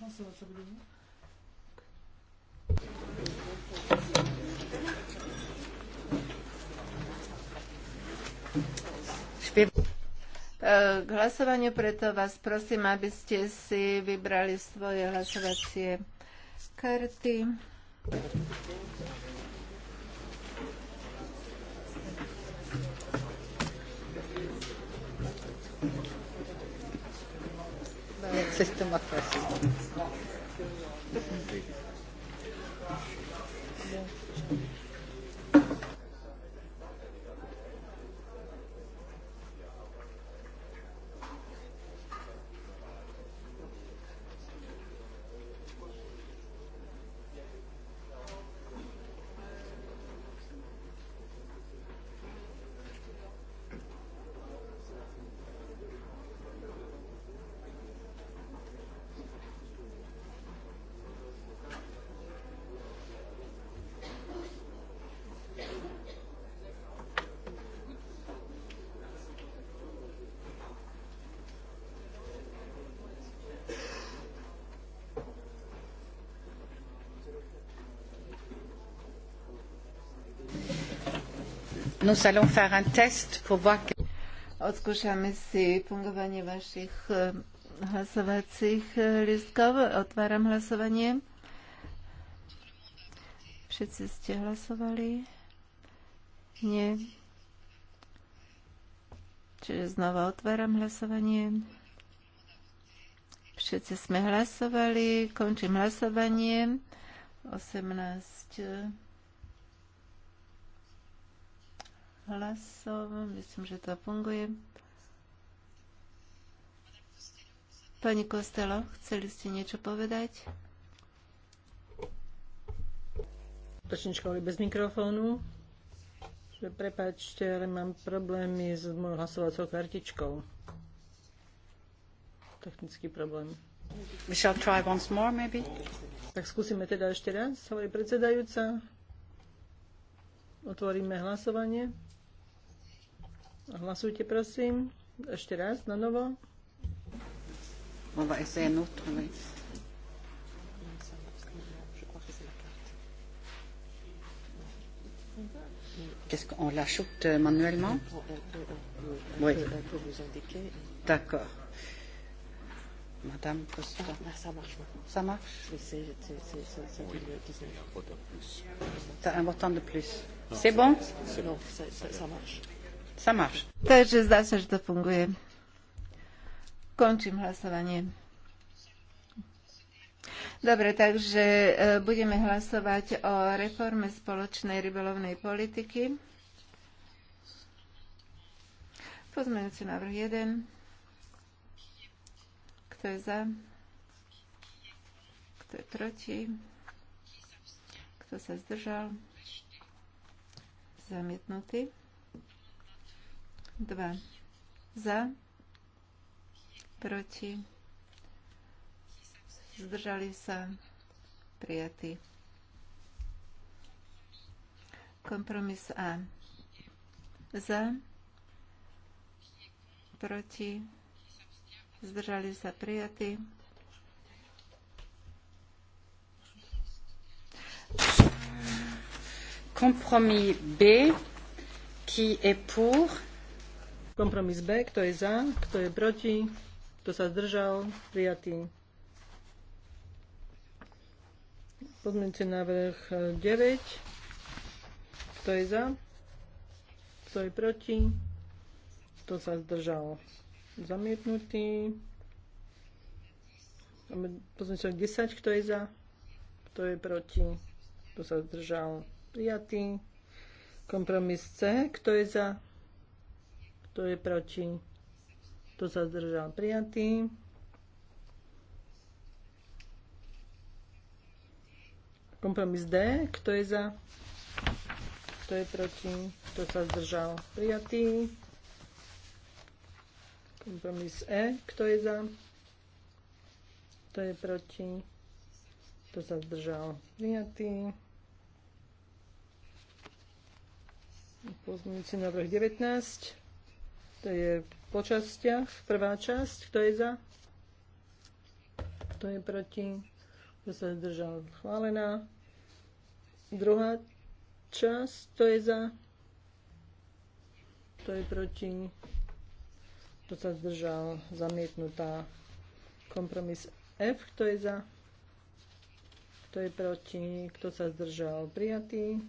Hlasovať sa prispievajú e, k hlasovaniu, preto vás prosím, aby ste si vybrali svoje hlasovacie karty. Thank you. Nous allons faire un test pour voir que... Odskúšame si fungovanie vašich eh, hlasovacích eh, listkov. Otváram hlasovanie. Všetci ste hlasovali? Nie. Čiže znova otváram hlasovanie. Všetci sme hlasovali. Končím hlasovanie. 18 hlasov. Myslím, že to funguje. Pani Kostelo, chceli ste niečo povedať? Točnička bez mikrofónu. Že prepáčte, ale mám problémy s mojou hlasovacou kartičkou. Technický problém. We shall try once more, maybe. Tak skúsime teda ešte raz, hovorí predsedajúca. Otvoríme hlasovanie. Hlasujte, prosím. Ešte raz, na novo. Je Qu'est-ce qu'on l'ajoute euh, manuellement Oui. D'accord. Madame Costa. Ah, ça marche. Ça marche Oui, c'est oui. un votant de plus. C'est bon Non, ça, ça marche. Takže zdá sa, že to funguje. Končím hlasovanie. Dobre, takže e, budeme hlasovať o reforme spoločnej rybolovnej politiky. Pozmeňujúci návrh 1. Kto je za? Kto je proti? Kto sa zdržal? Zamietnutý. 2 za, proti, zdržali sa, prijatý. Kompromis A. Za, proti, zdržali sa, prijatý. Kompromis B, qui est pour Kompromis B, kto je za, kto je proti, kto sa zdržal, prijatý. Podmienci návrh 9. E, kto je za? Kto je proti? Kto sa zdržal? Zamietnutý. Pozmeňujúci 10. Kto je za? Kto je proti? Kto sa zdržal? Prijatý. Kompromis C. Kto je za? Kto je proti? Kto sa zdržal? Prijatý. Kompromis D. Kto je za? Kto je proti? Kto sa zdržal? Prijatý. Kompromis E. Kto je za? Kto je proti? Kto sa zdržal? Prijatý. Pozmeňujúci návrh 19. To je po častiach. Prvá časť. Kto je za? Kto je proti? Kto sa zdržal? Chválená. Druhá časť. Kto je za? Kto je proti? Kto sa zdržal? Zamietnutá. Kompromis F. Kto je za? Kto je proti? Kto sa zdržal? Prijatý.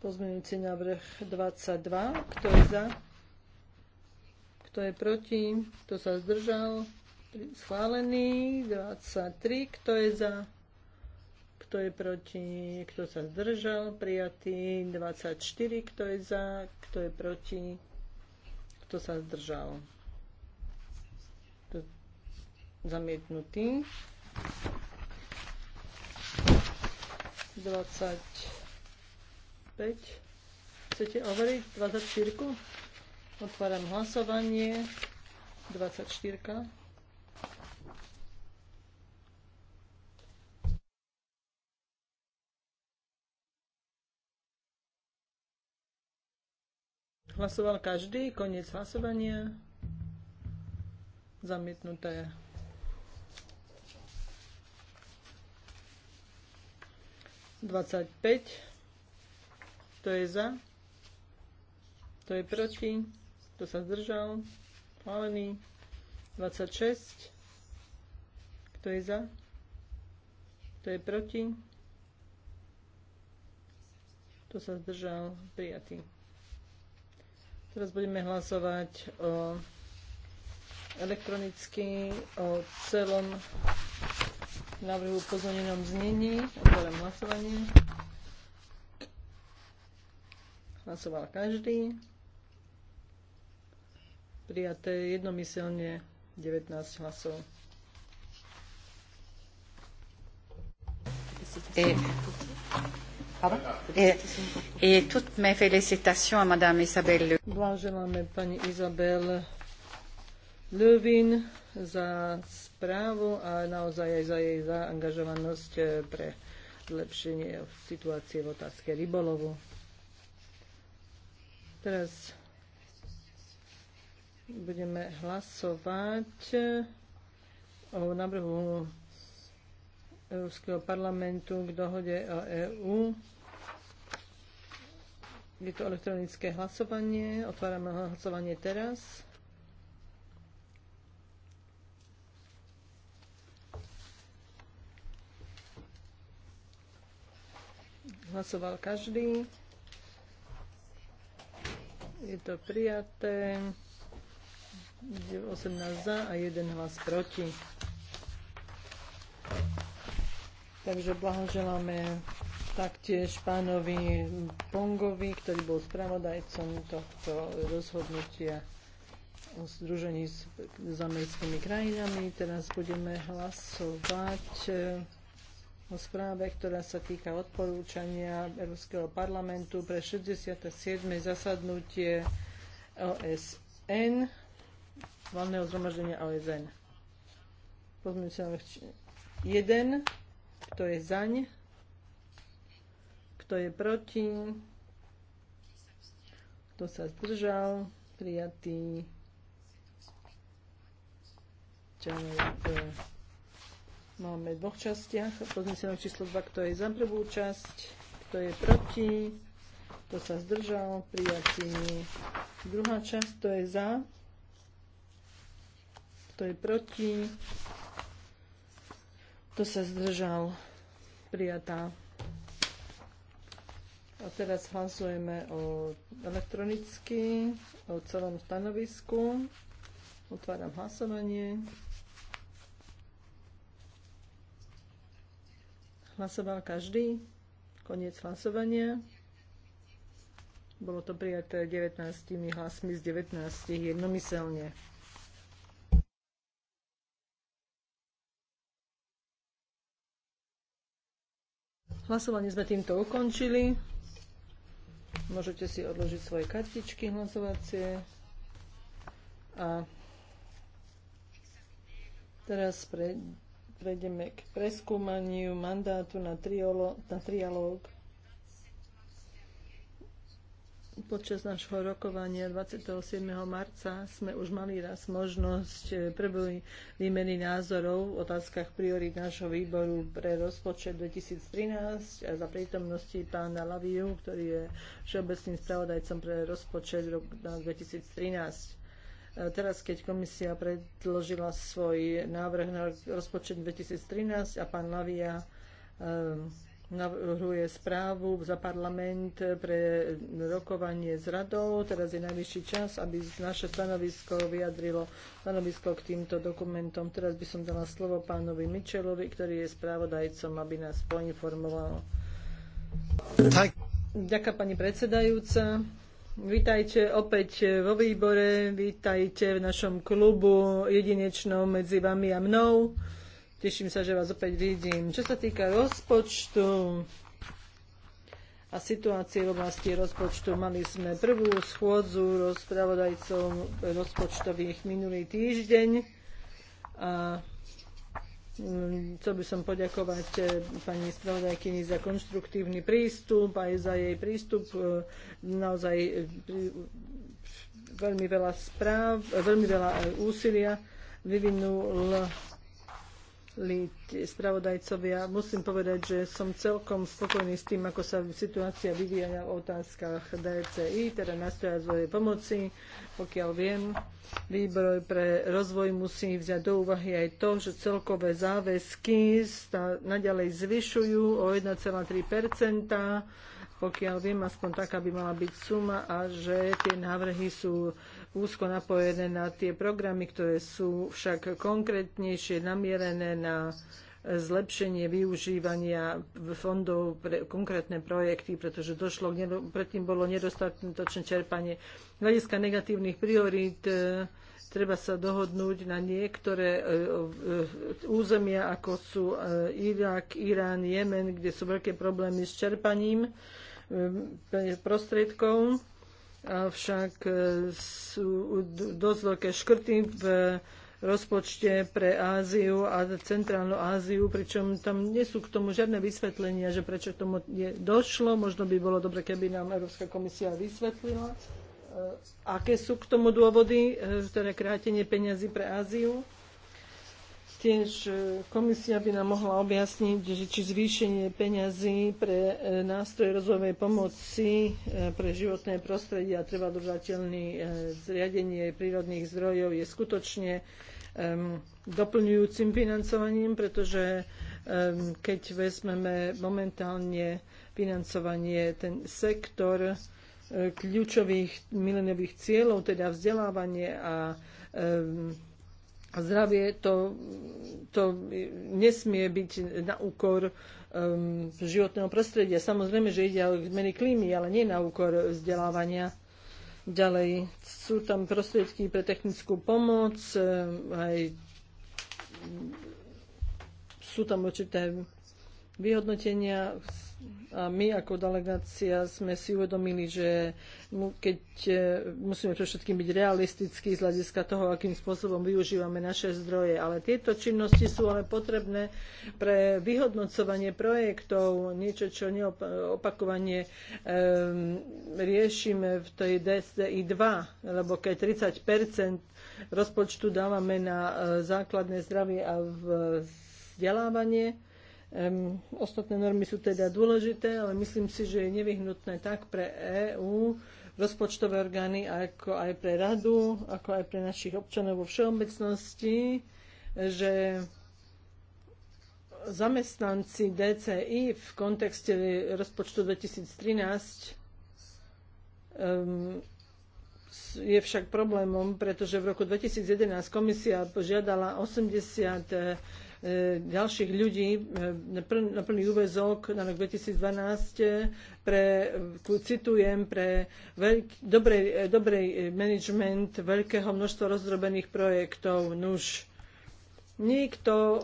Pozmeňujúci návrh 22. Kto je za? Kto je proti? Kto sa zdržal? Schválený. 23. Kto je za? Kto je proti? Kto sa zdržal? Prijatý. 24. Kto je za? Kto je proti? Kto sa zdržal? Zamietnutý. 20. 5. Chcete overiť 24? Otváram hlasovanie. 24. Hlasoval každý, koniec hlasovania. Zamietnuté. Dvadsať päť. Kto je za? Kto je proti? Kto sa zdržal? Chválený. 26. Kto je za? Kto je proti? To sa zdržal? Prijatý. Teraz budeme hlasovať o elektronicky o celom návrhu pozvanenom znení. Otvorím hlasovanie. Hlasoval každý. Prijaté jednomyselne 19 hlasov. Et, Blahoželáme pani Izabel Lövin za správu a naozaj aj za jej zaangažovanosť eh, pre zlepšenie situácie v otázke rybolovu. Teraz budeme hlasovať o návrhu Európskeho parlamentu k dohode o EÚ. Je to elektronické hlasovanie. Otvárame hlasovanie teraz. Hlasoval každý. Je to prijaté. 18 za a 1 hlas proti. Takže blahoželáme taktiež pánovi Pongovi, ktorý bol spravodajcom tohto rozhodnutia o združení s zamestskými krajinami. Teraz budeme hlasovať o správe, ktorá sa týka odporúčania Európskeho parlamentu pre 67. zasadnutie OSN, hlavného zhromaždenia OSN. Pozmeňujúci návrh 1. Kto je zaň? Kto je proti? Kto sa zdržal? Prijatý. to? Máme v dvoch častiach. Pozmeňujúci číslo 2, kto je za prvú časť, kto je proti, kto sa zdržal, prijatý. Druhá časť, kto je za, kto je proti, kto sa zdržal, prijatá. A teraz hlasujeme o elektronicky, o celom stanovisku. Otváram hlasovanie. Hlasoval každý. Koniec hlasovania. Bolo to prijaté 19 hlasmi z 19 jednomyselne. Hlasovanie sme týmto ukončili. Môžete si odložiť svoje kartičky hlasovacie. A teraz pre prejdeme k preskúmaniu mandátu na, triolo, na trialóg počas nášho rokovania 27. marca sme už mali raz možnosť e, preboj výmeny názorov v otázkach priorít nášho výboru pre rozpočet 2013 a za prítomnosti pána Laviu, ktorý je všeobecným spravodajcom pre rozpočet roku 2013. Teraz, keď komisia predložila svoj návrh na rozpočet 2013 a pán Lavia e, navrhuje správu za parlament pre rokovanie s radou. Teraz je najvyšší čas, aby naše stanovisko vyjadrilo stanovisko k týmto dokumentom. Teraz by som dala slovo pánovi Mičelovi, ktorý je správodajcom, aby nás poinformoval. Ďakujem pani predsedajúca. Vítajte opäť vo výbore, vítajte v našom klubu jedinečnom medzi vami a mnou. Teším sa, že vás opäť vidím. Čo sa týka rozpočtu a situácie v oblasti rozpočtu, mali sme prvú schôdzu rozpravodajcov rozpočtových minulý týždeň. A Mm, chcel by som poďakovať eh, pani spravodajkyni za konštruktívny prístup, aj za jej prístup. Eh, naozaj eh, veľmi veľa správ, veľmi veľa úsilia vyvinul spravodajcovia. Musím povedať, že som celkom spokojný s tým, ako sa situácia vyvíja v otázkach DCI, teda nástroja svojej pomoci. Pokiaľ viem, výbor pre rozvoj musí vziať do úvahy aj to, že celkové záväzky sa naďalej zvyšujú o 1,3 pokiaľ viem, aspoň taká by mala byť suma a že tie návrhy sú úzko napojené na tie programy, ktoré sú však konkrétnejšie namierené na zlepšenie využívania fondov pre konkrétne projekty, pretože došlo, predtým bolo nedostatočné čerpanie. Z hľadiska negatívnych priorít e, treba sa dohodnúť na niektoré e, e, územia, ako sú Irak, Irán, Jemen, kde sú veľké problémy s čerpaním prostriedkov avšak e, sú dosť veľké škrty v rozpočte pre Áziu a Centrálnu Áziu, pričom tam nie sú k tomu žiadne vysvetlenia, že prečo k tomu je došlo. Možno by bolo dobre, keby nám Európska komisia vysvetlila, e, aké sú k tomu dôvody, e, ktoré krátenie peňazí pre Áziu. Tiež komisia by nám mohla objasniť, že či zvýšenie peňazí pre e, nástroj rozvojovej pomoci e, pre životné prostredie a trvalodržateľné e, zriadenie prírodných zdrojov je skutočne doplňujúcim financovaním, pretože keď vezmeme momentálne financovanie ten sektor kľúčových mileniových cieľov, teda vzdelávanie a um, a zdravie to, to nesmie byť na úkor um, životného prostredia. Samozrejme, že ide o zmeny klímy, ale nie na úkor vzdelávania. Ďalej sú tam prostriedky pre technickú pomoc, um, aj sú tam určité vyhodnotenia a my ako delegácia sme si uvedomili, že keď e, musíme pre všetkým byť realistickí z hľadiska toho, akým spôsobom využívame naše zdroje. Ale tieto činnosti sú ale potrebné pre vyhodnocovanie projektov, niečo, čo neopakovane um, e, riešime v tej DSI 2, lebo keď 30 rozpočtu dávame na e, základné zdravie a vzdelávanie, Um, ostatné normy sú teda dôležité, ale myslím si, že je nevyhnutné tak pre EÚ, rozpočtové orgány, ako aj pre radu, ako aj pre našich občanov vo všeobecnosti, že zamestnanci DCI v kontexte rozpočtu 2013 um, je však problémom, pretože v roku 2011 komisia požiadala 80 E, ďalších ľudí e, na plný úvezok na rok 2012 pre, e, citujem, pre veľk, dobrej, dobrej management veľkého množstva rozrobených projektov. Nuž, nikto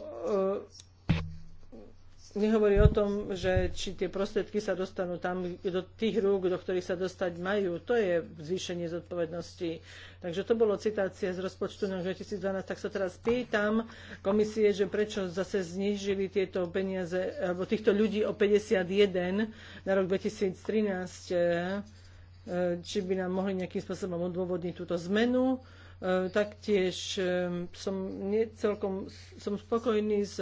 nehovorí o tom, že či tie prostriedky sa dostanú tam do tých rúk, do ktorých sa dostať majú. To je zvýšenie zodpovednosti. Takže to bolo citácia z rozpočtu na 2012. Tak sa teraz pýtam komisie, že prečo zase znížili tieto peniaze, alebo týchto ľudí o 51 na rok 2013 e, či by nám mohli nejakým spôsobom odôvodniť túto zmenu E, taktiež e, som celkom som spokojný s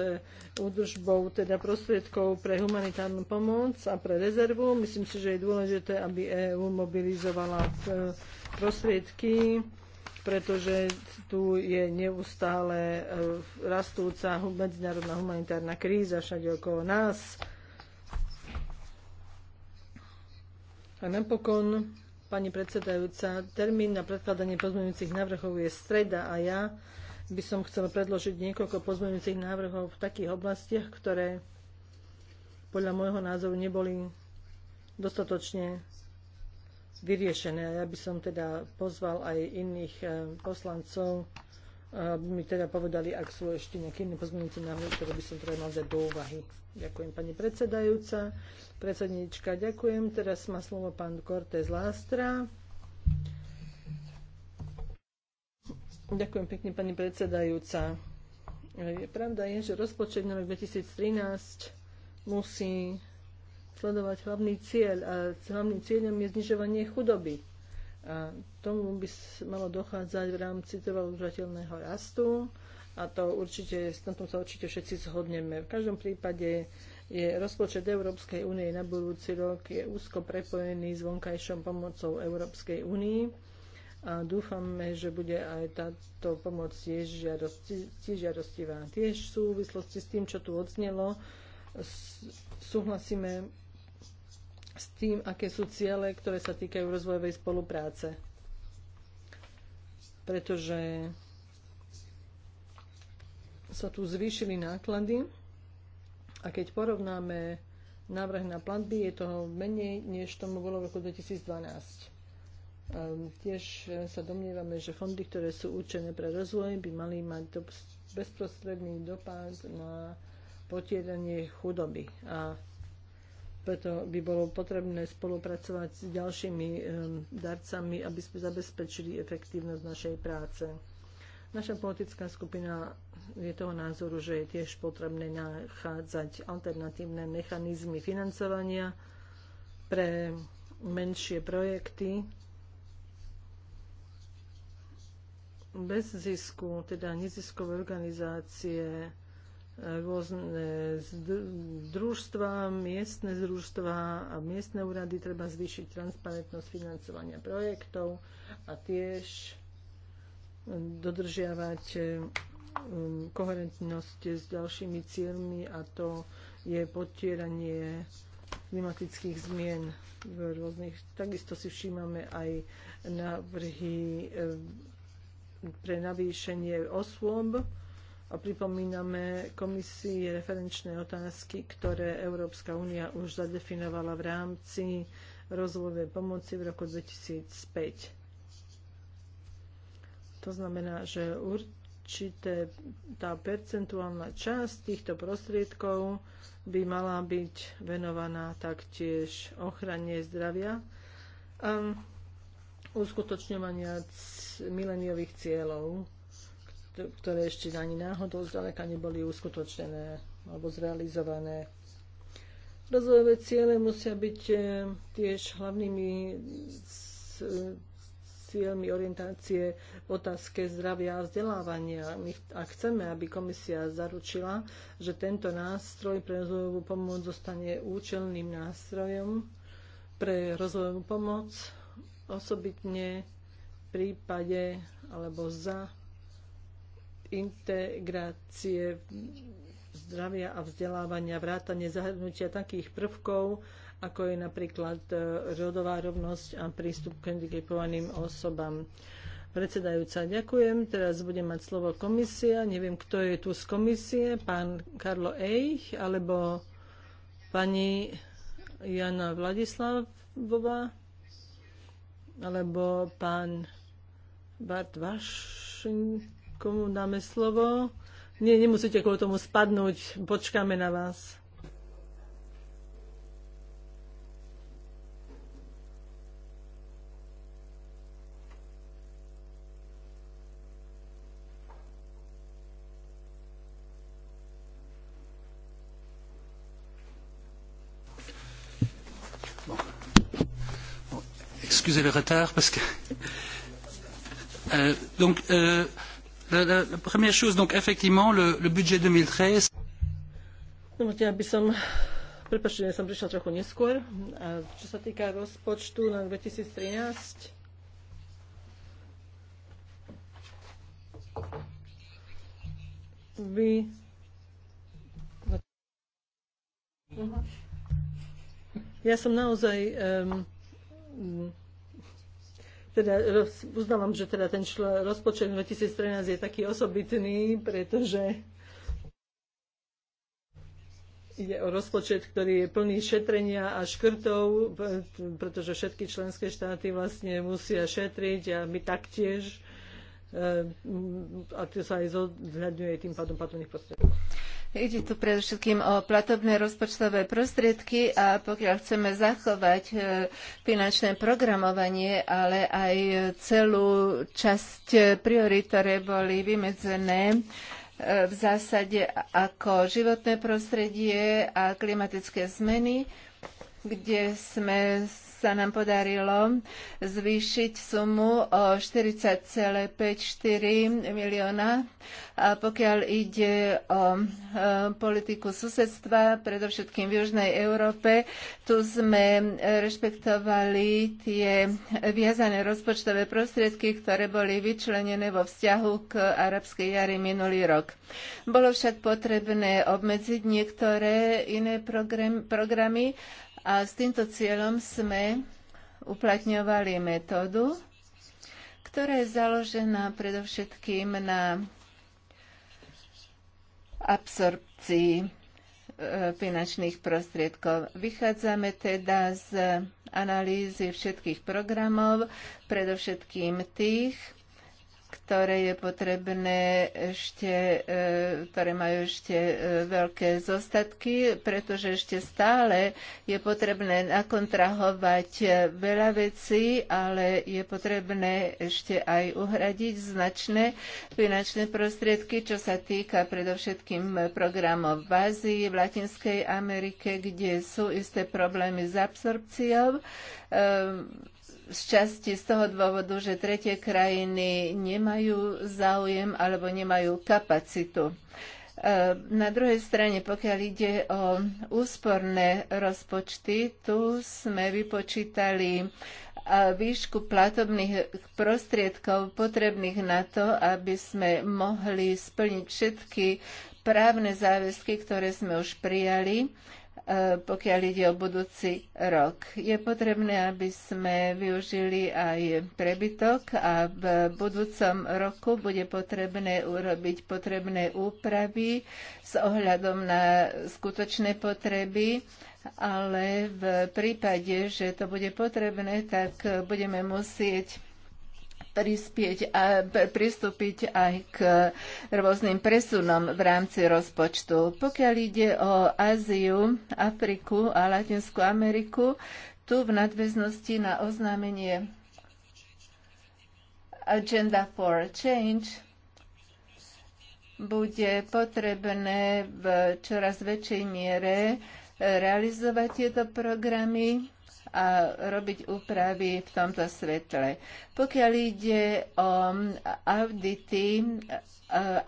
údržbou teda prostriedkov pre humanitárnu pomoc a pre rezervu. Myslím si, že je dôležité, aby EÚ mobilizovala e, prostriedky pretože tu je neustále rastúca medzinárodná humanitárna kríza všade okolo nás. A napokon pani predsedajúca. Termín na predkladanie pozmeňujúcich návrhov je streda a ja by som chcela predložiť niekoľko pozmeňujúcich návrhov v takých oblastiach, ktoré podľa môjho názoru neboli dostatočne vyriešené. A Ja by som teda pozval aj iných eh, poslancov aby mi teda povedali, ak sú ešte nejaké iné pozmeňujúce návrhy, ktoré by som teda naozaj do úvahy. Ďakujem pani predsedajúca. Predsednička, ďakujem. Teraz má slovo pán Cortés Lástra. Ďakujem pekne pani predsedajúca. Pravda je, že rozpočet na rok 2013 musí sledovať hlavný cieľ a hlavným cieľom je znižovanie chudoby a tomu by malo dochádzať v rámci trvalo rastu a to určite, na tom sa určite všetci zhodneme. V každom prípade je rozpočet Európskej únie na budúci rok je úzko prepojený s vonkajšou pomocou Európskej únii a dúfame, že bude aj táto pomoc tiež, žiadosti, tiež žiadostivá. Tiež v súvislosti s tým, čo tu odznelo, súhlasíme s tým, aké sú ciele, ktoré sa týkajú rozvojovej spolupráce. Pretože sa tu zvýšili náklady a keď porovnáme návrh na platby, je toho menej, než tomu bolo v roku 2012. Ehm, tiež sa domnievame, že fondy, ktoré sú určené pre rozvoj, by mali mať bezprostredný dopad na potieranie chudoby. A preto by bolo potrebné spolupracovať s ďalšími darcami, aby sme zabezpečili efektívnosť našej práce. Naša politická skupina je toho názoru, že je tiež potrebné nachádzať alternatívne mechanizmy financovania pre menšie projekty bez zisku, teda neziskové organizácie rôzne družstva, miestne družstva a miestne úrady treba zvýšiť transparentnosť financovania projektov a tiež dodržiavať um, koherentnosť s ďalšími cieľmi a to je potieranie klimatických zmien v rôznych. Takisto si všímame aj návrhy eh, pre navýšenie osôb, a pripomíname komisii referenčné otázky, ktoré Európska únia už zadefinovala v rámci rozvojovej pomoci v roku 2005. To znamená, že určité tá percentuálna časť týchto prostriedkov by mala byť venovaná taktiež ochrane zdravia a uskutočňovania mileniových cieľov ktoré ešte ani náhodou zďaleka neboli uskutočnené alebo zrealizované. Rozvojové ciele musia byť eh, tiež hlavnými cieľmi orientácie v otázke zdravia a vzdelávania. My, ak chceme, aby komisia zaručila, že tento nástroj pre rozvojovú pomoc zostane účelným nástrojom pre rozvojovú pomoc, osobitne v prípade alebo za integrácie zdravia a vzdelávania, vrátanie zahrnutia takých prvkov, ako je napríklad e, rodová rovnosť a prístup k handicapovaným osobám. Predsedajúca, ďakujem. Teraz bude mať slovo komisia. Neviem, kto je tu z komisie, pán Karlo Eich alebo pani Jana Vladislavová alebo pán Bart Vašin komu dáme slovo. Nie, nemusíte kvôli tomu spadnúť, počkáme na vás. excusez le retard parce que. Euh, donc, euh, La, la, la première chose, donc effectivement, le, le budget 2013. Dovolte, aby som, prepáčte, som prišla trochu neskôr. A čo sa týka rozpočtu na 2013, vy... Ja som naozaj um, teda roz, uznávam, že teda ten čl- rozpočet 2013 je taký osobitný, pretože ide o rozpočet, ktorý je plný šetrenia a škrtov, pretože všetky členské štáty vlastne musia šetriť a my taktiež. E, a to sa aj zohľadňuje tým pádom patrných prostriedkov. Ide tu predovšetkým o platobné rozpočtové prostriedky a pokiaľ chceme zachovať e, finančné programovanie, ale aj celú časť priorit, ktoré boli vymedzené e, v zásade ako životné prostredie a klimatické zmeny, kde sme sa nám podarilo zvýšiť sumu o 40,54 milióna. A pokiaľ ide o e, politiku susedstva, predovšetkým v Južnej Európe, tu sme rešpektovali tie viazané rozpočtové prostriedky, ktoré boli vyčlenené vo vzťahu k arabskej jari minulý rok. Bolo však potrebné obmedziť niektoré iné programy, a s týmto cieľom sme uplatňovali metódu, ktorá je založená predovšetkým na absorpcii e, finančných prostriedkov. Vychádzame teda z analýzy všetkých programov, predovšetkým tých, ktoré je potrebné ešte, e, ktoré majú ešte e, veľké zostatky, pretože ešte stále je potrebné nakontrahovať e, veľa vecí, ale je potrebné ešte aj uhradiť značné finančné prostriedky, čo sa týka predovšetkým programov v Ázii, v Latinskej Amerike, kde sú isté problémy s absorpciou z časti z toho dôvodu, že tretie krajiny nemajú záujem alebo nemajú kapacitu. E, na druhej strane, pokiaľ ide o úsporné rozpočty, tu sme vypočítali e, výšku platobných prostriedkov potrebných na to, aby sme mohli splniť všetky právne záväzky, ktoré sme už prijali Eh, pokiaľ ide o budúci rok. Je potrebné, aby sme využili aj prebytok a v budúcom roku bude potrebné urobiť potrebné úpravy s ohľadom na skutočné potreby ale v prípade, že to bude potrebné, tak budeme musieť prispieť a pristúpiť aj k rôznym presunom v rámci rozpočtu. Pokiaľ ide o Áziu, Afriku a Latinskú Ameriku, tu v nadväznosti na oznámenie Agenda for Change bude potrebné v čoraz väčšej miere realizovať tieto programy a robiť úpravy v tomto svetle. Pokiaľ ide o audity,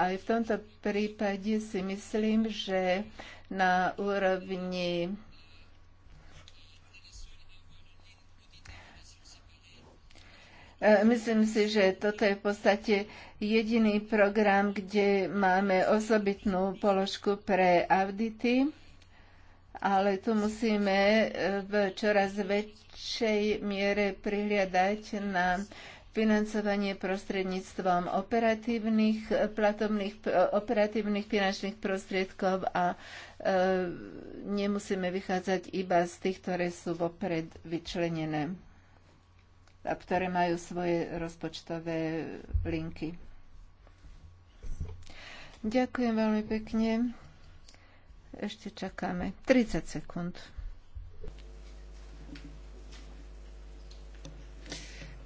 aj v tomto prípade si myslím, že na úrovni e, Myslím si, že toto je v podstate jediný program, kde máme osobitnú položku pre audity ale tu musíme e, v čoraz väčšej miere prihliadať na financovanie prostredníctvom operatívnych, e, platobných, e, operatívnych finančných prostriedkov a e, nemusíme vychádzať iba z tých, ktoré sú vopred vyčlenené a ktoré majú svoje rozpočtové linky. Ďakujem veľmi pekne. Ešte čakáme 30 sekúnd.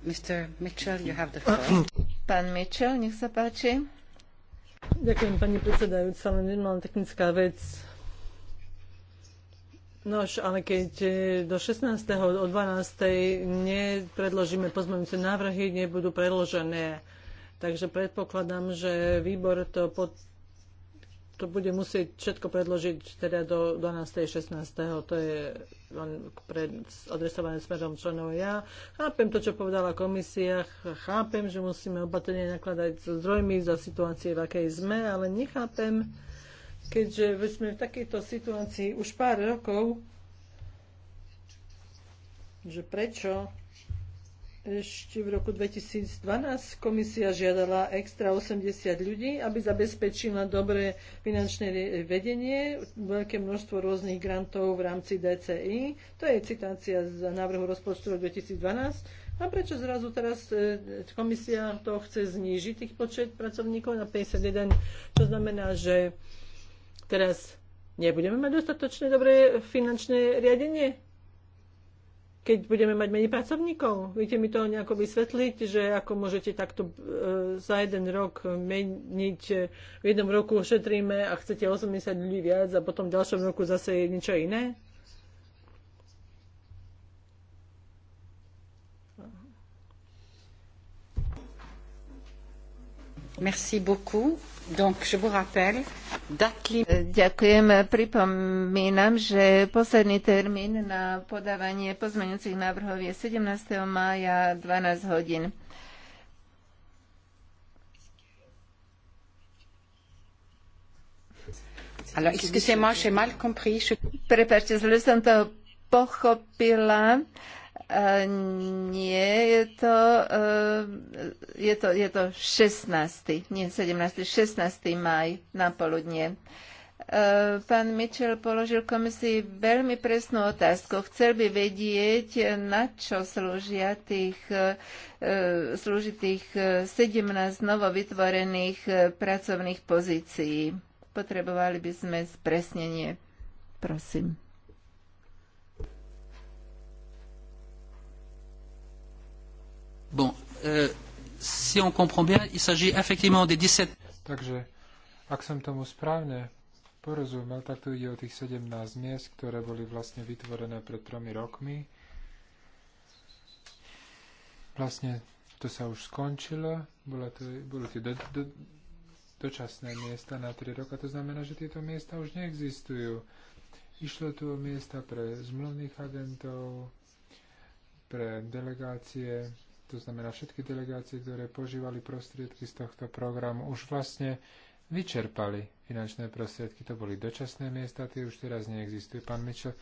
Mr. Mitchell, you have the floor. Pán Mitchell, nech sa páči. Ďakujem, pani predsedajúca, len normálna technická vec. Nož, ale keď e, do 16. o 12. nepredložíme pozmeňujúce návrhy, nebudú predložené. Takže predpokladám, že výbor to pod, to bude musieť všetko predložiť teda do 12. 16. To je on pred, adresované smerom členov. Ja chápem to, čo povedala komisia, chápem, že musíme opatrne nakladať so zdrojmi za situácie, v akej sme, ale nechápem, keďže sme v takejto situácii už pár rokov, že prečo ešte v roku 2012 komisia žiadala extra 80 ľudí, aby zabezpečila dobré finančné vedenie, veľké množstvo rôznych grantov v rámci DCI. To je citácia z návrhu rozpočtu 2012. A prečo zrazu teraz e, komisia to chce znížiť, tých počet pracovníkov na 51? To znamená, že teraz nebudeme mať dostatočne dobré finančné riadenie? keď budeme mať menej pracovníkov? Viete mi to nejako vysvetliť, že ako môžete takto e, za jeden rok meniť, e, v jednom roku šetríme a chcete 80 ľudí viac a potom v ďalšom roku zase je niečo iné? Merci beaucoup. Donc, je vous rappelle, e, Ďakujem. Pripomínam, že posledný termín na podávanie pozmeňujúcich návrhov je 17. mája 12 hodín. Alors, excusez-moi, j'ai mal compris. Je... zle som to pochopila. Uh, nie, je to, uh, je to, je to 16. Nie 17. 16. maj na poludnie. Eh, pán Mitchell položil komisii veľmi presnú otázku. Chcel by vedieť, na čo slúžia tých, uh, slúži tých 17 novovytvorených pracovných pozícií. Potrebovali by sme spresnenie. Prosím. Bon, euh, si on comprend bien, il s'agit effectivement des 17... Takže, ak som tomu správne porozumel, tak tu ide o tých 17 miest, ktoré boli vlastne vytvorené pred tromi rokmi. Vlastne to sa už skončilo, bolo to, boli tie do, do, dočasné miesta na 3 roka, to znamená, že tieto miesta už neexistujú. Išlo tu o miesta pre zmluvných agentov, pre delegácie, to znamená všetky delegácie, ktoré požívali prostriedky z tohto programu, už vlastne vyčerpali finančné prostriedky. To boli dočasné miesta, tie už teraz neexistujú. Pán Mičo,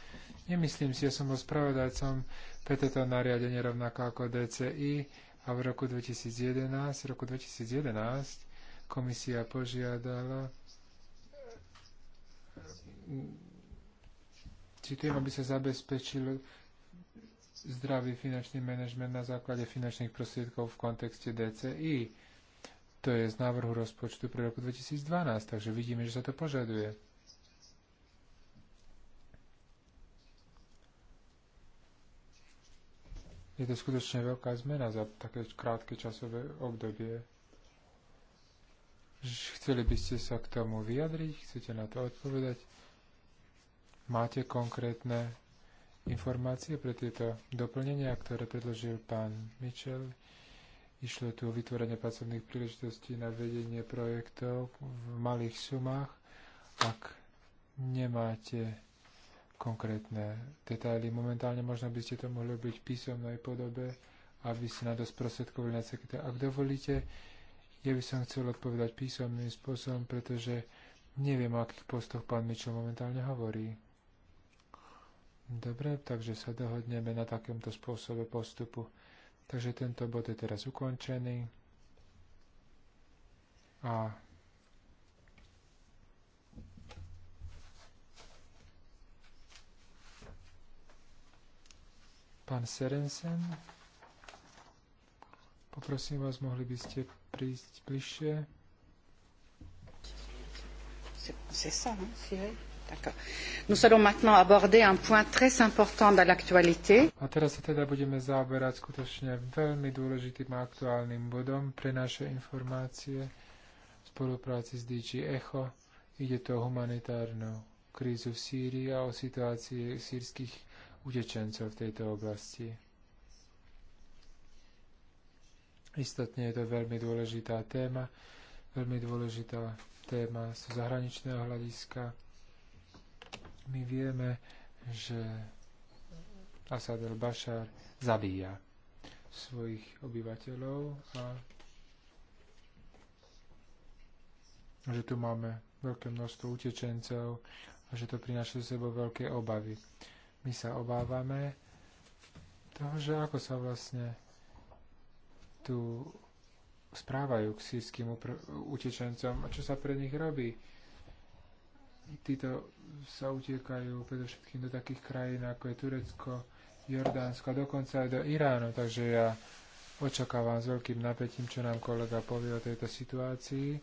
nemyslím si, ja som bol spravodajcom pre toto nariadenie rovnako ako DCI a v roku 2011, roku 2011 komisia požiadala citujem, aby sa zabezpečil zdravý finančný manažment na základe finančných prostriedkov v kontexte DCI. To je z návrhu rozpočtu pre roku 2012, takže vidíme, že sa to požaduje. Je to skutočne veľká zmena za také krátke časové obdobie. Chceli by ste sa k tomu vyjadriť? Chcete na to odpovedať? Máte konkrétne informácie pre tieto doplnenia, ktoré predložil pán Mitchell. Išlo tu o vytvorenie pracovných príležitostí na vedenie projektov v malých sumách. Ak nemáte konkrétne detaily momentálne, možno by ste to mohli byť v písomnej podobe, aby ste na to sprostredkovali na sekretár. Ak dovolíte, ja by som chcel odpovedať písomným spôsobom, pretože neviem, o akých postoch pán Mitchell momentálne hovorí. Dobre, takže sa dohodneme na takomto spôsobe postupu. Takže tento bod je teraz ukončený. A Pán Serensen, poprosím vás, mohli by ste prísť bližšie. C'est ça, hein, a teraz sa teda budeme zaoberať skutočne veľmi dôležitým a aktuálnym bodom pre naše informácie v spolupráci s DG ECHO. Ide to o humanitárnu krízu v Sýrii a o situácii sírskych utečencov v tejto oblasti. Istotne je to veľmi dôležitá téma, veľmi dôležitá téma zo zahraničného hľadiska my vieme, že Asad al-Bashar zabíja svojich obyvateľov a že tu máme veľké množstvo utečencov a že to prináša so sebou veľké obavy. My sa obávame toho, že ako sa vlastne tu správajú k sírským utečencom a čo sa pre nich robí títo sa utiekajú predovšetkým do takých krajín ako je Turecko, Jordánsko, dokonca aj do Iránu, takže ja očakávam s veľkým napätím, čo nám kolega povie o tejto situácii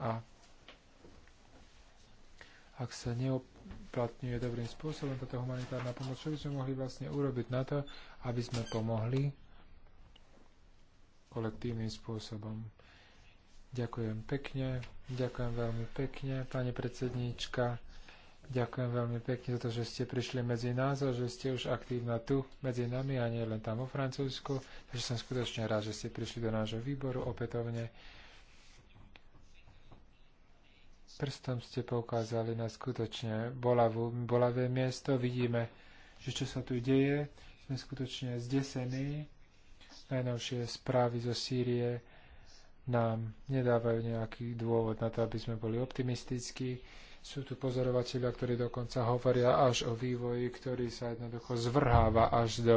a ak sa neoplatňuje dobrým spôsobom táto humanitárna pomoc, čo by sme mohli vlastne urobiť na to, aby sme pomohli kolektívnym spôsobom. Ďakujem pekne, ďakujem veľmi pekne, pani predsedníčka. Ďakujem veľmi pekne za to, že ste prišli medzi nás a že ste už aktívna tu medzi nami a nie len tam vo Francúzsku. Takže som skutočne rád, že ste prišli do nášho výboru opätovne. Prstom ste poukázali na skutočne bolavú, bolavé miesto. Vidíme, že čo sa tu deje. Sme skutočne zdesení. Najnovšie správy zo Sýrie nám nedávajú nejaký dôvod na to, aby sme boli optimistickí. Sú tu pozorovateľia, ktorí dokonca hovoria až o vývoji, ktorý sa jednoducho zvrháva až do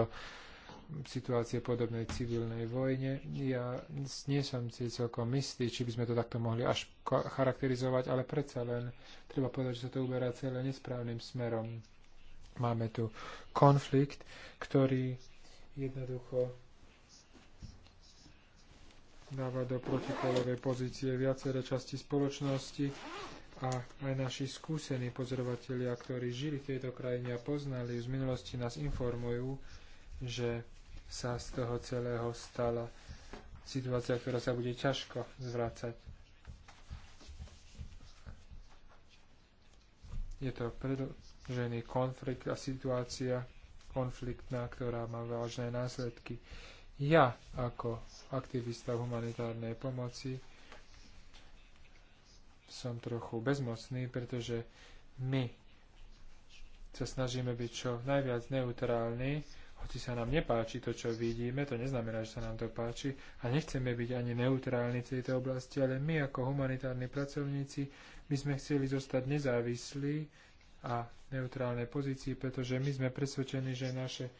situácie podobnej civilnej vojne. Ja nie som si celkom istý, či by sme to takto mohli až charakterizovať, ale predsa len treba povedať, že sa to uberá celé nesprávnym smerom. Máme tu konflikt, ktorý jednoducho dáva do protipolovej pozície viaceré časti spoločnosti a aj naši skúsení pozorovatelia, ktorí žili v tejto krajine a poznali z minulosti, nás informujú, že sa z toho celého stala situácia, ktorá sa bude ťažko zvrácať. Je to predlžený konflikt a situácia konfliktná, ktorá má vážne následky ja ako aktivista v humanitárnej pomoci som trochu bezmocný, pretože my sa snažíme byť čo najviac neutrálni, hoci sa nám nepáči to, čo vidíme, to neznamená, že sa nám to páči a nechceme byť ani neutrálni v tejto oblasti, ale my ako humanitárni pracovníci by sme chceli zostať nezávislí a neutrálnej pozícii, pretože my sme presvedčení, že naše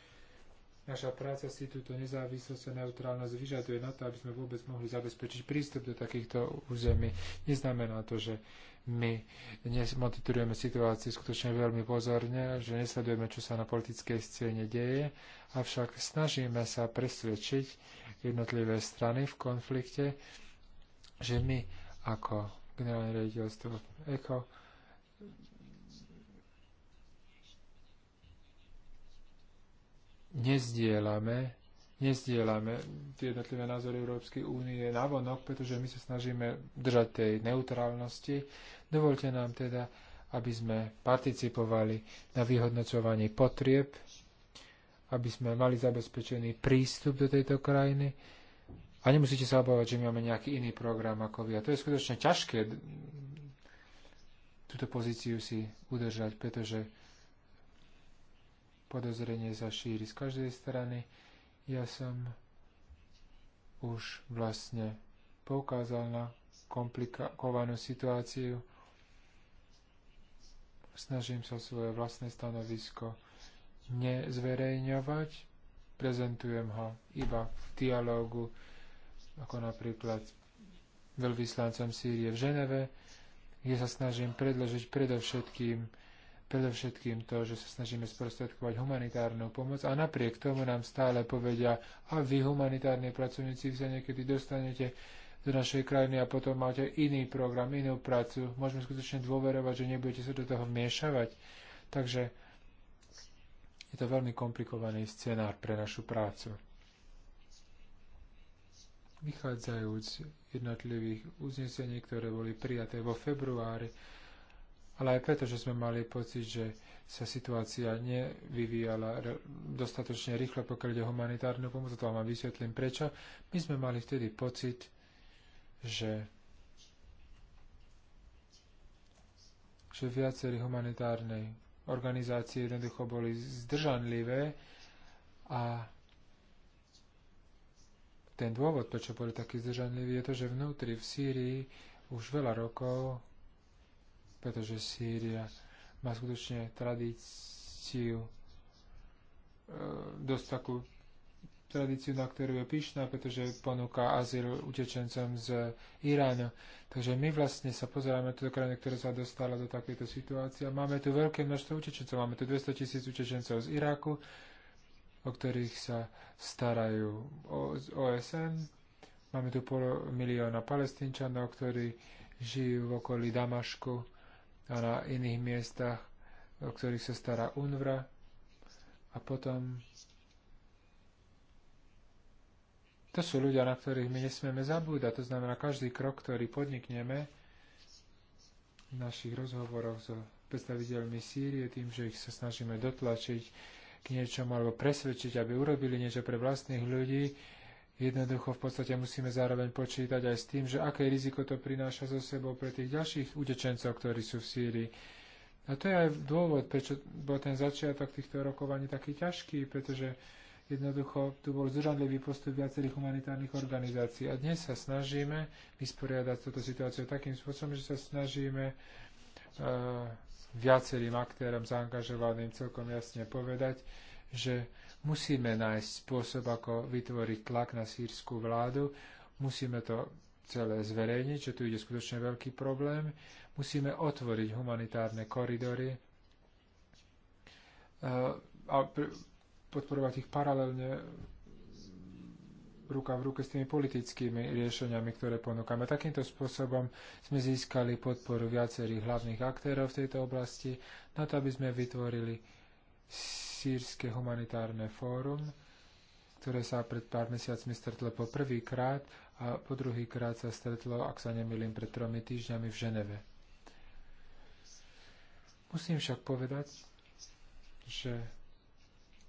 Naša práca si túto nezávislosť a neutrálnosť vyžaduje na to, aby sme vôbec mohli zabezpečiť prístup do takýchto území. Neznamená to, že my monitorujeme situáciu skutočne veľmi pozorne, že nesledujeme, čo sa na politickej scéne deje, avšak snažíme sa presvedčiť jednotlivé strany v konflikte, že my ako generálne riaditeľstvo ECHO nezdielame, nezdielame tie jednotlivé názory Európskej únie navonok, pretože my sa snažíme držať tej neutrálnosti. Dovolte nám teda, aby sme participovali na vyhodnocovaní potrieb, aby sme mali zabezpečený prístup do tejto krajiny a nemusíte sa obávať, že my máme nejaký iný program ako vy. A to je skutočne ťažké túto pozíciu si udržať, pretože podozrenie sa šíri z každej strany. Ja som už vlastne poukázal na komplikovanú situáciu. Snažím sa svoje vlastné stanovisko nezverejňovať. Prezentujem ho iba v dialogu, ako napríklad veľvyslancom Sýrie v Ženeve, kde sa snažím predložiť predovšetkým Predovšetkým to, že sa snažíme sprostredkovať humanitárnu pomoc a napriek tomu nám stále povedia, a vy humanitárni pracovníci sa niekedy dostanete do našej krajiny a potom máte iný program, inú prácu. Môžeme skutočne dôverovať, že nebudete sa do toho miešavať. Takže je to veľmi komplikovaný scenár pre našu prácu. Vychádzajúc z jednotlivých uznesení, ktoré boli prijaté vo februári, ale aj preto, že sme mali pocit, že sa situácia nevyvíjala dostatočne rýchlo, pokiaľ ide humanitárnu pomoc. To vám vysvetlím prečo. My sme mali vtedy pocit, že že viacerí humanitárnej organizácie jednoducho boli zdržanlivé a ten dôvod, prečo boli takí zdržanliví, je to, že vnútri v Sýrii už veľa rokov pretože Sýria má skutočne tradíciu, e, dosť takú tradíciu, na ktorú je pyšná, pretože ponúka azyl utečencom z Iránu. Takže my vlastne sa pozeráme na túto krajinu, ktorá sa dostala do takejto situácie. Máme tu veľké množstvo utečencov. Máme tu 200 tisíc utečencov z Iraku, o ktorých sa starajú OSN. Máme tu pol milióna palestínčanov, ktorí žijú v okolí Damašku a na iných miestach, o ktorých sa stará UNVRA. A potom to sú ľudia, na ktorých my nesmieme zabúdať. To znamená, každý krok, ktorý podnikneme v našich rozhovoroch so predstaviteľmi Sýrie, tým, že ich sa snažíme dotlačiť k niečomu alebo presvedčiť, aby urobili niečo pre vlastných ľudí, Jednoducho v podstate musíme zároveň počítať aj s tým, že aké riziko to prináša so sebou pre tých ďalších utečencov, ktorí sú v Sýrii. A to je aj dôvod, prečo bol ten začiatok týchto rokovaní taký ťažký, pretože jednoducho tu bol zdržanlivý postup viacerých humanitárnych organizácií. A dnes sa snažíme vysporiadať túto situáciu takým spôsobom, že sa snažíme uh, viacerým aktérom zaangažovaným celkom jasne povedať, že musíme nájsť spôsob, ako vytvoriť tlak na sírskú vládu, musíme to celé zverejniť, že tu ide skutočne veľký problém, musíme otvoriť humanitárne koridory eh, a podporovať ich paralelne ruka v ruke s tými politickými riešeniami, ktoré ponúkame. Takýmto spôsobom sme získali podporu viacerých hlavných aktérov v tejto oblasti na to, aby sme vytvorili Sýrske humanitárne fórum, ktoré sa pred pár mesiacmi stretlo po krát a po druhýkrát sa stretlo, ak sa nemýlim, pred tromi týždňami v Ženeve. Musím však povedať, že,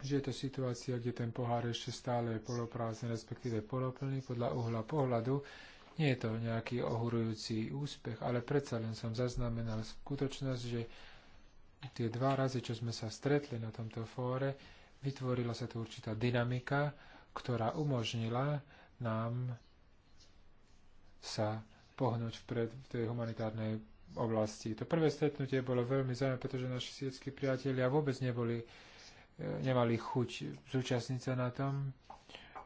že je to situácia, kde ten pohár ešte stále je poloprázdny, respektíve poloplný podľa uhla pohľadu. Nie je to nejaký ohurujúci úspech, ale predsa len som zaznamenal skutočnosť, že tie dva razy, čo sme sa stretli na tomto fóre, vytvorila sa tu určitá dynamika, ktorá umožnila nám sa pohnúť vpred v tej humanitárnej oblasti. To prvé stretnutie bolo veľmi zaujímavé, pretože naši sietskí priatelia vôbec neboli, e, nemali chuť zúčastniť sa na tom,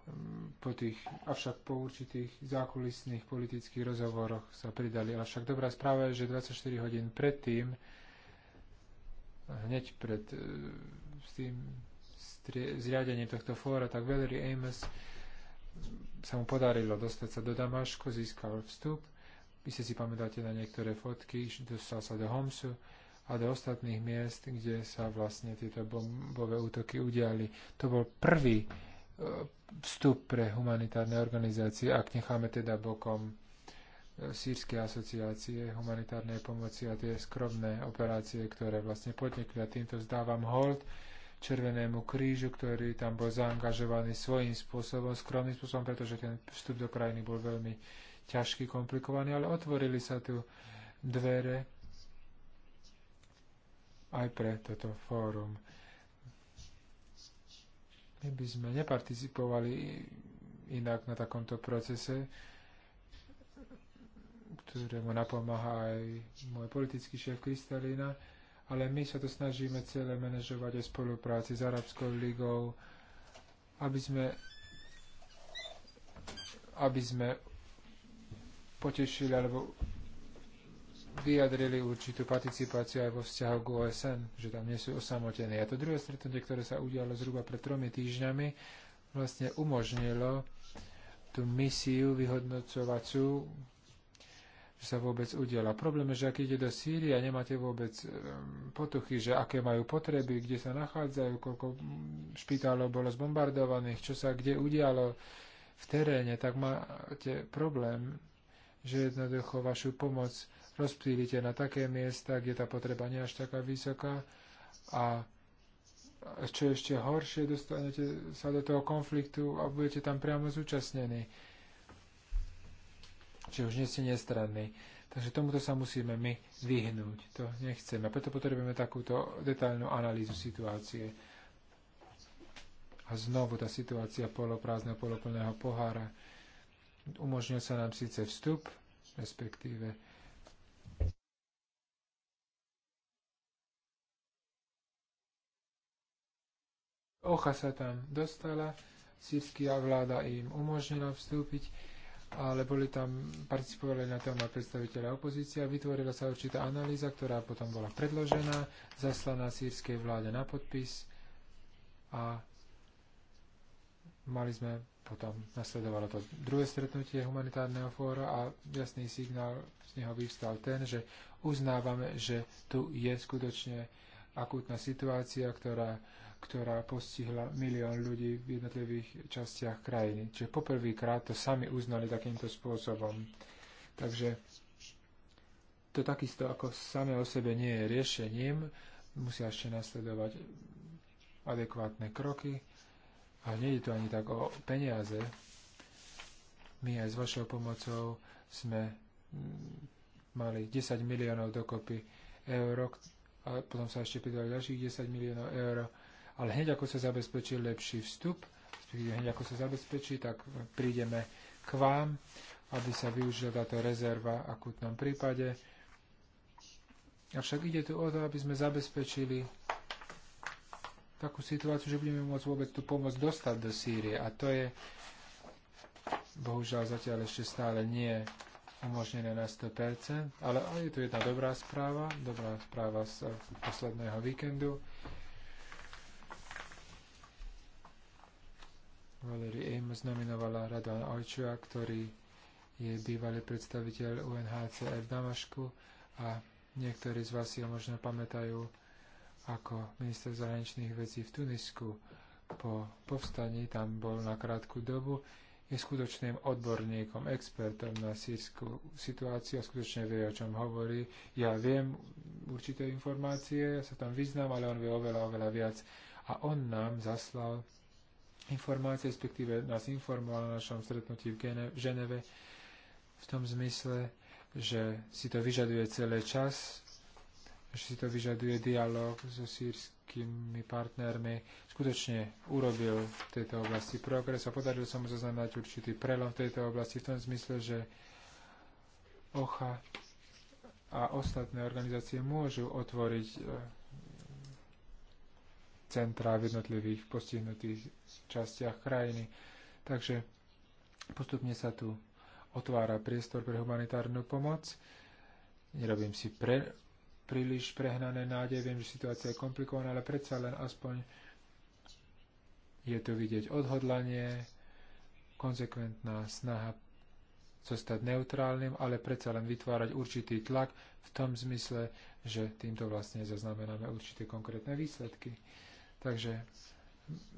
mm, po tých, avšak po určitých zákulisných politických rozhovoroch sa pridali. Avšak dobrá správa je, že 24 hodín predtým hneď pred e, s tým zriadením tohto fóra, tak Valery Amos sa mu podarilo dostať sa do Damašku, získal vstup. Vy si si pamätáte na niektoré fotky, dostal sa do Homsu a do ostatných miest, kde sa vlastne tieto bombové útoky udiali. To bol prvý e, vstup pre humanitárne organizácie, ak necháme teda bokom sírskej asociácie humanitárnej pomoci a tie skromné operácie, ktoré vlastne podnikli. A týmto zdávam hold Červenému krížu, ktorý tam bol zaangažovaný svojím spôsobom, skromným spôsobom, pretože ten vstup do krajiny bol veľmi ťažký, komplikovaný, ale otvorili sa tu dvere aj pre toto fórum. My by sme neparticipovali inak na takomto procese, ktorému teda napomáha aj môj politický šéf Kristalina, ale my sa to snažíme celé manažovať aj spolupráci s Arabskou ligou, aby sme, aby sme potešili alebo vyjadrili určitú participáciu aj vo vzťahu k OSN, že tam nie sú osamotení. A to druhé stretnutie, ktoré sa udialo zhruba pred tromi týždňami, vlastne umožnilo tú misiu vyhodnocovacú, že sa vôbec udiela. Problém je, že ak ide do Sýrie a nemáte vôbec potuchy, že aké majú potreby, kde sa nachádzajú, koľko špitálov bolo zbombardovaných, čo sa kde udialo v teréne, tak máte problém, že jednoducho vašu pomoc rozptýlite na také miesta, kde tá potreba nie až taká vysoká a čo ešte horšie, dostanete sa do toho konfliktu a budete tam priamo zúčastnení že už nie ste nestranní. Takže tomuto sa musíme my vyhnúť. To nechceme. Preto potrebujeme takúto detailnú analýzu situácie. A znovu tá situácia poloprázdneho, poloplného pohára. Umožnil sa nám síce vstup, respektíve Ocha sa tam dostala, a vláda im umožnila vstúpiť, ale boli tam, participovali na tom aj opozície a Vytvorila sa určitá analýza, ktorá potom bola predložená, zaslaná sírskej vláde na podpis a mali sme potom nasledovalo to druhé stretnutie humanitárneho fóra a jasný signál z neho vyvstal ten, že uznávame, že tu je skutočne akútna situácia, ktorá ktorá postihla milión ľudí v jednotlivých častiach krajiny. Čiže poprvýkrát to sami uznali takýmto spôsobom. Takže to takisto ako same o sebe nie je riešením, musia ešte nasledovať adekvátne kroky a nie je to ani tak o peniaze. My aj s vašou pomocou sme mm, mali 10 miliónov dokopy eur a potom sa ešte pridali ďalších 10 miliónov eur ale hneď ako sa zabezpečí lepší vstup, hneď ako sa zabezpečí, tak prídeme k vám, aby sa využila táto rezerva v akutnom prípade. Avšak ide tu o to, aby sme zabezpečili takú situáciu, že budeme môcť vôbec tú pomoc dostať do Sýrie. A to je bohužiaľ zatiaľ ešte stále nie umožnené na 100%, ale je tu jedna dobrá správa, dobrá správa z posledného víkendu. Valerie Amos znamenovala Radon Ojčua, ktorý je bývalý predstaviteľ UNHCR v Damašku a niektorí z vás si ho možno pamätajú ako minister zahraničných vecí v Tunisku. Po povstaní tam bol na krátku dobu, je skutočným odborníkom, expertom na sírskú situáciu a skutočne vie, o čom hovorí. Ja viem určité informácie, ja sa tam vyznám, ale on vie oveľa, oveľa viac. A on nám zaslal informácie, respektíve nás informoval na našom stretnutí v, Gene, v Ženeve v tom zmysle, že si to vyžaduje celý čas, že si to vyžaduje dialog so sírskymi partnermi. Skutočne urobil v tejto oblasti progres a podarilo sa mu zaznamenať určitý prelom v tejto oblasti v tom zmysle, že OCHA a ostatné organizácie môžu otvoriť e, centra v jednotlivých postihnutých častiach krajiny. Takže postupne sa tu otvára priestor pre humanitárnu pomoc. Nerobím si pre, príliš prehnané nádeje, viem, že situácia je komplikovaná, ale predsa len aspoň je tu vidieť odhodlanie, konzekventná snaha zostať neutrálnym, ale predsa len vytvárať určitý tlak v tom zmysle, že týmto vlastne zaznamenáme určité konkrétne výsledky. Takže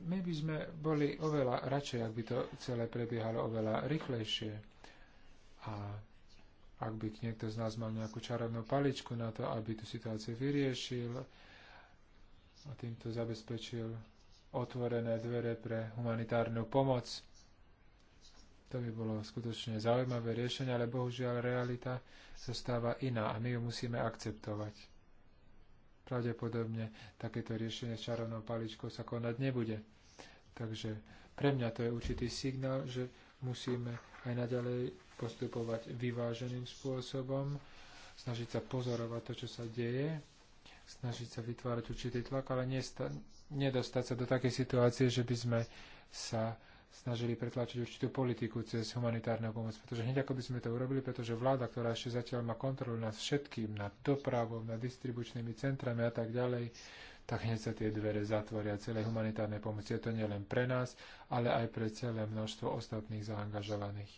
my by sme boli oveľa radšej, ak by to celé prebiehalo oveľa rýchlejšie. A ak by niekto z nás mal nejakú čarovnú paličku na to, aby tú situáciu vyriešil a týmto zabezpečil otvorené dvere pre humanitárnu pomoc, to by bolo skutočne zaujímavé riešenie, ale bohužiaľ realita zostáva iná a my ju musíme akceptovať pravdepodobne takéto riešenie s čarovnou paličkou sa konať nebude. Takže pre mňa to je určitý signál, že musíme aj naďalej postupovať vyváženým spôsobom, snažiť sa pozorovať to, čo sa deje, snažiť sa vytvárať určitý tlak, ale nedostať sa do takej situácie, že by sme sa snažili pretlačiť určitú politiku cez humanitárnu pomoc. Pretože hneď ako by sme to urobili, pretože vláda, ktorá ešte zatiaľ má kontrolu nad všetkým, nad dopravou, nad distribučnými centrami a tak ďalej, tak hneď sa tie dvere zatvoria celé humanitárne pomoci. Je to nielen pre nás, ale aj pre celé množstvo ostatných zaangažovaných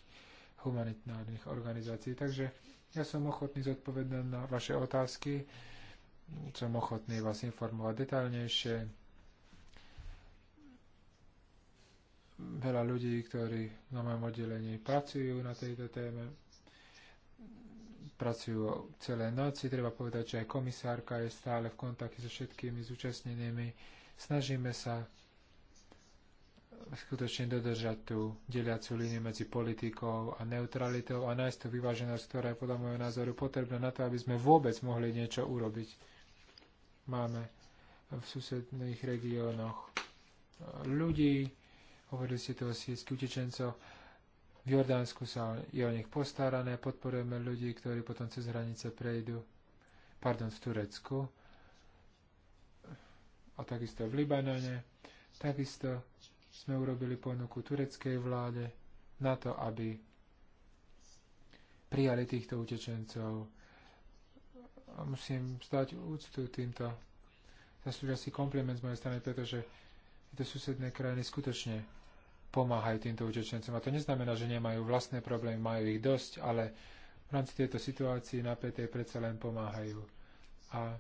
humanitárnych organizácií. Takže ja som ochotný zodpovedať na vaše otázky, som ochotný vás informovať detaľnejšie veľa ľudí, ktorí na mojom oddelení pracujú na tejto téme. Pracujú celé noci. Treba povedať, že aj komisárka je stále v kontakte so všetkými zúčastnenými. Snažíme sa skutočne dodržať tú deliacu líniu medzi politikou a neutralitou a nájsť tú vyváženosť, ktorá je podľa môjho názoru potrebná na to, aby sme vôbec mohli niečo urobiť. Máme v susedných regiónoch eh, ľudí, Hovorili ste tu o sírsky utečencoch. V Jordánsku sa je o nich postarané. Podporujeme ľudí, ktorí potom cez hranice prejdú. Pardon, v Turecku. A takisto v Libanone. Takisto sme urobili ponuku tureckej vláde na to, aby prijali týchto utečencov. A musím stať úctu týmto. Zaslúžia si kompliment z mojej strany, pretože tie susedné krajiny skutočne pomáhajú týmto utečencom. A to neznamená, že nemajú vlastné problémy, majú ich dosť, ale v rámci tejto situácii napätej predsa len pomáhajú. A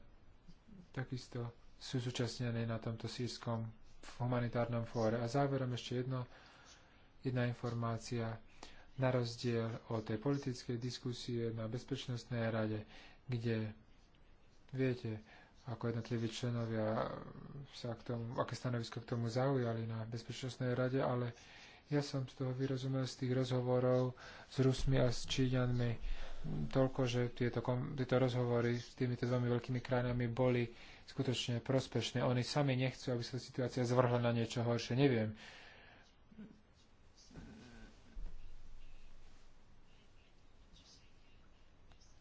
takisto sú zúčastnené na tomto sírskom humanitárnom fóre. A záverom ešte jedno, jedna informácia. Na rozdiel od tej politickej diskusie na Bezpečnostnej rade, kde, viete, ako jednotliví členovia sa k tomu, aké stanovisko k tomu zaujali na Bezpečnostnej rade, ale ja som z toho vyrozumel z tých rozhovorov s Rusmi a s Číňanmi toľko, že tieto, tieto rozhovory s týmito dvomi veľkými krajinami boli skutočne prospešné. Oni sami nechcú, aby sa situácia zvrhla na niečo horšie. Neviem,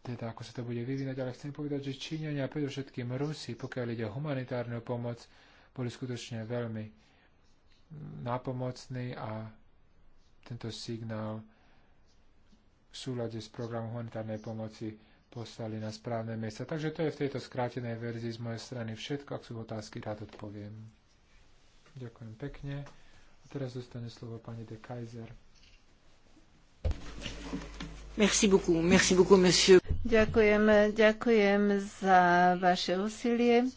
teda ako sa to bude vyvinať, ale chcem povedať, že Číňania, predovšetkým Rusi, pokiaľ ide o humanitárnu pomoc, boli skutočne veľmi nápomocní a tento signál v súlade s programom humanitárnej pomoci poslali na správne miesta. Takže to je v tejto skrátenej verzii z mojej strany všetko. Ak sú otázky, rád odpoviem. Ďakujem pekne. A teraz dostane slovo pani de Kaiser. Merci beaucoup, merci beaucoup, monsieur. Ďakujem, ďakujem za vaše úsilie.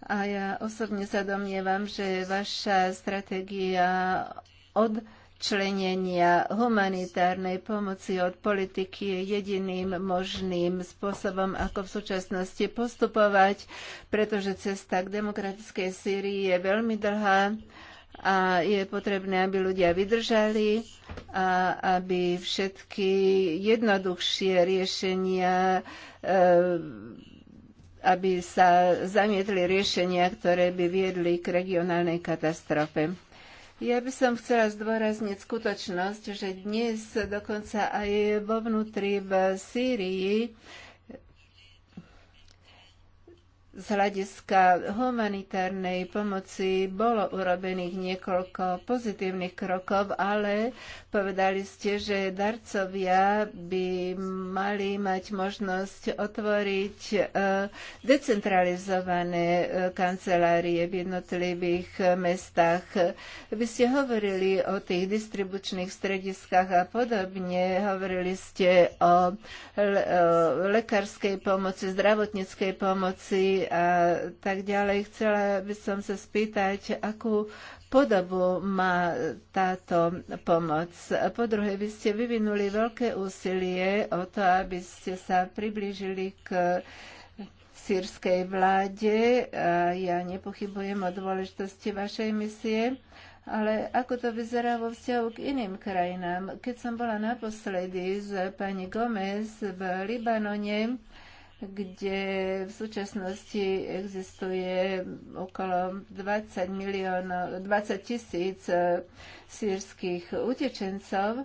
A ja osobne sa domnievam, že vaša stratégia od členenia humanitárnej pomoci od politiky je jediným možným spôsobom, ako v súčasnosti postupovať, pretože cesta k demokratickej Sýrii je veľmi dlhá a je potrebné, aby ľudia vydržali a aby všetky jednoduchšie riešenia e, aby sa zamietli riešenia, ktoré by viedli k regionálnej katastrofe. Ja by som chcela zdôrazniť skutočnosť, že dnes dokonca aj vo vnútri v Sýrii z hľadiska humanitárnej pomoci bolo urobených niekoľko pozitívnych krokov, ale povedali ste, že darcovia by mali mať možnosť otvoriť e, decentralizované e, kancelárie v jednotlivých mestách. Vy ste hovorili o tých distribučných strediskách a podobne. Hovorili ste o lekárskej pomoci, zdravotníckej pomoci, a tak ďalej. Chcela by som sa spýtať, akú podobu má táto pomoc. Po druhé, vy ste vyvinuli veľké úsilie o to, aby ste sa priblížili k sírskej vláde. A ja nepochybujem o dôležitosti vašej misie. Ale ako to vyzerá vo vzťahu k iným krajinám? Keď som bola naposledy s pani Gomez v Libanone, kde v súčasnosti existuje okolo 20 miliónov, 20 tisíc e, sírskych utečencov, e,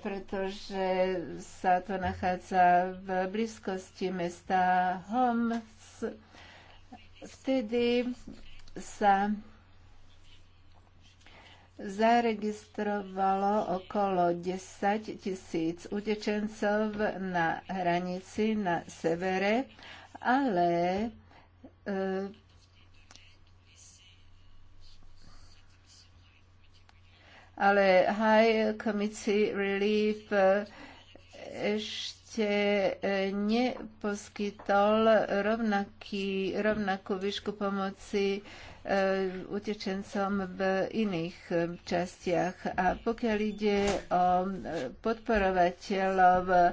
pretože sa to nachádza v blízkosti mesta Homs. Vtedy sa zaregistrovalo okolo 10 tisíc utečencov na hranici na severe, ale e, ale High Committee Relief e, ešte e, neposkytol rovnaký, rovnakú výšku pomoci E, utečencom v iných e, častiach. A pokiaľ ide o e, podporovateľov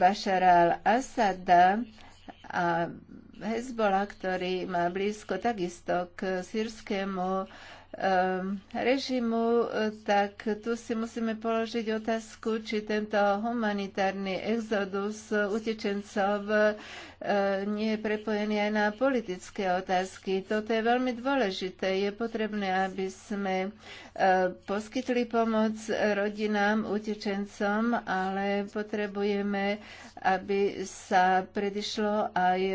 Bašara al-Asada a Hezbola, ktorý má blízko takisto k sírskému Um, režimu, tak tu si musíme položiť otázku, či tento humanitárny exodus utečencov uh, nie je prepojený aj na politické otázky. Toto je veľmi dôležité. Je potrebné, aby sme poskytli pomoc rodinám, utečencom, ale potrebujeme, aby sa predišlo aj e,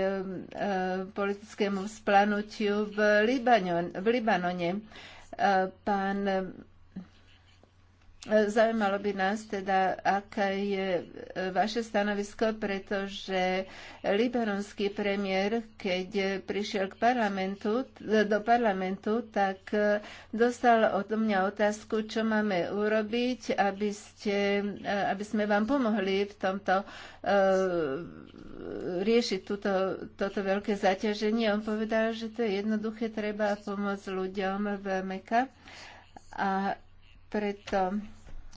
politickému splanutiu v, Libanon, v Libanone. E, pán Zaujímalo by nás teda, aké je e, vaše stanovisko, pretože libanonský premiér, keď prišiel k parlamentu, e, do parlamentu, tak e, dostal od mňa otázku, čo máme urobiť, aby, ste, aby sme vám pomohli v tomto riešiť túto, toto veľké zaťaženie. On povedal, že to je jednoduché, treba pomôcť ľuďom v Meka. A preto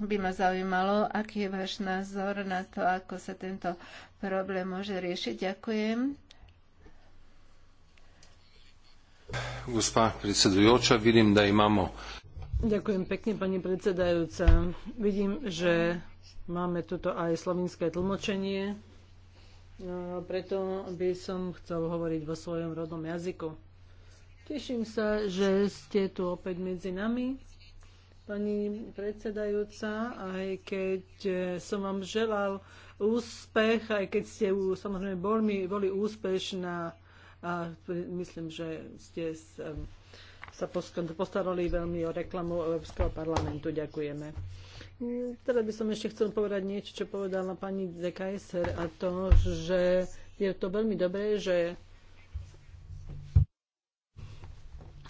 by ma zaujímalo, aký je váš názor na to, ako sa tento problém môže riešiť. Ďakujem. Gospa predsedujúča, vidím, da imamo. Ďakujem pekne, pani predsedajúca. Vidím, že máme tuto aj slovinské tlmočenie, no, preto by som chcel hovoriť vo svojom rodnom jazyku. Teším sa, že ste tu opäť medzi nami pani predsedajúca, aj keď e, som vám želal úspech, aj keď ste samozrejme boli, boli úspešná a myslím, že ste sa postarali veľmi o reklamu Európskeho parlamentu. Ďakujeme. Teraz by som ešte chcel povedať niečo, čo povedala pani Dekajser a to, že je to veľmi dobré, že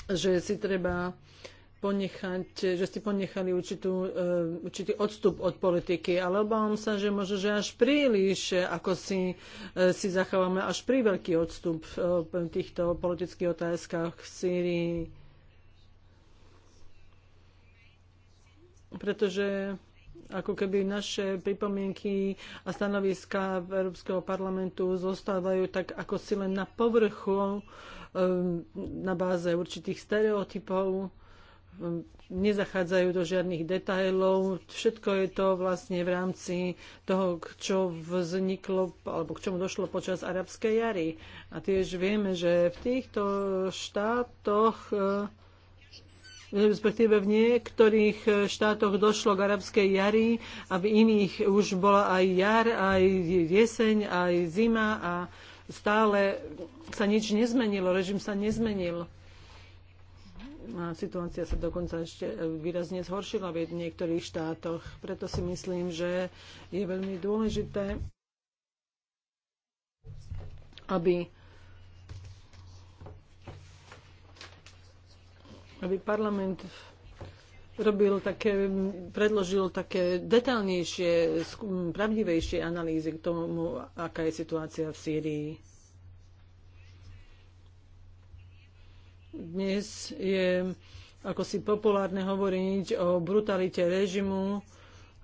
že si treba ponechať, že ste ponechali určitú, eh, určitý odstup od politiky, ale obávam sa, že možno, že až príliš, ako si, eh, si zachovame až prí veľký odstup eh, v týchto politických otázkach v Sýrii. Pretože ako keby naše pripomienky a v Európskeho parlamentu zostávajú tak ako si len na povrchu na báze určitých stereotypov nezachádzajú do žiadnych detajlov. Všetko je to vlastne v rámci toho, čo vzniklo alebo k čomu došlo počas arabskej jary. A tiež vieme, že v týchto štátoch eh, respektíve v niektorých štátoch došlo k arabskej jari a v iných už bola aj jar, aj jeseň, aj zima a stále sa nič nezmenilo, režim sa nezmenil situácia sa dokonca ešte e, výrazne zhoršila v niektorých štátoch. Preto si myslím, že je veľmi dôležité, aby aby parlament robil také, predložil také detailnejšie, pravdivejšie analýzy k tomu, aká je situácia v Sýrii. Dnes je ako si populárne hovoriť o brutalite režimu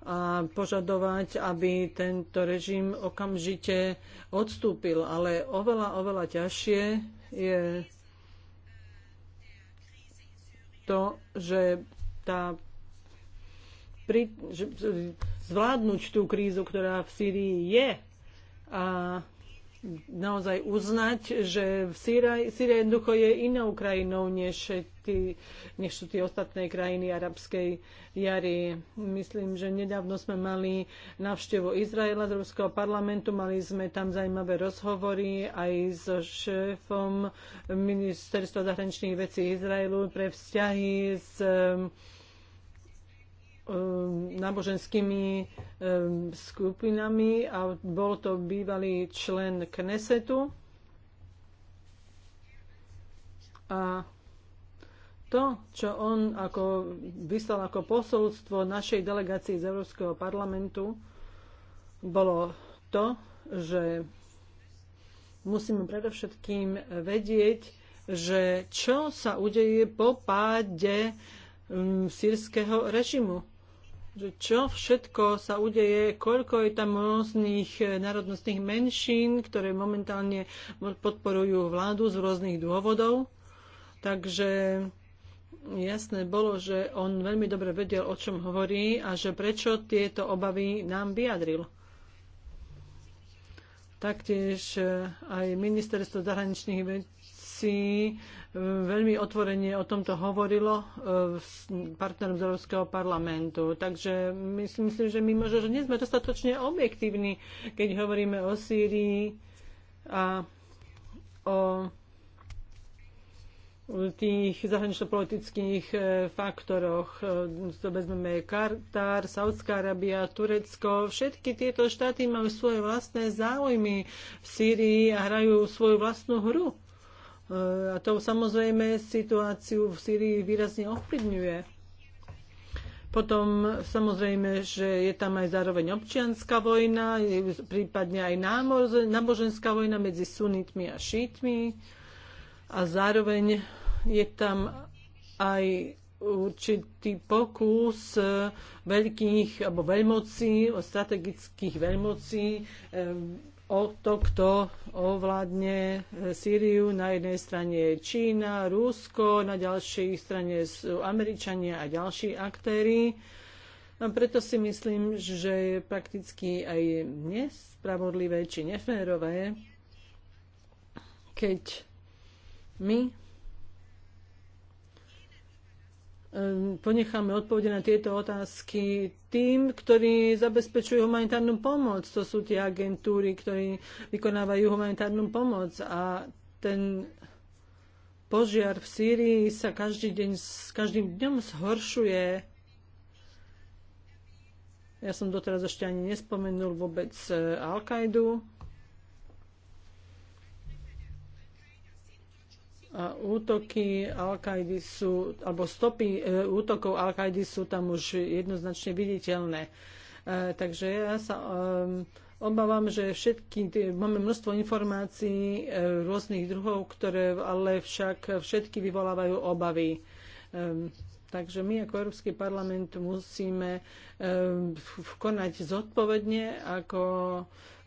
a požadovať, aby tento režim okamžite odstúpil. Ale oveľa, oveľa ťažšie je to, že tá pri, že, zvládnuť tú krízu, ktorá v Syrii je a naozaj uznať, že Sýria jednoducho je inou krajinou, než, tí, než sú tie ostatné krajiny arabskej jary. Myslím, že nedávno sme mali návštevu Izraela z Európskeho parlamentu, mali sme tam zaujímavé rozhovory aj so šéfom ministerstva zahraničných vecí Izraelu pre vzťahy s E, náboženskými e, skupinami a bol to bývalý člen Knesetu. A to, čo on ako, vyslal ako posolstvo našej delegácii z Európskeho parlamentu, bolo to, že musíme predovšetkým vedieť, že čo sa udeje po páde mm, sírského režimu že čo všetko sa udeje, koľko je tam rôznych národnostných menšín, ktoré momentálne podporujú vládu z rôznych dôvodov. Takže jasné bolo, že on veľmi dobre vedel, o čom hovorí a že prečo tieto obavy nám vyjadril. Taktiež eh, aj ministerstvo zahraničných vecí komisii e, veľmi otvorene o tomto hovorilo e, s partnerom z Európskeho parlamentu. Takže myslím si, že my možno, že nie sme dostatočne objektívni, keď hovoríme o Sýrii a o tých zahranično-politických e, faktoroch. To vezmeme Kartár, Saudská Arábia, Turecko. Všetky tieto štáty majú svoje vlastné záujmy v Sýrii a hrajú svoju vlastnú hru. E, a to samozrejme situáciu v Sýrii výrazne ovplyvňuje. Potom samozrejme, že je tam aj zároveň občianská vojna, prípadne aj náboženská vojna medzi sunitmi a šítmi. A zároveň je tam aj určitý pokus e, veľkých alebo veľmocí, strategických veľmocí e, o to, kto ovládne e, Sýriu. Na jednej strane je Čína, Rusko, na ďalšej strane sú Američania a ďalší aktéry. A preto si myslím, že je prakticky aj nespravodlivé či neférové, keď my Ehm, ponecháme odpovede na tieto otázky tým, ktorí zabezpečujú humanitárnu pomoc. To sú tie agentúry, ktorí vykonávajú humanitárnu pomoc. A ten požiar v Sýrii sa každý deň, s každým dňom zhoršuje. Ja som doteraz ešte ani nespomenul vôbec eh, Al-Kaidu. útoky al sú, alebo stopy e, útokov Al-Kaidy sú tam už jednoznačne viditeľné. E, takže ja sa e, obávam, že všetky, máme množstvo informácií rôznych druhov, ktoré ale však všetky vyvolávajú obavy. Takže my ako Európsky parlament musíme konať zodpovedne, ako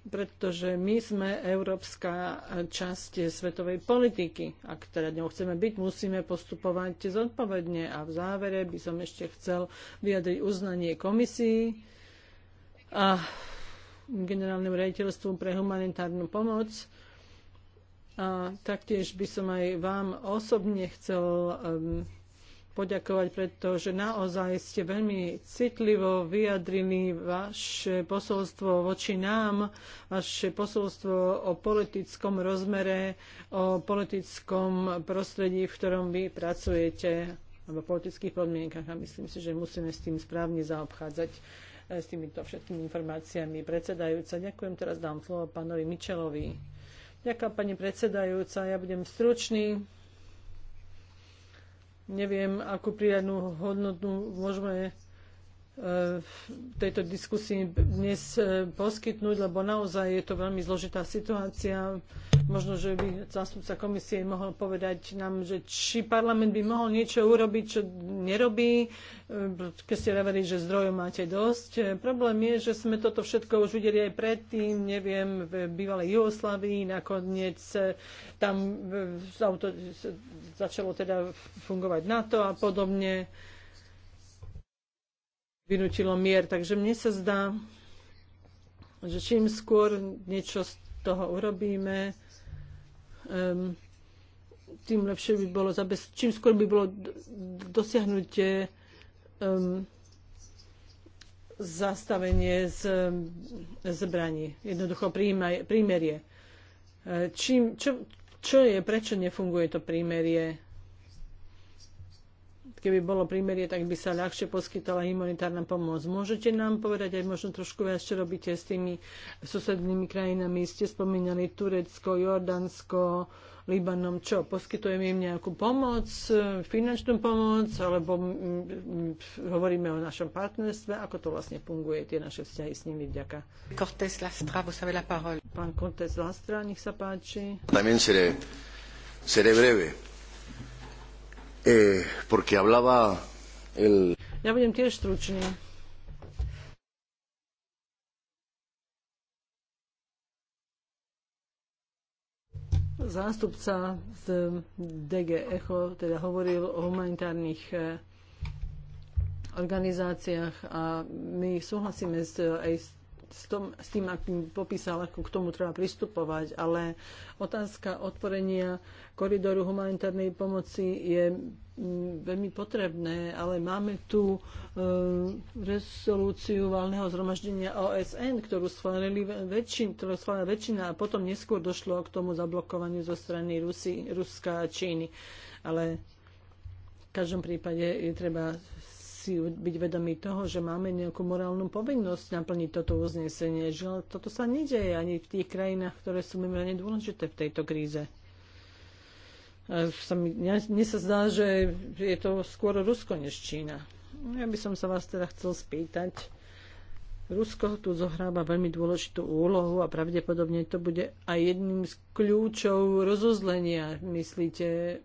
pretože my sme európska časť svetovej politiky. Ak teda ňou chceme byť, musíme postupovať zodpovedne. A v závere by som ešte chcel vyjadriť uznanie komisii a generálnym rejiteľstvu pre humanitárnu pomoc. A taktiež by som aj vám osobne chcel um, poďakovať, pretože naozaj ste veľmi citlivo vyjadrili vaše posolstvo voči nám, vaše posolstvo o politickom rozmere, o politickom prostredí, v ktorom vy pracujete, alebo politických podmienkach. A myslím si, že musíme s tým správne zaobchádzať eh, s týmito všetkými informáciami. Predsedajúca, ďakujem, teraz dám slovo pánovi Mičelovi. Ďakujem, pani predsedajúca, ja budem stručný Neviem, akú prídanú hodnotu môžeme v tejto diskusii dnes e, poskytnúť, lebo naozaj je to veľmi zložitá situácia. Možno, že by zástupca komisie mohol povedať nám, že či parlament by mohol niečo urobiť, čo nerobí, e, keď ste reveli, že zdrojov máte dosť. E, problém je, že sme toto všetko už videli aj predtým, neviem, v bývalej Jugoslavii, nakoniec tam auto, začalo teda fungovať NATO a podobne vynútilo mier. Takže mne sa zdá, že čím skôr niečo z toho urobíme, um, tým lepšie by bolo, čím skôr by bolo dosiahnutie um, zastavenie z, zbraní. Jednoducho prímerie. E, čím, čo, čo je, prečo nefunguje to prímerie? keby bolo prímerie, tak by sa ľahšie poskytala humanitárna pomoc. Môžete nám povedať aj možno trošku viac, čo robíte s tými susednými krajinami? Ste spomínali Turecko, Jordánsko, Libanom. Čo, poskytujeme im nejakú pomoc, finančnú pomoc, alebo mm, mm, hovoríme o našom partnerstve? Ako to vlastne funguje, tie naše vzťahy s nimi? Vďaka. Cortés Lastra, vous avez la parole. Pán Cortés Lastra, nech sa páči. También seré, seré breve Eh, porque hablaba el... Ja budem tiež stručný. Zástupca z DG ECHO teda hovoril o humanitárnych eh, organizáciách a my súhlasíme eh, aj s s, tom, s tým, akým popísal, ako k tomu treba pristupovať, ale otázka otvorenia koridoru humanitárnej pomoci je mm, veľmi potrebné, ale máme tu e, rezolúciu valného zhromaždenia OSN, ktorú schválili väčšin, ktorú schválila väčšina a potom neskôr došlo k tomu zablokovaniu zo strany Rusy, Ruska a Číny. Ale v každom prípade je treba si byť vedomí toho, že máme nejakú morálnu povinnosť naplniť toto uznesenie. Že toto sa nedeje ani v tých krajinách, ktoré sú mimoriadne dôležité v tejto kríze. Sa mi, mne sa zdá, že je to skôr Rusko než Čína. Ja by som sa vás teda chcel spýtať. Rusko tu zohráva veľmi dôležitú úlohu a pravdepodobne to bude aj jedným z kľúčov rozozlenia. Myslíte,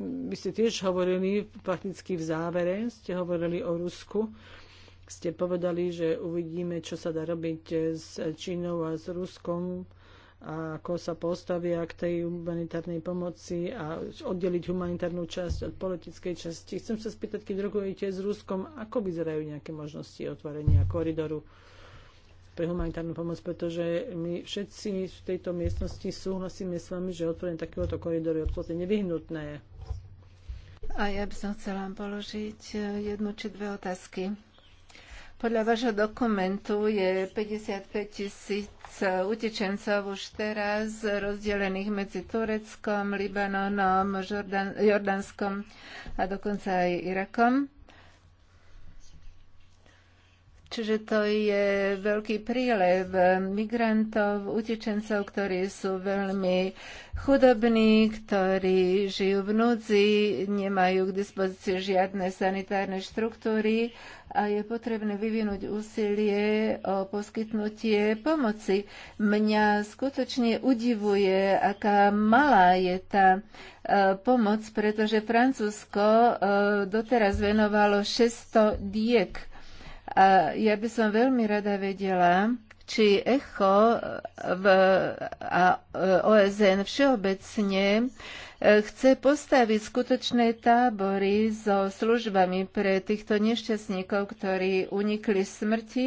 vy ste tiež hovorili prakticky v závere, ste hovorili o Rusku, ste povedali, že uvidíme, čo sa dá robiť s Čínou a s Ruskom a ako sa postavia k tej humanitárnej pomoci a oddeliť humanitárnu časť od politickej časti. Chcem sa spýtať, keď rokujete s Ruskom, ako vyzerajú nejaké možnosti otvorenia koridoru pre humanitárnu pomoc, pretože my všetci v tejto miestnosti súhlasíme s vami, že otvorenie takéhoto koridoru je absolútne nevyhnutné. A ja by som chcela položiť e, jednu či dve otázky. Podľa vášho dokumentu je 55 tisíc utečencov už teraz rozdelených medzi Tureckom, Libanonom, Jordánskom Jordanskom a dokonca aj Irakom. Čiže to je veľký prílev migrantov, utečencov, ktorí sú veľmi chudobní, ktorí žijú v núdzi, nemajú k dispozícii žiadne sanitárne štruktúry a je potrebné vyvinúť úsilie o poskytnutie pomoci. Mňa skutočne udivuje, aká malá je tá e, pomoc, pretože Francúzsko e, doteraz venovalo 600 diek a ja by som veľmi rada vedela, či ECHO v, a e, OSN všeobecne chce postaviť skutočné tábory so službami pre týchto nešťastníkov, ktorí unikli smrti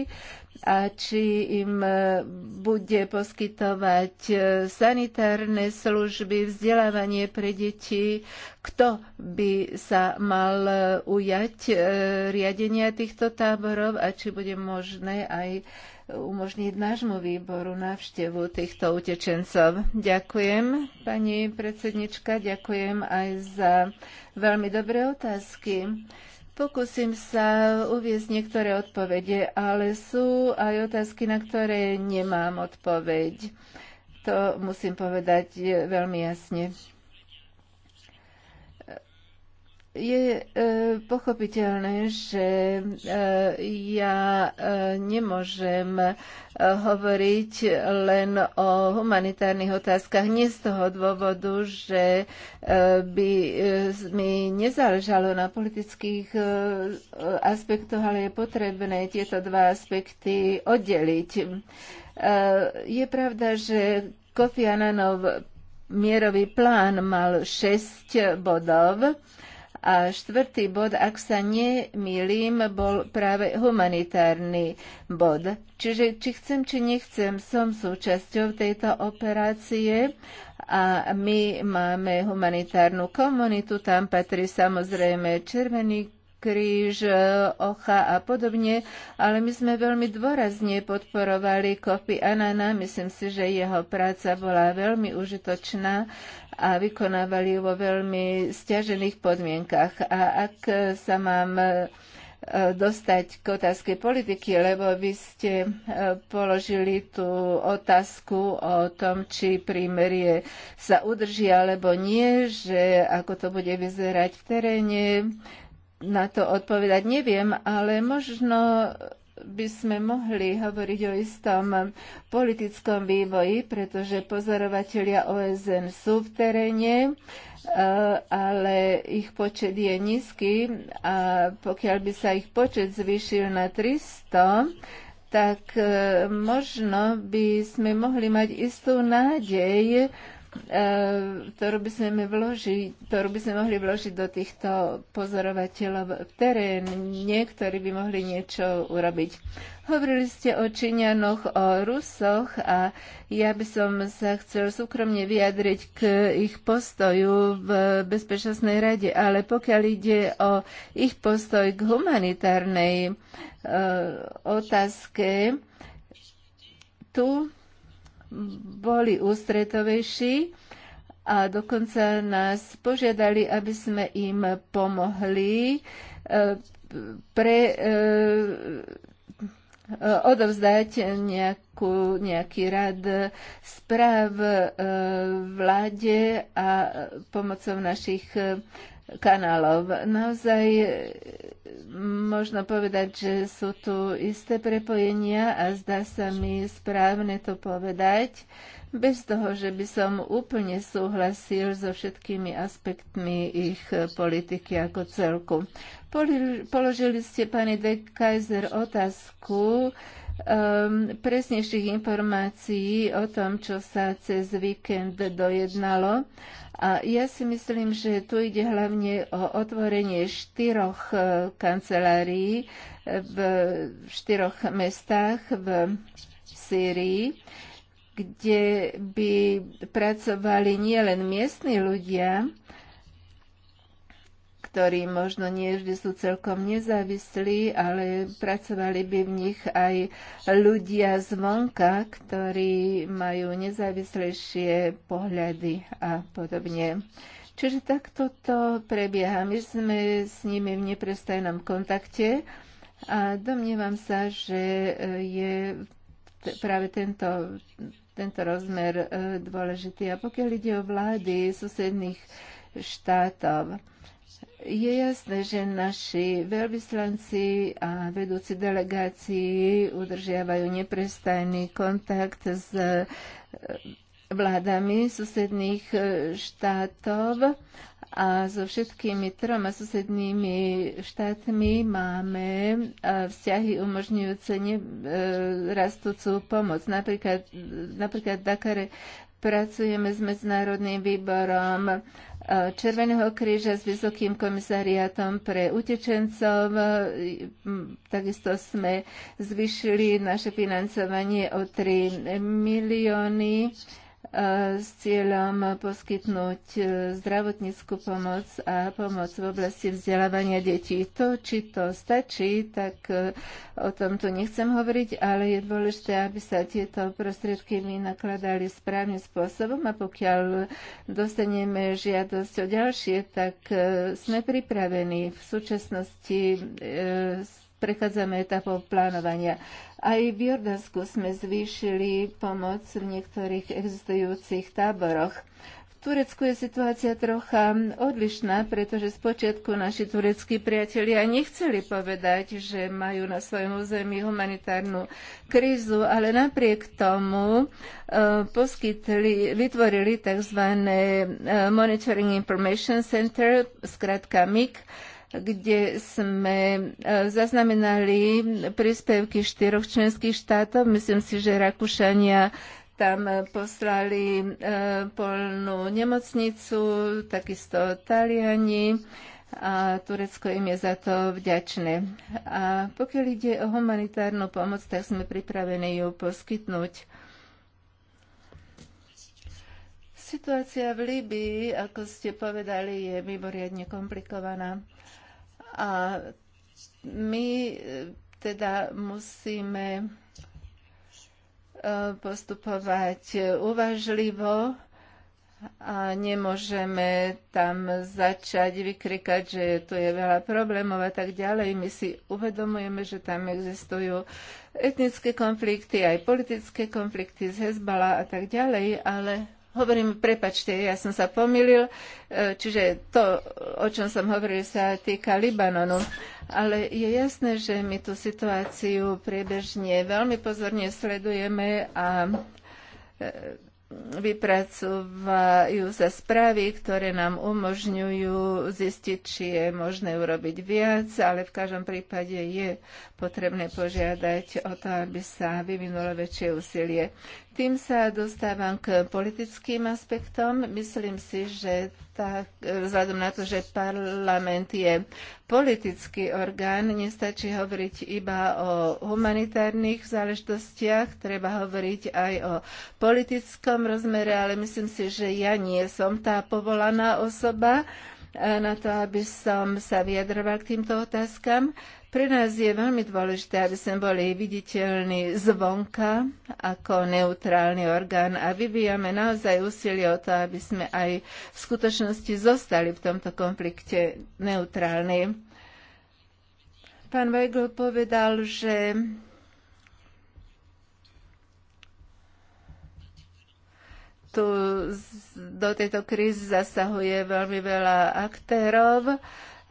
a či im e, bude poskytovať e, sanitárne služby, vzdelávanie pre deti, kto by sa mal e, ujať riadenia týchto táborov a či bude možné aj umožniť nášmu výboru návštevu týchto utečencov. Ďakujem, pani predsednička, ďakujem aj za veľmi dobré otázky. Pokúsim sa uviezť niektoré odpovede, ale sú aj otázky, na ktoré nemám odpoveď. To musím povedať veľmi jasne. Je e, pochopiteľné, že e, ja e, nemôžem e, hovoriť len o humanitárnych otázkach, nie z toho dôvodu, že e, by e, mi nezáležalo na politických e, aspektoch, ale je potrebné tieto dva aspekty oddeliť. E, je pravda, že Kofi Ananov mierový plán mal 6 bodov. A štvrtý bod, ak sa nemýlim, bol práve humanitárny bod. Čiže či chcem, či nechcem, som súčasťou tejto operácie a my máme humanitárnu komunitu, tam patrí samozrejme Červený kríž, ocha a podobne, ale my sme veľmi dôrazne podporovali Kofi Anana. Myslím si, že jeho práca bola veľmi užitočná a vykonávali ju vo veľmi stiažených podmienkach. A ak sa mám e, dostať k otázke politiky, lebo vy ste e, položili tú otázku o tom, či prímerie sa udrží alebo nie, že ako to bude vyzerať v teréne. Na to odpovedať neviem, ale možno by sme mohli hovoriť o istom politickom vývoji, pretože pozorovatelia OSN sú v teréne, e, ale ich počet je nízky a pokiaľ by sa ich počet zvýšil na 300, tak e, možno by sme mohli mať istú nádej, E, ktorú by sme, vložiť, ktorú by sme mohli vložiť do týchto pozorovateľov v terén. Niektorí by mohli niečo urobiť. Hovorili ste o Číňanoch, o Rusoch a ja by som sa chcel súkromne vyjadriť k ich postoju v Bezpečnostnej rade, ale pokiaľ ide o ich postoj k humanitárnej e, otázke, tu boli ústretovejší a dokonca nás požiadali, aby sme im pomohli eh, pre eh, odovzdať nejakú, nejaký rad správ eh, vláde a pomocou našich kanálov. Naozaj e, možno povedať, že sú tu isté prepojenia a zdá sa mi správne to povedať, bez toho, že by som úplne súhlasil so všetkými aspektmi ich e, politiky ako celku. Položili ste, pani De Kaiser, otázku, um, presnejších informácií o tom, čo sa cez víkend dojednalo. A ja si myslím, že tu ide hlavne o otvorenie štyroch e, kancelárií e, v štyroch mestách v Sýrii kde by pracovali nielen miestni ľudia, ktorí možno nie vždy sú celkom nezávislí, ale pracovali by v nich aj ľudia zvonka, ktorí majú nezávislejšie pohľady a podobne. Čiže takto to prebieha. My sme s nimi v neprestajnom kontakte a domnievam sa, že e, je práve tento, tento rozmer e, dôležitý. A pokiaľ ide o vlády susedných štátov, je jasné, že naši veľvyslanci a vedúci delegácií udržiavajú neprestajný kontakt s e, vládami susedných e, štátov a so všetkými troma susednými štátmi máme e, vzťahy umožňujúce rastúcu pomoc. Napríklad, napríklad v Dakare pracujeme s Medzinárodným výborom Červeného kríža s Vysokým komisariátom pre utečencov. Takisto sme zvyšili naše financovanie o 3 milióny s cieľom poskytnúť e, zdravotníckú pomoc a pomoc v oblasti vzdelávania detí. To, či to stačí, tak e, o tom tu nechcem hovoriť, ale je dôležité, aby sa tieto prostriedky nakladali správnym spôsobom a pokiaľ dostaneme žiadosť o ďalšie, tak e, sme pripravení. V súčasnosti prechádzame etapou plánovania. Aj v Jordánsku sme zvýšili pomoc v niektorých existujúcich táboroch. Turecku je situácia trocha odlišná, pretože spočiatku naši tureckí priatelia nechceli povedať, že majú na svojom území humanitárnu krízu, ale napriek tomu eh, poskytli, vytvorili tzv. Eh, Monitoring Information Center, skratka MIG, kde sme e, zaznamenali príspevky štyroch členských štátov. Myslím si, že Rakúšania tam poslali e, polnú nemocnicu, takisto Taliani a Turecko im je za to vďačné. A pokiaľ ide o humanitárnu pomoc, tak sme pripravení ju poskytnúť. Situácia v Líbii, ako ste povedali, je mimoriadne komplikovaná. A my e, teda musíme e, postupovať uvažlivo a nemôžeme tam začať vykrikať, že tu je veľa problémov a tak ďalej. My si uvedomujeme, že tam existujú etnické konflikty, aj politické konflikty z Hezbala a tak ďalej, ale Hovorím, prepačte, ja som sa pomýlil, e, čiže to, o čom som hovoril, sa týka Libanonu. Ale je jasné, že my tú situáciu priebežne veľmi pozorne sledujeme a e, vypracovajú sa správy, ktoré nám umožňujú zistiť, či je možné urobiť viac, ale v každom prípade je potrebné požiadať o to, aby sa vyvinulo väčšie úsilie. Tým sa dostávam k politickým aspektom. Myslím si, že tak, vzhľadom na to, že parlament je politický orgán, nestačí hovoriť iba o humanitárnych záležitostiach, treba hovoriť aj o politickom rozmere, ale myslím si, že ja nie som tá povolaná osoba na to, aby som sa vyjadroval k týmto otázkam. Pre nás je veľmi dôležité, aby sme boli viditeľní zvonka ako neutrálny orgán a vyvíjame naozaj úsilie o to, aby sme aj v skutočnosti zostali v tomto konflikte neutrálni. Pán Weigl povedal, že tu do tejto krízy zasahuje veľmi veľa aktérov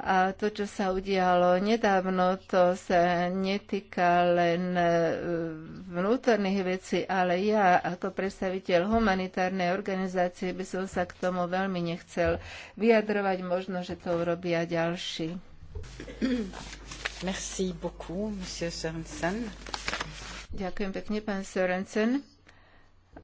a to, čo sa udialo nedávno, to sa netýka len e, vnútorných vecí, ale ja ako predstaviteľ humanitárnej organizácie by som sa k tomu veľmi nechcel vyjadrovať. Možno, že to urobia ďalší. Merci beaucoup, monsieur Sorensen. Ďakujem pekne, pán Sorensen.